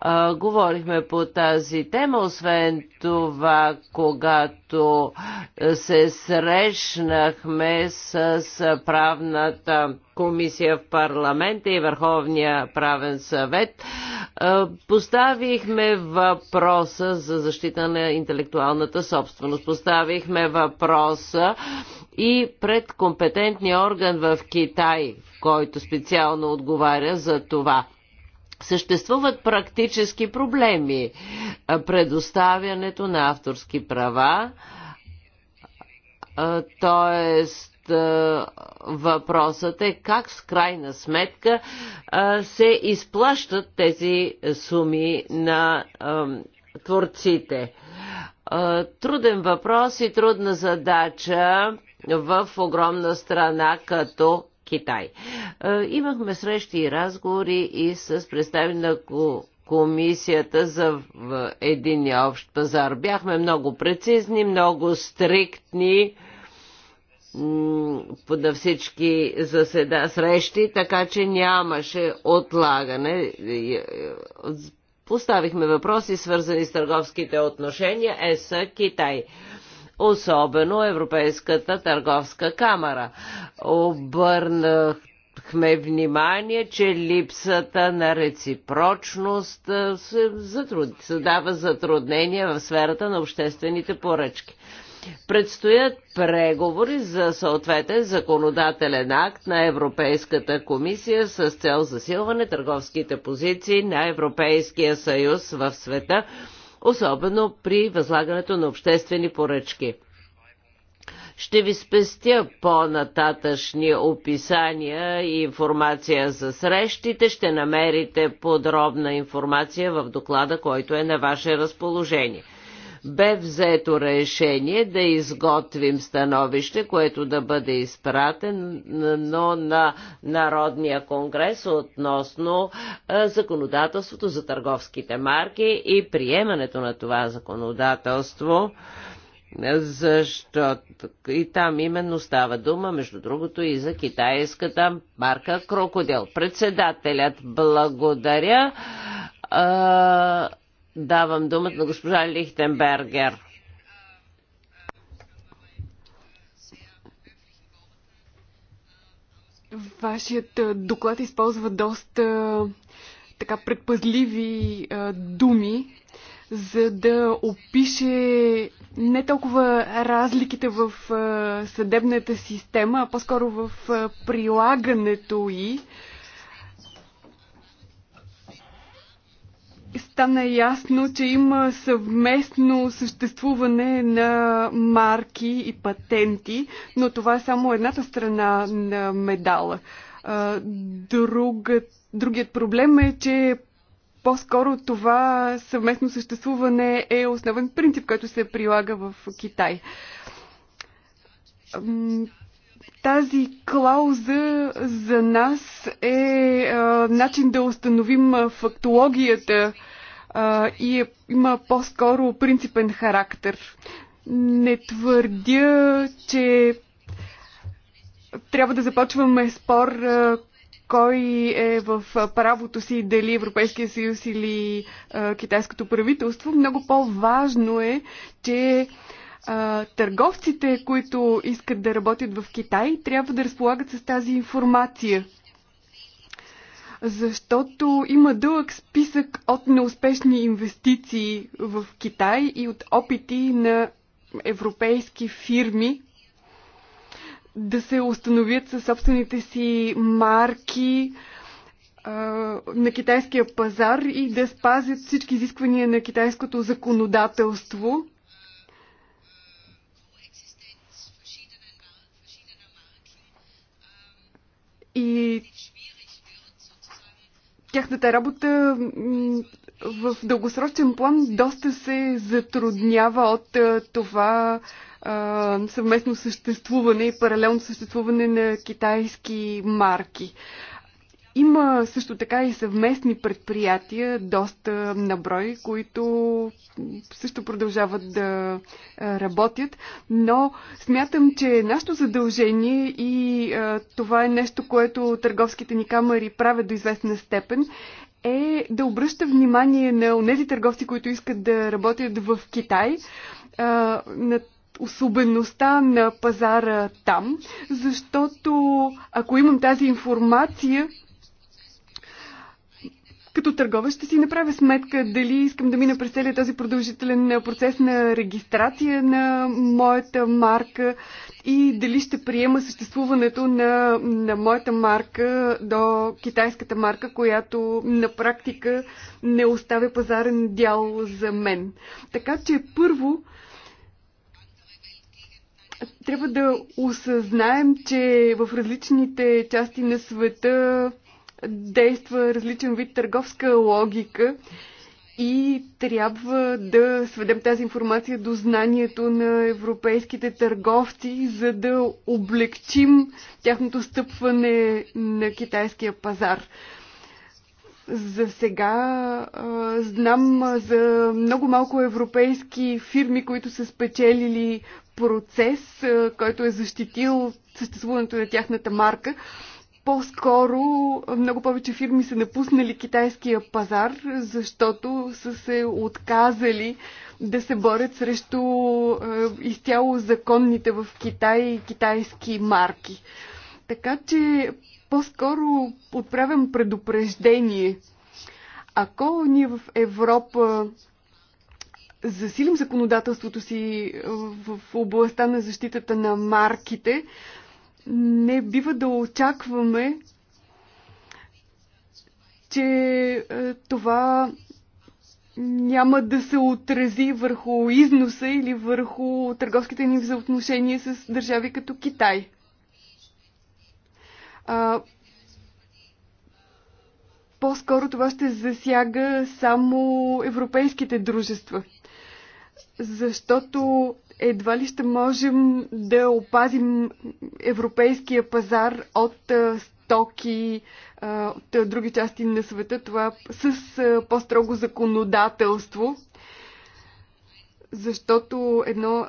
А, говорихме по тази тема, освен това, когато е, се срещнахме с правната комисия в парламента и Върховния правен съвет, е, поставихме въпроса за защита на интелектуалната собственост. Поставихме въпроса и пред компетентния орган в Китай, който специално отговаря за това. Съществуват практически проблеми. Предоставянето на авторски права, т.е. въпросът е как с крайна сметка се изплащат тези суми на творците. Труден въпрос и трудна задача в огромна страна като Китай. Е, имахме срещи и разговори и с представител на Комисията за единия общ пазар. Бяхме много прецизни, много стриктни на всички заседа, срещи, така че нямаше отлагане. Е, поставихме въпроси, свързани с търговските отношения еса Китай особено Европейската търговска камера. обърнахме внимание, че липсата на реципрочност се затруд... създава затруднения в сферата на обществените поръчки. Предстоят преговори за съответен законодателен акт на Европейската комисия с цел засилване търговските позиции на Европейския съюз в света особено при възлагането на обществени поръчки. Ще ви спестя по-нататъчни описания и информация за срещите. Ще намерите подробна информация в доклада, който е на ваше разположение бе взето решение да изготвим становище, което да бъде изпратено на Народния конгрес относно законодателството за търговските марки и приемането на това законодателство защото и там именно става дума, между другото, и за китайската марка Крокодил. Председателят благодаря. А, Давам думата на госпожа Лихтенбергер. Вашият доклад използва доста така предпазливи а, думи, за да опише не толкова разликите в а, съдебната система, а по-скоро в а, прилагането й. А, стана ясно, че има съвместно съществуване на марки и патенти, но това е само едната страна на медала. Другът, другият проблем е, че по-скоро това съвместно съществуване е основен принцип, който се прилага в Китай тази клауза за нас е а, начин да установим фактологията а, и е, има по-скоро принципен характер. Не твърдя, че трябва да започваме спор а, кой е в правото си, дали Европейския съюз или а, китайското правителство. Много по-важно е, че а, а, търговците, които искат да работят в Китай, трябва да разполагат с тази информация. Защото има дълъг списък от неуспешни инвестиции в Китай и от опити на европейски фирми да се установят със собствените си марки, на китайския пазар и да спазят всички изисквания на китайското законодателство. И тяхната работа в дългосрочен план доста се затруднява от това съвместно съществуване и паралелно съществуване на китайски марки. Има също така и съвместни предприятия, доста наброй, които също продължават да работят, но смятам, че е нашето задължение и това е нещо, което търговските ни камери правят до известна степен, е да обръща внимание на тези търговци, които искат да работят в Китай, на особеността на пазара там, защото ако имам тази информация, като търговец ще си направя сметка дали искам да мина през целият този продължителен е, процес на регистрация на моята марка и дали ще приема съществуването на, на моята марка до китайската марка, която на практика не оставя пазарен дял за мен. Така че първо трябва да осъзнаем, че в различните части на света действа различен вид търговска логика и трябва да сведем тази информация до знанието на европейските търговци, за да облегчим тяхното стъпване на китайския пазар. За сега а, знам за много малко европейски фирми, които са спечелили процес, а, който е защитил съществуването на тяхната марка, по-скоро много повече фирми са напуснали китайския пазар, защото са се отказали да се борят срещу е, изцяло законните в Китай китайски марки. Така че по-скоро отправям предупреждение. Ако ние в Европа засилим законодателството си е, в областта на защитата на марките, не бива да очакваме, че е, това няма да се отрази върху износа или върху търговските ни взаимоотношения с държави като Китай. А, по-скоро това ще засяга само европейските дружества. Защото едва ли ще можем да опазим европейския пазар от стоки от други части на света, това с по-строго законодателство, защото едно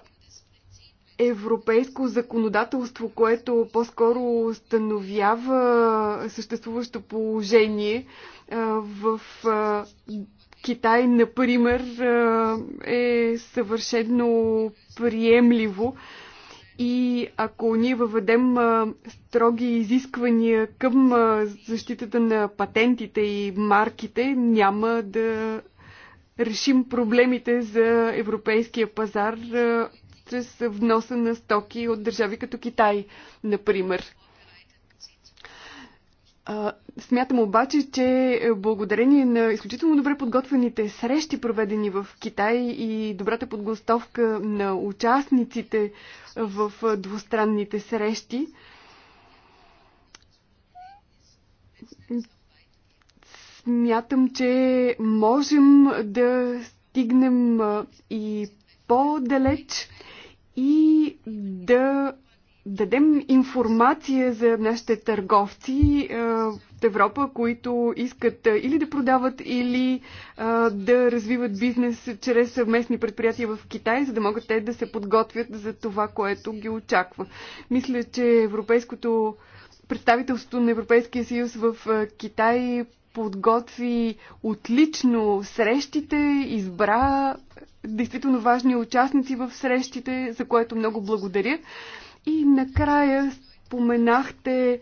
европейско законодателство, което по-скоро установява съществуващо положение в Китай, например, е, е съвършено приемливо. И ако ние въведем строги изисквания към защитата на патентите и марките, няма да решим проблемите за европейския пазар чрез вноса на стоки от държави като Китай, например. А, смятам обаче, че благодарение на изключително добре подготвените срещи, проведени в Китай и добрата подготовка на участниците в двустранните срещи, смятам, че можем да стигнем и по-далеч и да дадем информация за нашите търговци е, в Европа, които искат е, или да продават, или е, да развиват бизнес чрез съвместни предприятия в Китай, за да могат те да се подготвят за това, което ги очаква. Мисля, че европейското представителството на Европейския съюз в Китай подготви отлично срещите, избра действително важни участници в срещите, за което много благодаря. И накрая споменахте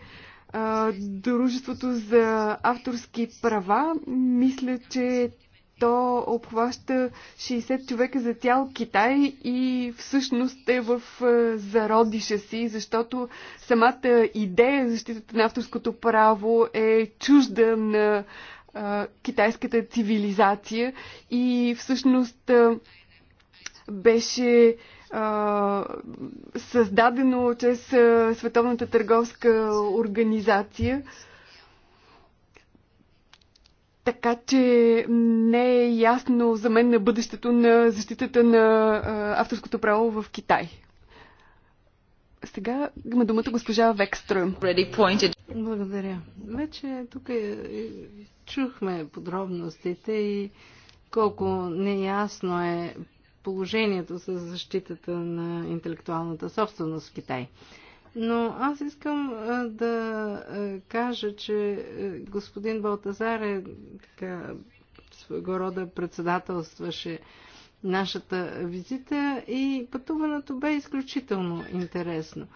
а, Дружеството за авторски права. Мисля, че то обхваща 60 човека за цял Китай и всъщност е в зародиша си, защото самата идея защитата на авторското право е чужда на а, китайската цивилизация и всъщност а, беше създадено чрез Световната търговска организация. Така че не е ясно за мен на бъдещето на защитата на авторското право в Китай. Сега има думата госпожа Векстрюм. Благодаря. Вече тук е, е, чухме подробностите и колко неясно е положението с защитата на интелектуалната собственост в Китай. Но аз искам да кажа, че господин Балтазар е така, своего рода председателстваше нашата визита и пътуването бе изключително интересно.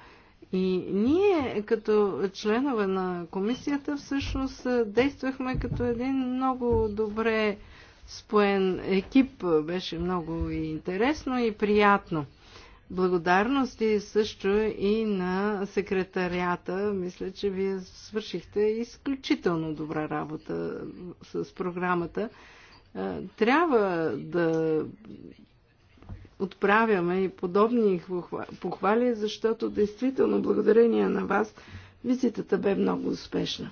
И ние, като членове на комисията, всъщност действахме като един много добре споен екип. Беше много и интересно и приятно. Благодарности също и на секретарията. Мисля, че вие свършихте изключително добра работа с програмата. Трябва да отправяме и подобни похвали, защото действително благодарение на вас визитата бе много успешна.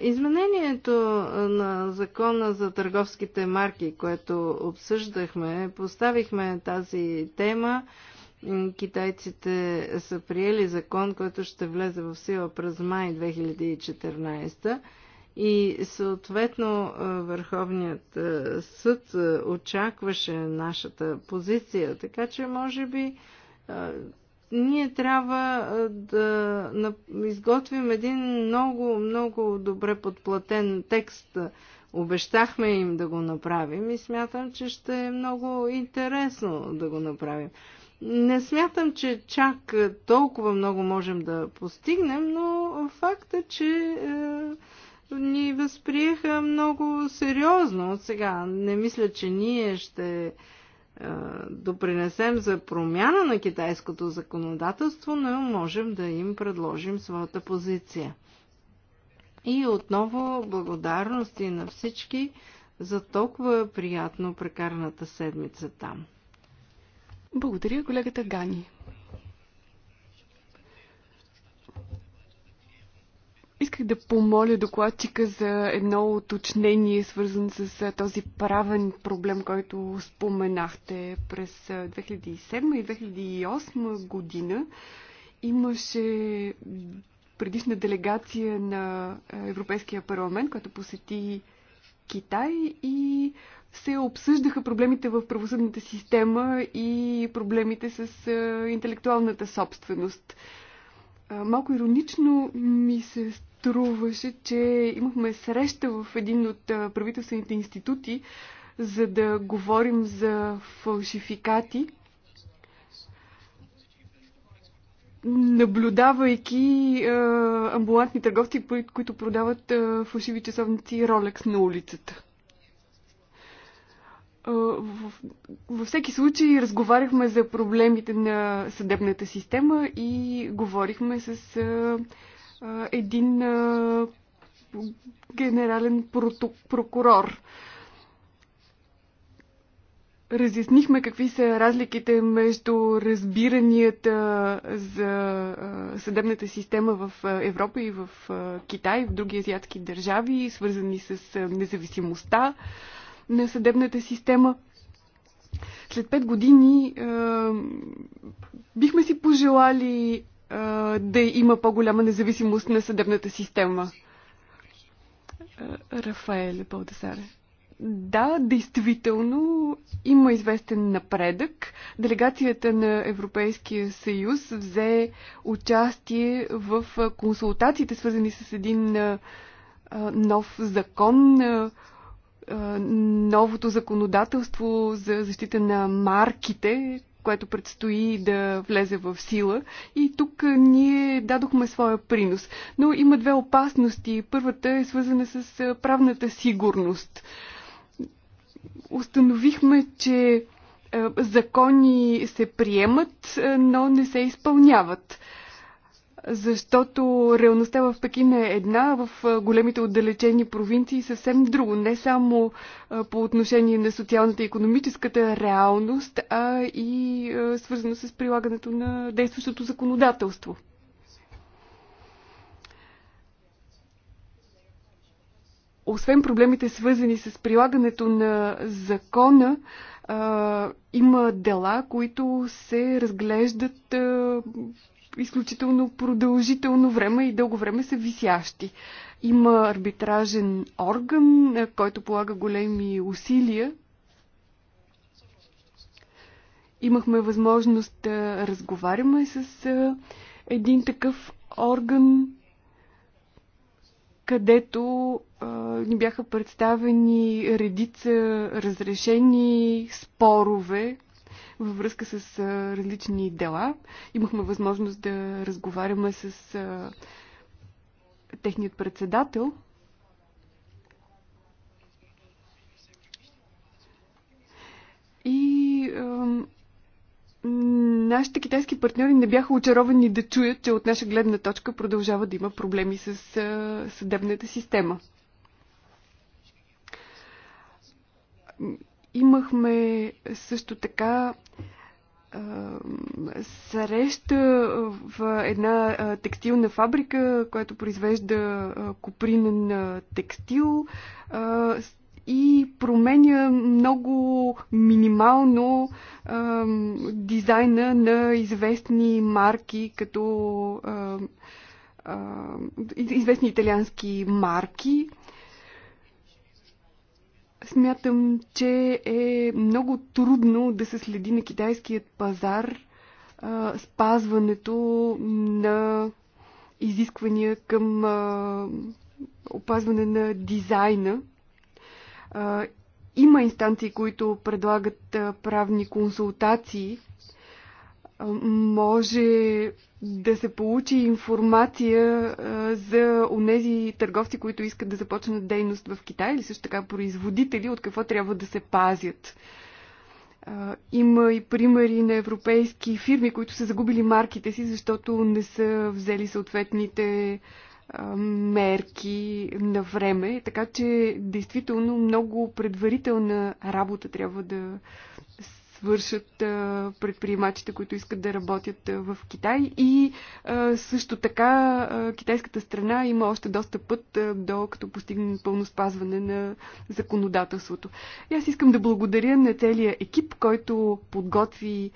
Изменението на закона за търговските марки, което обсъждахме, поставихме тази тема. Китайците са приели закон, който ще влезе в сила през май 2014 и съответно Върховният съд очакваше нашата позиция, така че може би ние трябва да изготвим един много, много добре подплатен текст. Обещахме им да го направим и смятам, че ще е много интересно да го направим. Не смятам, че чак толкова много можем да постигнем, но факта, е, че е, ни възприеха много сериозно от сега. Не мисля, че ние ще е, допринесем за промяна на китайското законодателство, но можем да им предложим своята позиция. И отново благодарности на всички за толкова приятно прекарната седмица там. Благодаря, колегата Гани. Исках да помоля докладчика за едно уточнение, свързано с този правен проблем, който споменахте през 2007 и 2008 година. Имаше предишна делегация на Европейския парламент, която посети Китай и се обсъждаха проблемите в правосъдната система и проблемите с интелектуалната собственост. Малко иронично ми се струваше, че имахме среща в един от правителствените институти, за да говорим за фалшификати, наблюдавайки е, амбулантни търговци, които продават е, фалшиви часовници Rolex на улицата. Е, в, във всеки случай разговаряхме за проблемите на съдебната система и говорихме с е, един генерален прокурор. Разяснихме какви са разликите между разбиранията за съдебната система в Европа и в Китай, в други азиатски държави, свързани с независимостта на съдебната система. След пет години бихме си пожелали да има по-голяма независимост на съдебната система. Рафаеле Балдесаре. Да, действително има известен напредък. Делегацията на Европейския съюз взе участие в консултациите, свързани с един нов закон, новото законодателство за защита на марките, което предстои да влезе в сила. И тук ние дадохме своя принос. Но има две опасности. Първата е свързана с правната сигурност. Установихме, че закони се приемат, но не се изпълняват защото реалността в Пекин е една, в големите отдалечени провинции съвсем друго. Не само по отношение на социалната и економическата реалност, а и свързано с прилагането на действащото законодателство. Освен проблемите свързани с прилагането на закона, има дела, които се разглеждат изключително продължително време и дълго време са висящи. Има арбитражен орган, е, който полага големи усилия. Имахме възможност да разговаряме с е, един такъв орган, където е, ни бяха представени редица разрешени спорове във връзка с различни дела. Имахме възможност да разговаряме с техният председател. И нашите китайски партньори не бяха очаровани да чуят, че от наша гледна точка продължава да има проблеми с съдебната система. Имахме също така среща в една текстилна фабрика, която произвежда копринен текстил и променя много минимално дизайна на известни марки, като известни италиански марки. Смятам, че е много трудно да се следи на китайският пазар а, спазването на изисквания към а, опазване на дизайна. А, има инстанции, които предлагат правни консултации. Може да се получи информация за онези търговци, които искат да започнат дейност в Китай или също така производители, от какво трябва да се пазят. Има и примери на европейски фирми, които са загубили марките си, защото не са взели съответните мерки на време. Така че, действително, много предварителна работа трябва да свършат предприемачите, които искат да работят в Китай. И също така китайската страна има още доста път до като постигне пълно спазване на законодателството. И аз искам да благодаря на целия екип, който подготви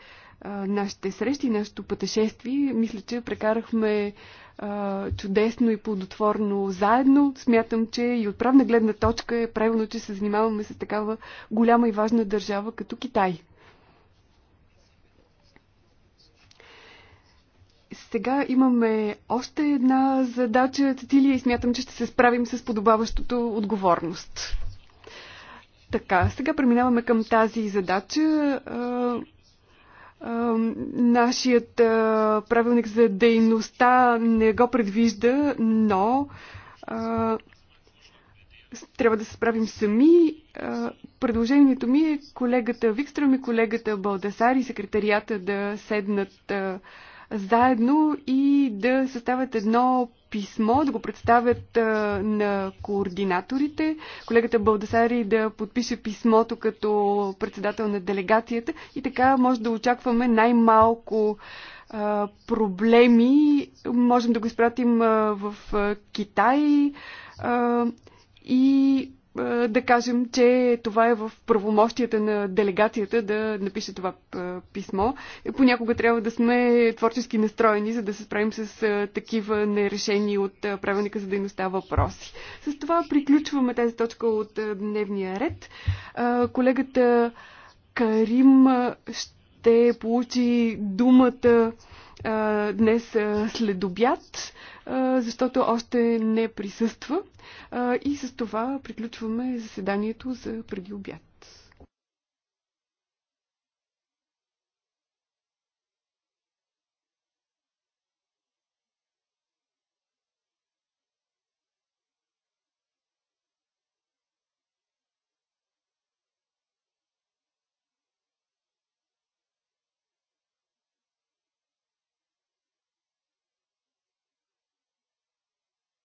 нашите срещи, нашето пътешествие. Мисля, че прекарахме а, чудесно и плодотворно заедно. Смятам, че и от правна гледна точка е правилно, че се занимаваме с такава голяма и важна държава като Китай. Сега имаме още една задача, Цетилия, и смятам, че ще се справим с подобаващото отговорност. Така, сега преминаваме към тази задача. Нашият правилник за дейността не го предвижда, но трябва да се справим сами. Предложението ми е колегата Викстрам и колегата Балдасар и секретарията да седнат заедно и да съставят едно писмо, да го представят а, на координаторите, колегата Балдасари да подпише писмото като председател на делегацията и така може да очакваме най-малко проблеми. Можем да го изпратим а, в а, Китай а, и е, да кажем, че това е в правомощията на делегацията да напише това е, писмо. Понякога трябва да сме творчески настроени, за да се справим с е, такива нерешени от правилника за дейността въпроси. С това приключваме тази точка от дневния ред. Колегата Карим ще получи думата днес след обяд, защото още не присъства. И с това приключваме заседанието за преди обяд.